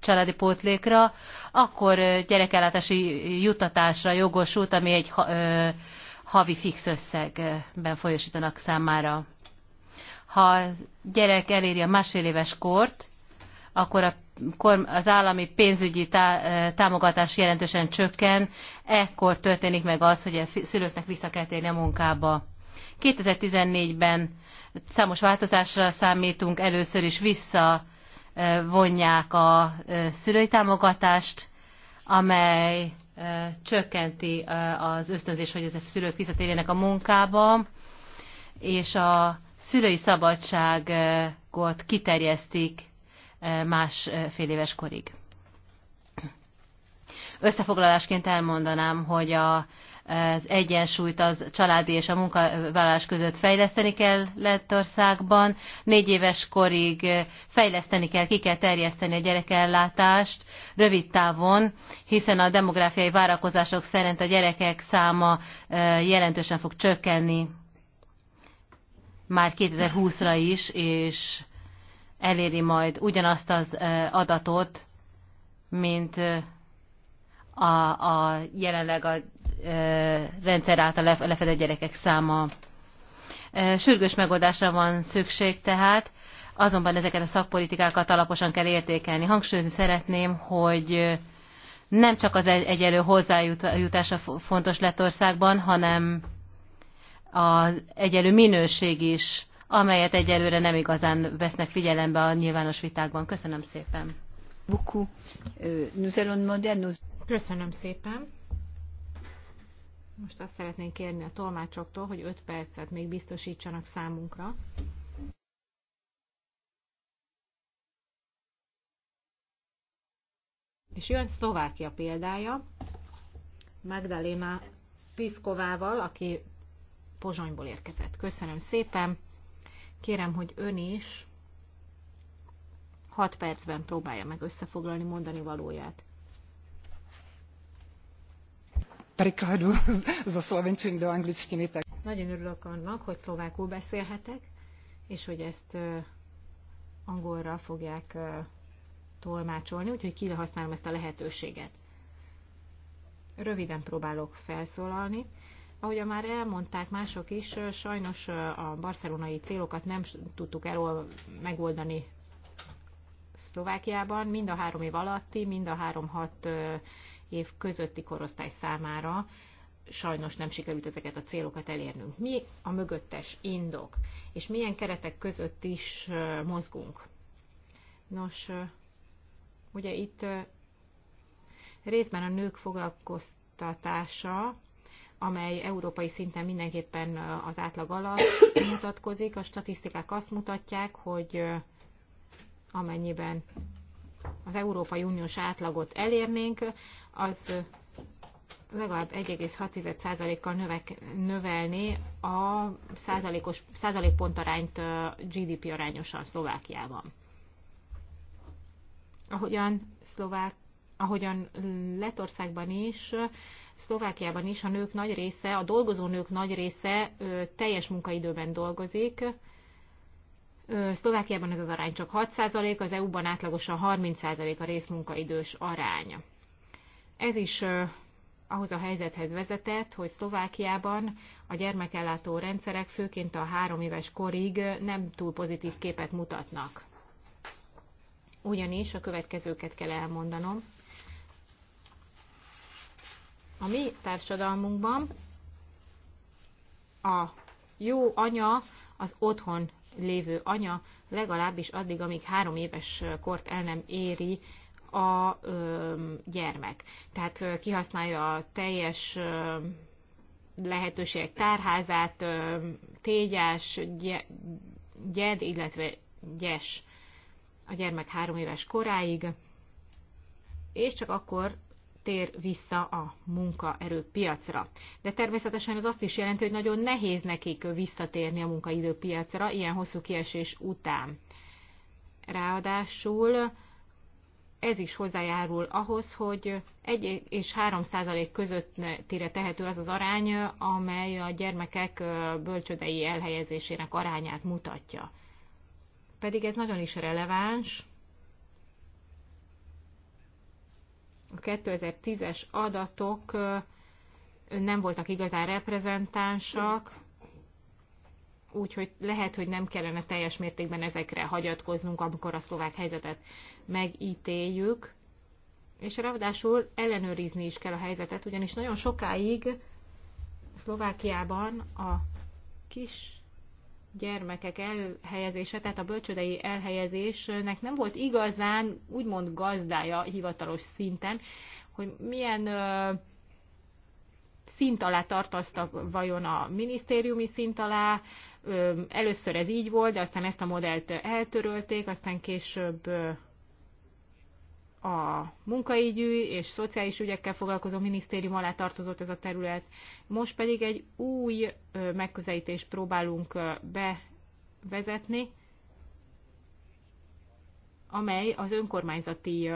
családi pótlékra, akkor gyerekellátási juttatásra jogosult, ami egy havi fix összegben folyosítanak számára. Ha a gyerek eléri a másfél éves kort, akkor a az állami pénzügyi tá eh, támogatás jelentősen csökken, ekkor történik meg az, hogy a szülőknek vissza kell térni a munkába. 2014-ben számos változásra számítunk, először is visszavonják eh, a eh, szülői támogatást, amely csökkenti az ösztönzés, hogy ezek a szülők visszatérjenek a munkába, és a szülői szabadságot kiterjesztik más fél éves korig. Összefoglalásként elmondanám, hogy a, az egyensúlyt az családi és a munkavállalás között fejleszteni kell Lettországban. Négy éves korig fejleszteni kell, ki kell terjeszteni a gyerekellátást rövid távon, hiszen a demográfiai várakozások szerint a gyerekek száma jelentősen fog csökkenni már 2020-ra is, és eléri majd ugyanazt az adatot, mint a, a jelenleg a rendszer által lefedett gyerekek száma. Sürgős megoldásra van szükség tehát, azonban ezeket a szakpolitikákat alaposan kell értékelni. Hangsúlyozni szeretném, hogy nem csak az egyelő hozzájutása fontos Lettországban, hanem az egyelő minőség is amelyet egyelőre nem igazán vesznek figyelembe a nyilvános vitákban. Köszönöm szépen. Euh, Köszönöm szépen. Most azt szeretnénk kérni a tolmácsoktól, hogy 5 percet még biztosítsanak számunkra. És jön Szlovákia példája, Magdalena Piszkovával, aki Pozsonyból érkezett. Köszönöm szépen! Kérem, hogy ön is 6 percben próbálja meg összefoglalni mondani valóját. Prekádu za szlovenčin do angličtiny. Nagyon örülök annak, hogy szlovákul beszélhetek, és hogy ezt angolra fogják tolmácsolni, úgyhogy kihasználom ezt a lehetőséget. Röviden próbálok felszólalni. Ahogyan már elmondták mások is, sajnos a barcelonai célokat nem tudtuk elol megoldani Szlovákiában, mind a három év alatti, mind a három-hat év közötti korosztály számára sajnos nem sikerült ezeket a célokat elérnünk. Mi a mögöttes indok, és milyen keretek között is mozgunk? Nos, ugye itt részben a nők foglalkoztatása amely európai szinten mindenképpen az átlag alatt mutatkozik. A statisztikák azt mutatják, hogy amennyiben az Európai Uniós átlagot elérnénk, az legalább 1,6%-kal növek, növelni a százalékos, százalékpont arányt GDP arányosan Szlovákiában. Ahogyan, Szlovák, ahogyan Letországban is Szlovákiában is a nők nagy része, a dolgozó nők nagy része teljes munkaidőben dolgozik. Szlovákiában ez az arány csak 6%, az EU-ban átlagosan 30% a részmunkaidős arány. Ez is ahhoz a helyzethez vezetett, hogy Szlovákiában a gyermekellátó rendszerek főként a három éves korig nem túl pozitív képet mutatnak. Ugyanis a következőket kell elmondanom. A mi társadalmunkban a jó anya az otthon lévő anya legalábbis addig, amíg három éves kort el nem éri a ö, gyermek. Tehát ö, kihasználja a teljes ö, lehetőségek tárházát, ö, tégyás, gy- gyed, illetve gyes a gyermek három éves koráig, és csak akkor tér vissza a munkaerőpiacra. De természetesen ez azt is jelenti, hogy nagyon nehéz nekik visszatérni a munkaidőpiacra ilyen hosszú kiesés után. Ráadásul ez is hozzájárul ahhoz, hogy 1 és 3 százalék közöttire tehető az az arány, amely a gyermekek bölcsödei elhelyezésének arányát mutatja. Pedig ez nagyon is releváns, a 2010-es adatok nem voltak igazán reprezentánsak, úgyhogy lehet, hogy nem kellene teljes mértékben ezekre hagyatkoznunk, amikor a szlovák helyzetet megítéljük. És ráadásul ellenőrizni is kell a helyzetet, ugyanis nagyon sokáig Szlovákiában a kis gyermekek elhelyezése, tehát a bölcsödei elhelyezésnek nem volt igazán úgymond gazdája hivatalos szinten, hogy milyen ö, szint alá tartoztak vajon a minisztériumi szint alá. Ö, először ez így volt, de aztán ezt a modellt eltörölték, aztán később a munkaügyű és szociális ügyekkel foglalkozó minisztérium alá tartozott ez a terület. Most pedig egy új megközelítést próbálunk bevezetni, amely az önkormányzati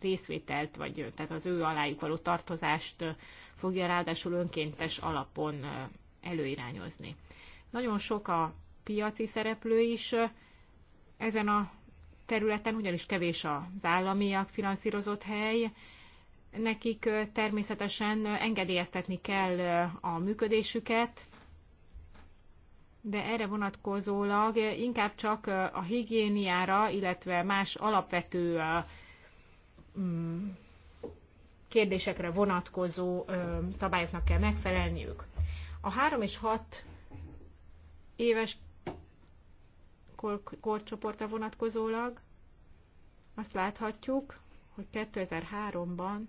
részvételt, vagy tehát az ő alájuk való tartozást fogja ráadásul önkéntes alapon előirányozni. Nagyon sok a piaci szereplő is ezen a területen, ugyanis kevés az államiak finanszírozott hely, nekik természetesen engedélyeztetni kell a működésüket, de erre vonatkozólag inkább csak a higiéniára, illetve más alapvető mm, kérdésekre vonatkozó szabályoknak kell megfelelniük. A 3 és 6 éves korcsoportra vonatkozólag azt láthatjuk, hogy 2003-ban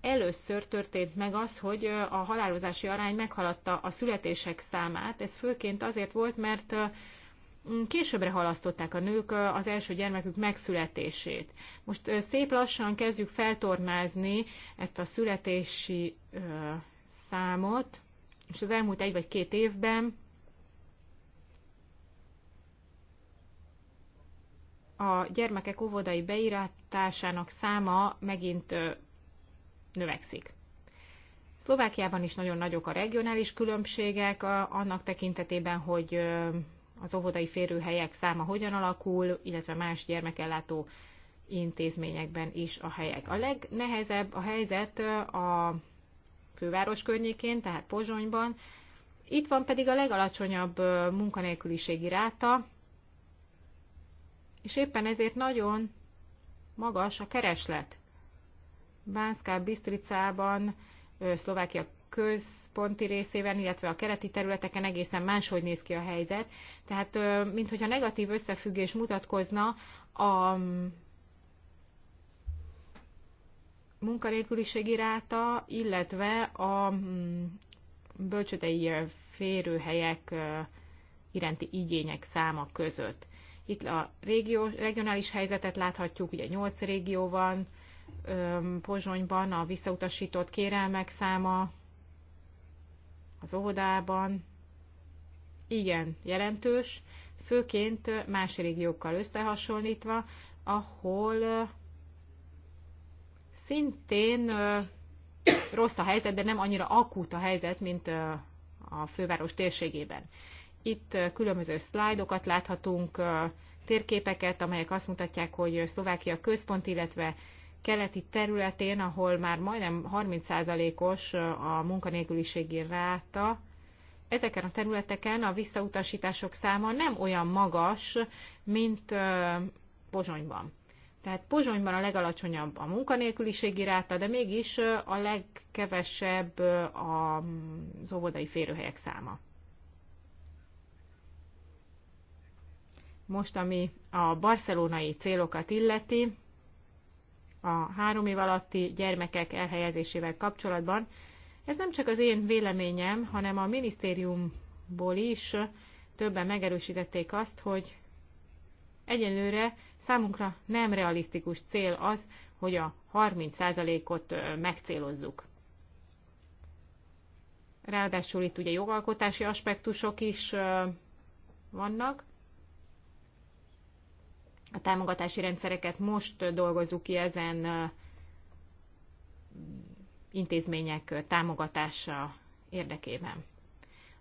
először történt meg az, hogy a halálozási arány meghaladta a születések számát. Ez főként azért volt, mert későbbre halasztották a nők az első gyermekük megszületését. Most szép lassan kezdjük feltornázni ezt a születési számot, és az elmúlt egy vagy két évben a gyermekek óvodai beiratásának száma megint növekszik. Szlovákiában is nagyon nagyok a regionális különbségek annak tekintetében, hogy az óvodai férőhelyek száma hogyan alakul, illetve más gyermekellátó intézményekben is a helyek. A legnehezebb a helyzet a főváros környékén, tehát Pozsonyban. Itt van pedig a legalacsonyabb munkanélküliségi ráta, és éppen ezért nagyon magas a kereslet. Bánszká Bisztricában, Szlovákia központi részében, illetve a kereti területeken egészen máshogy néz ki a helyzet. Tehát, mintha negatív összefüggés mutatkozna a munkanélküliségi ráta, illetve a mm, bölcsödei férőhelyek iránti igények száma között. Itt a régió, regionális helyzetet láthatjuk, ugye 8 régió van, Pozsonyban a visszautasított kérelmek száma, az óvodában, igen, jelentős, főként más régiókkal összehasonlítva, ahol szintén rossz a helyzet, de nem annyira akut a helyzet, mint a főváros térségében. Itt különböző szlájdokat láthatunk, térképeket, amelyek azt mutatják, hogy Szlovákia központ, illetve keleti területén, ahol már majdnem 30%-os a munkanélküliségi ráta, ezeken a területeken a visszautasítások száma nem olyan magas, mint Pozsonyban. Tehát Pozsonyban a legalacsonyabb a munkanélküliségi ráta, de mégis a legkevesebb mm, az óvodai férőhelyek száma. Most, ami a barcelonai célokat illeti, a három év alatti gyermekek elhelyezésével kapcsolatban, ez nem csak az én véleményem, hanem a minisztériumból is többen megerősítették azt, hogy egyelőre számunkra nem realisztikus cél az, hogy a 30%-ot megcélozzuk. Ráadásul itt ugye jogalkotási aspektusok is vannak, a támogatási rendszereket most dolgozzuk ki ezen intézmények támogatása érdekében.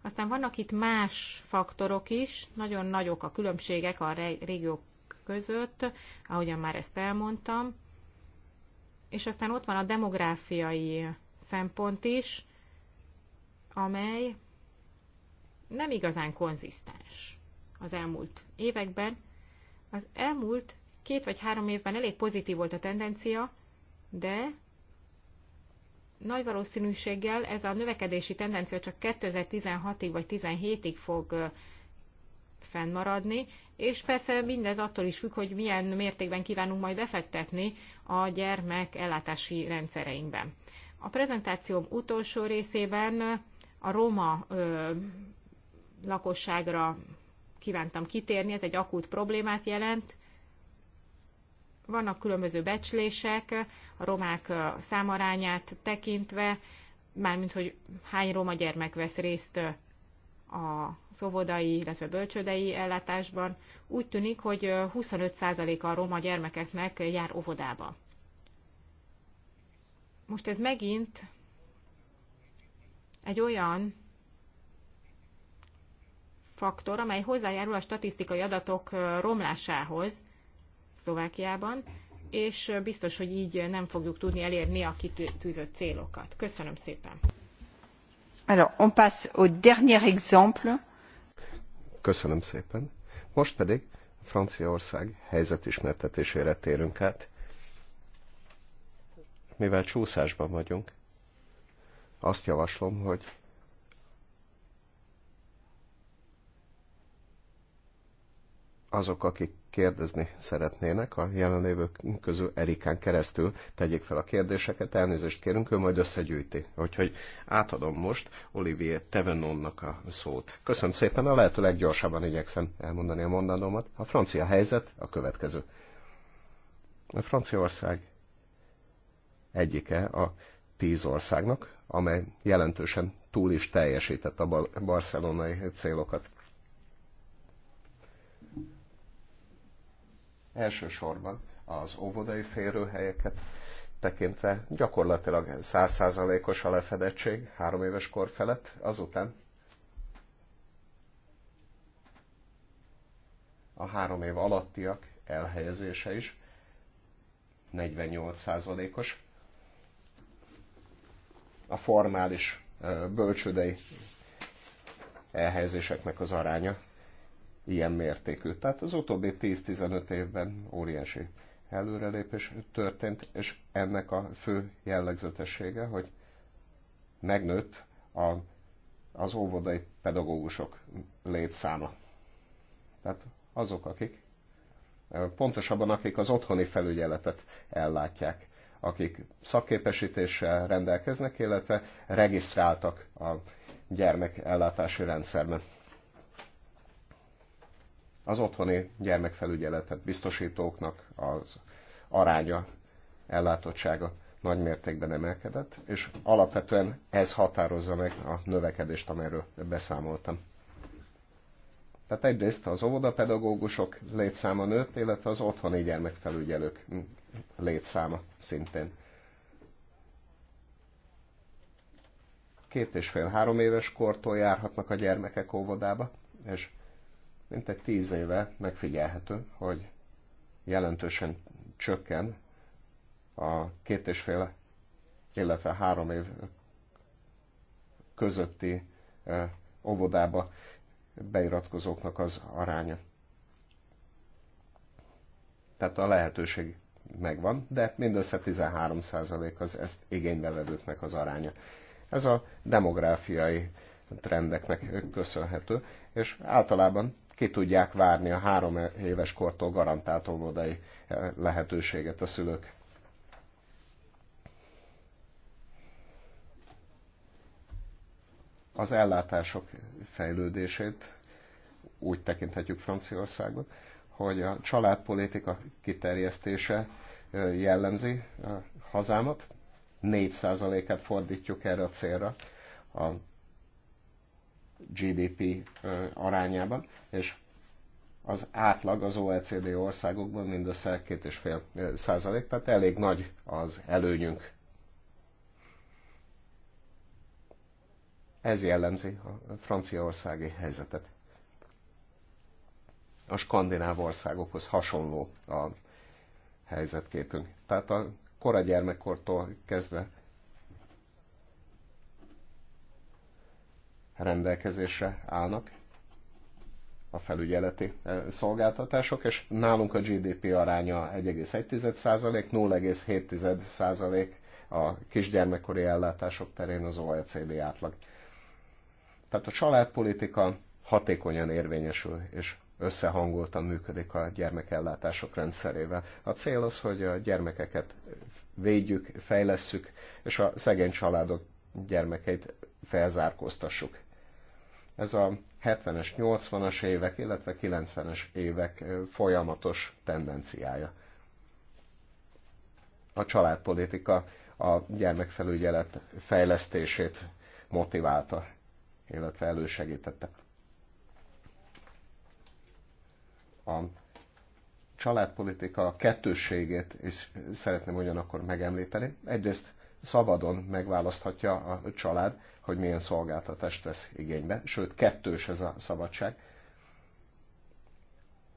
Aztán vannak itt más faktorok is, nagyon nagyok a különbségek a régiók között, ahogyan már ezt elmondtam. És aztán ott van a demográfiai szempont is, amely nem igazán konzisztens az elmúlt években. Az elmúlt két vagy három évben elég pozitív volt a tendencia, de nagy valószínűséggel ez a növekedési tendencia csak 2016-ig vagy 2017-ig fog fennmaradni, és persze mindez attól is függ, hogy milyen mértékben kívánunk majd befektetni a gyermek ellátási rendszereinkben. A prezentációm utolsó részében a roma ö, lakosságra kívántam kitérni, ez egy akút problémát jelent. Vannak különböző becslések, a romák számarányát tekintve, mármint hogy hány roma gyermek vesz részt a szovodai, illetve bölcsődei ellátásban, úgy tűnik, hogy 25%-a a roma gyermekeknek jár óvodába. Most ez megint egy olyan faktor, amely hozzájárul a statisztikai adatok romlásához Szlovákiában, és biztos, hogy így nem fogjuk tudni elérni a kitűzött célokat. Köszönöm szépen. Alors, on passe au dernier exemple. Köszönöm szépen. Most pedig Franciaország helyzetismertetésére térünk át. Mivel csúszásban vagyunk, azt javaslom, hogy azok, akik kérdezni szeretnének a jelenlévők közül Erikán keresztül tegyék fel a kérdéseket, elnézést kérünk, ő majd összegyűjti. Úgyhogy átadom most Olivier Tevenonnak a szót. Köszönöm szépen, a lehető leggyorsabban igyekszem elmondani a mondanomat. A francia helyzet a következő. A Franciaország egyike a tíz országnak, amely jelentősen túl is teljesített a barcelonai célokat Elsősorban az óvodai férőhelyeket tekintve gyakorlatilag 100%-os a lefedettség három éves kor felett, azután a három év alattiak elhelyezése is 48%-os. A formális bölcsődei elhelyezéseknek az aránya ilyen mértékű. Tehát az utóbbi 10-15 évben óriási előrelépés történt, és ennek a fő jellegzetessége, hogy megnőtt a, az óvodai pedagógusok létszáma. Tehát azok, akik, pontosabban akik az otthoni felügyeletet ellátják, akik szakképesítéssel rendelkeznek, illetve regisztráltak a gyermekellátási rendszerben az otthoni gyermekfelügyeletet biztosítóknak az aránya, ellátottsága nagy mértékben emelkedett, és alapvetően ez határozza meg a növekedést, amelyről beszámoltam. Tehát egyrészt az óvodapedagógusok létszáma nőtt, illetve az otthoni gyermekfelügyelők létszáma szintén. Két és fél-három éves kortól járhatnak a gyermekek óvodába, és mintegy tíz éve megfigyelhető, hogy jelentősen csökken a két és fél, illetve három év közötti óvodába beiratkozóknak az aránya. Tehát a lehetőség megvan, de mindössze 13% az ezt igénybevevőknek az aránya. Ez a demográfiai trendeknek köszönhető, és általában ki tudják várni a három éves kortól garantált óvodai eh, lehetőséget a szülők. Az ellátások fejlődését úgy tekinthetjük Franciaországot, hogy a családpolitika kiterjesztése eh, jellemzi a hazámat. 4 et fordítjuk erre a célra a GDP arányában, és az átlag az OECD országokban mindössze 2,5 százalék, tehát elég nagy az előnyünk. Ez jellemzi a franciaországi helyzetet. A skandináv országokhoz hasonló a helyzetképünk. Tehát a kora gyermekkortól kezdve rendelkezésre állnak a felügyeleti eh, szolgáltatások, és nálunk a GDP aránya 1,1%, 0,7% a kisgyermekkori ellátások terén az OECD átlag. Tehát a családpolitika hatékonyan érvényesül, és összehangoltan működik a gyermekellátások rendszerével. A cél az, hogy a gyermekeket védjük, fejlesszük, és a szegény családok gyermekeit felzárkóztassuk. Ez a 70-es, 80-as évek, illetve 90-es évek folyamatos tendenciája. A családpolitika a gyermekfelügyelet fejlesztését motiválta, illetve elősegítette. A családpolitika kettősségét is szeretném ugyanakkor megemlíteni. Egyrészt szabadon megválaszthatja a család, hogy milyen szolgáltatást vesz igénybe, sőt kettős ez a szabadság.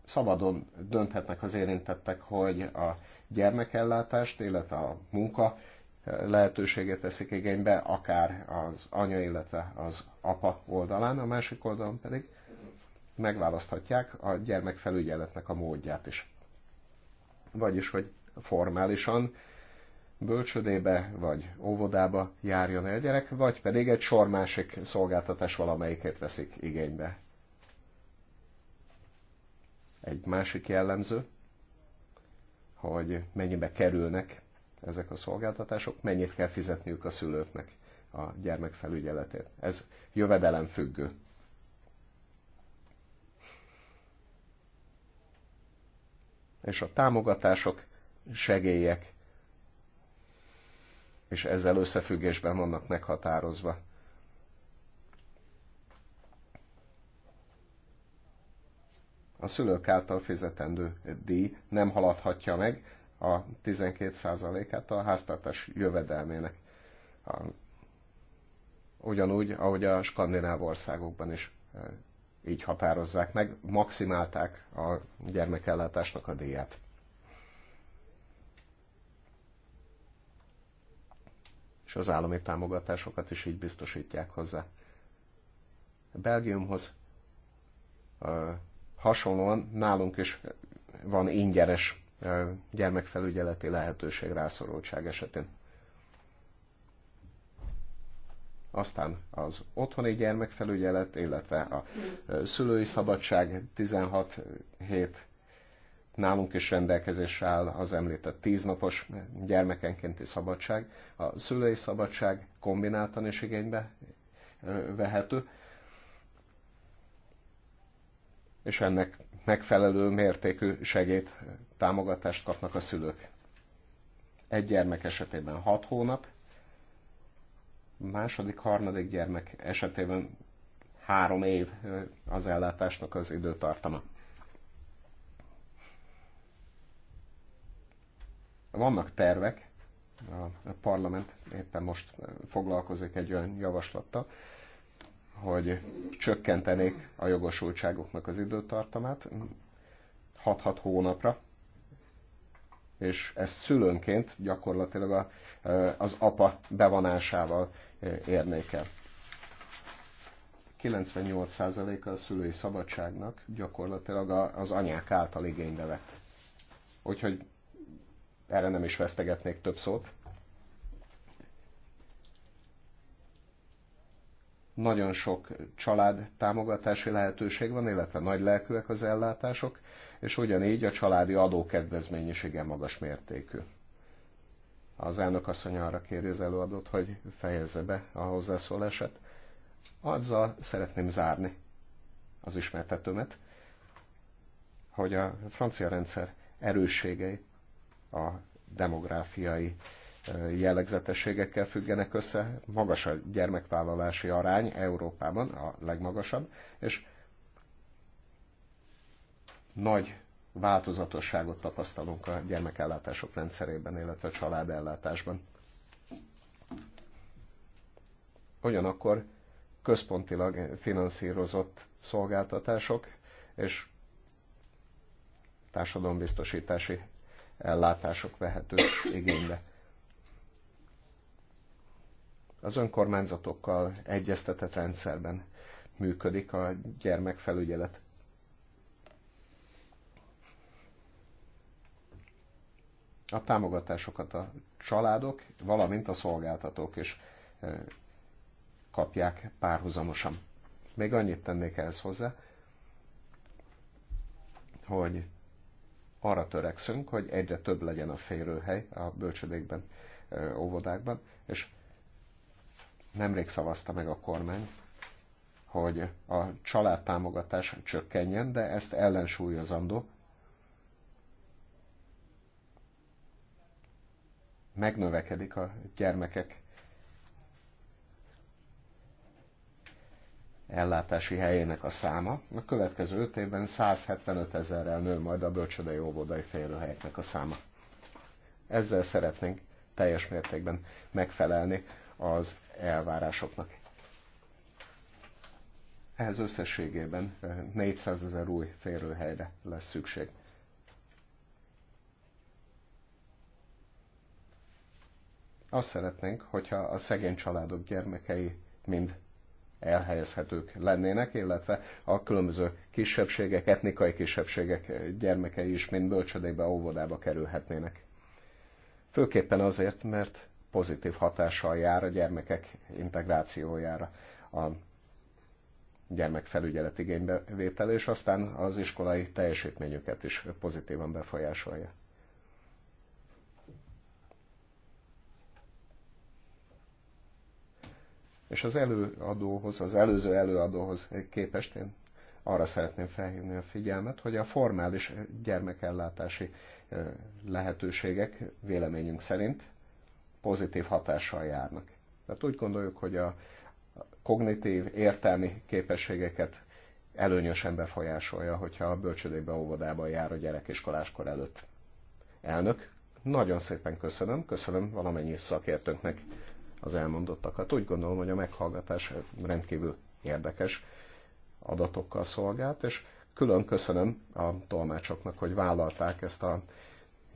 Szabadon dönthetnek az érintettek, hogy a gyermekellátást, illetve a munka eh, lehetőséget veszik igénybe, akár az anya, illetve az apa oldalán, a másik oldalon pedig megválaszthatják a gyermekfelügyeletnek a módját is. Vagyis, hogy formálisan bölcsödébe vagy óvodába járjon el gyerek, vagy pedig egy sor másik szolgáltatás valamelyiket veszik igénybe. Egy másik jellemző, hogy mennyibe kerülnek ezek a szolgáltatások, mennyit kell fizetniük a szülőknek a gyermek felügyeletét. Ez jövedelem függő. És a támogatások, segélyek és ezzel összefüggésben vannak meghatározva. A szülők által fizetendő díj nem haladhatja meg a 12%-át a háztartás jövedelmének. Ugyanúgy, ahogy a skandináv országokban is e, így határozzák meg, maximálták a gyermekellátásnak a díját. az állami támogatásokat is így biztosítják hozzá. Belgiumhoz hasonlóan nálunk is van ingyenes gyermekfelügyeleti lehetőség rászorultság esetén. Aztán az otthoni gyermekfelügyelet, illetve a szülői szabadság 16 hét Nálunk is rendelkezésre áll az említett tíznapos gyermekenkénti szabadság, a szülői szabadság kombináltan is igénybe vehető, és ennek megfelelő mértékű segét, támogatást kapnak a szülők. Egy gyermek esetében 6 hónap, második, harmadik gyermek esetében három év az ellátásnak az időtartama. Vannak tervek, a parlament éppen most foglalkozik egy olyan javaslattal, hogy csökkentenék a jogosultságoknak az időtartamát 6-6 hónapra, és ez szülőnként gyakorlatilag az apa bevonásával érnék el. 98%-a a szülői szabadságnak gyakorlatilag az anyák által igénybe vett. Úgyhogy erre nem is vesztegetnék több szót. Nagyon sok család támogatási lehetőség van, illetve nagy lelkűek az ellátások, és ugyanígy a családi adókedvezmény is igen magas mértékű. Az elnök asszony arra kéri az előadót, hogy fejezze be a hozzászólását. Azzal szeretném zárni az ismertetőmet, hogy a francia rendszer erősségei a demográfiai jellegzetességekkel függenek össze. Magas a gyermekvállalási arány Európában, a legmagasabb, és nagy változatosságot tapasztalunk a gyermekellátások rendszerében, illetve a családellátásban. Ugyanakkor központilag finanszírozott szolgáltatások és társadalombiztosítási ellátások vehetők igénybe. Az önkormányzatokkal egyeztetett rendszerben működik a gyermekfelügyelet. A támogatásokat a családok, valamint a szolgáltatók is kapják párhuzamosan. Még annyit tennék ehhez hozzá, hogy arra törekszünk, hogy egyre több legyen a férőhely a bölcsödékben, óvodákban, és nemrég szavazta meg a kormány, hogy a családtámogatás csökkenjen, de ezt ellensúlyozandó. Megnövekedik a gyermekek ellátási helyének a száma. A következő 5 évben 175 ezerrel nő majd a bölcsödei óvodai félőhelyeknek a száma. Ezzel szeretnénk teljes mértékben megfelelni az elvárásoknak. Ehhez összességében 400 ezer új férőhelyre lesz szükség. Azt szeretnénk, hogyha a szegény családok gyermekei mind elhelyezhetők lennének, illetve a különböző kisebbségek, etnikai kisebbségek gyermekei is mind bölcsödékbe, óvodába kerülhetnének. Főképpen azért, mert pozitív hatással jár a gyermekek integrációjára a gyermekfelügyelet igénybevétel, és aztán az iskolai teljesítményüket is pozitívan befolyásolja. És az előadóhoz, az előző előadóhoz képest én arra szeretném felhívni a figyelmet, hogy a formális gyermekellátási lehetőségek véleményünk szerint pozitív hatással járnak. Tehát úgy gondoljuk, hogy a kognitív, értelmi képességeket előnyösen befolyásolja, hogyha a bölcsödébe óvodába jár a gyerek iskoláskor előtt. Elnök, nagyon szépen köszönöm, köszönöm valamennyi szakértőnknek az elmondottakat. Úgy gondolom, hogy a meghallgatás rendkívül érdekes adatokkal szolgált, és külön köszönöm a tolmácsoknak, hogy vállalták ezt a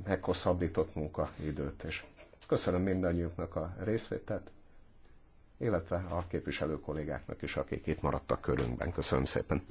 meghosszabbított munkaidőt, és köszönöm mindannyiuknak a részvételt, illetve a képviselő kollégáknak is, akik itt maradtak körünkben. Köszönöm szépen!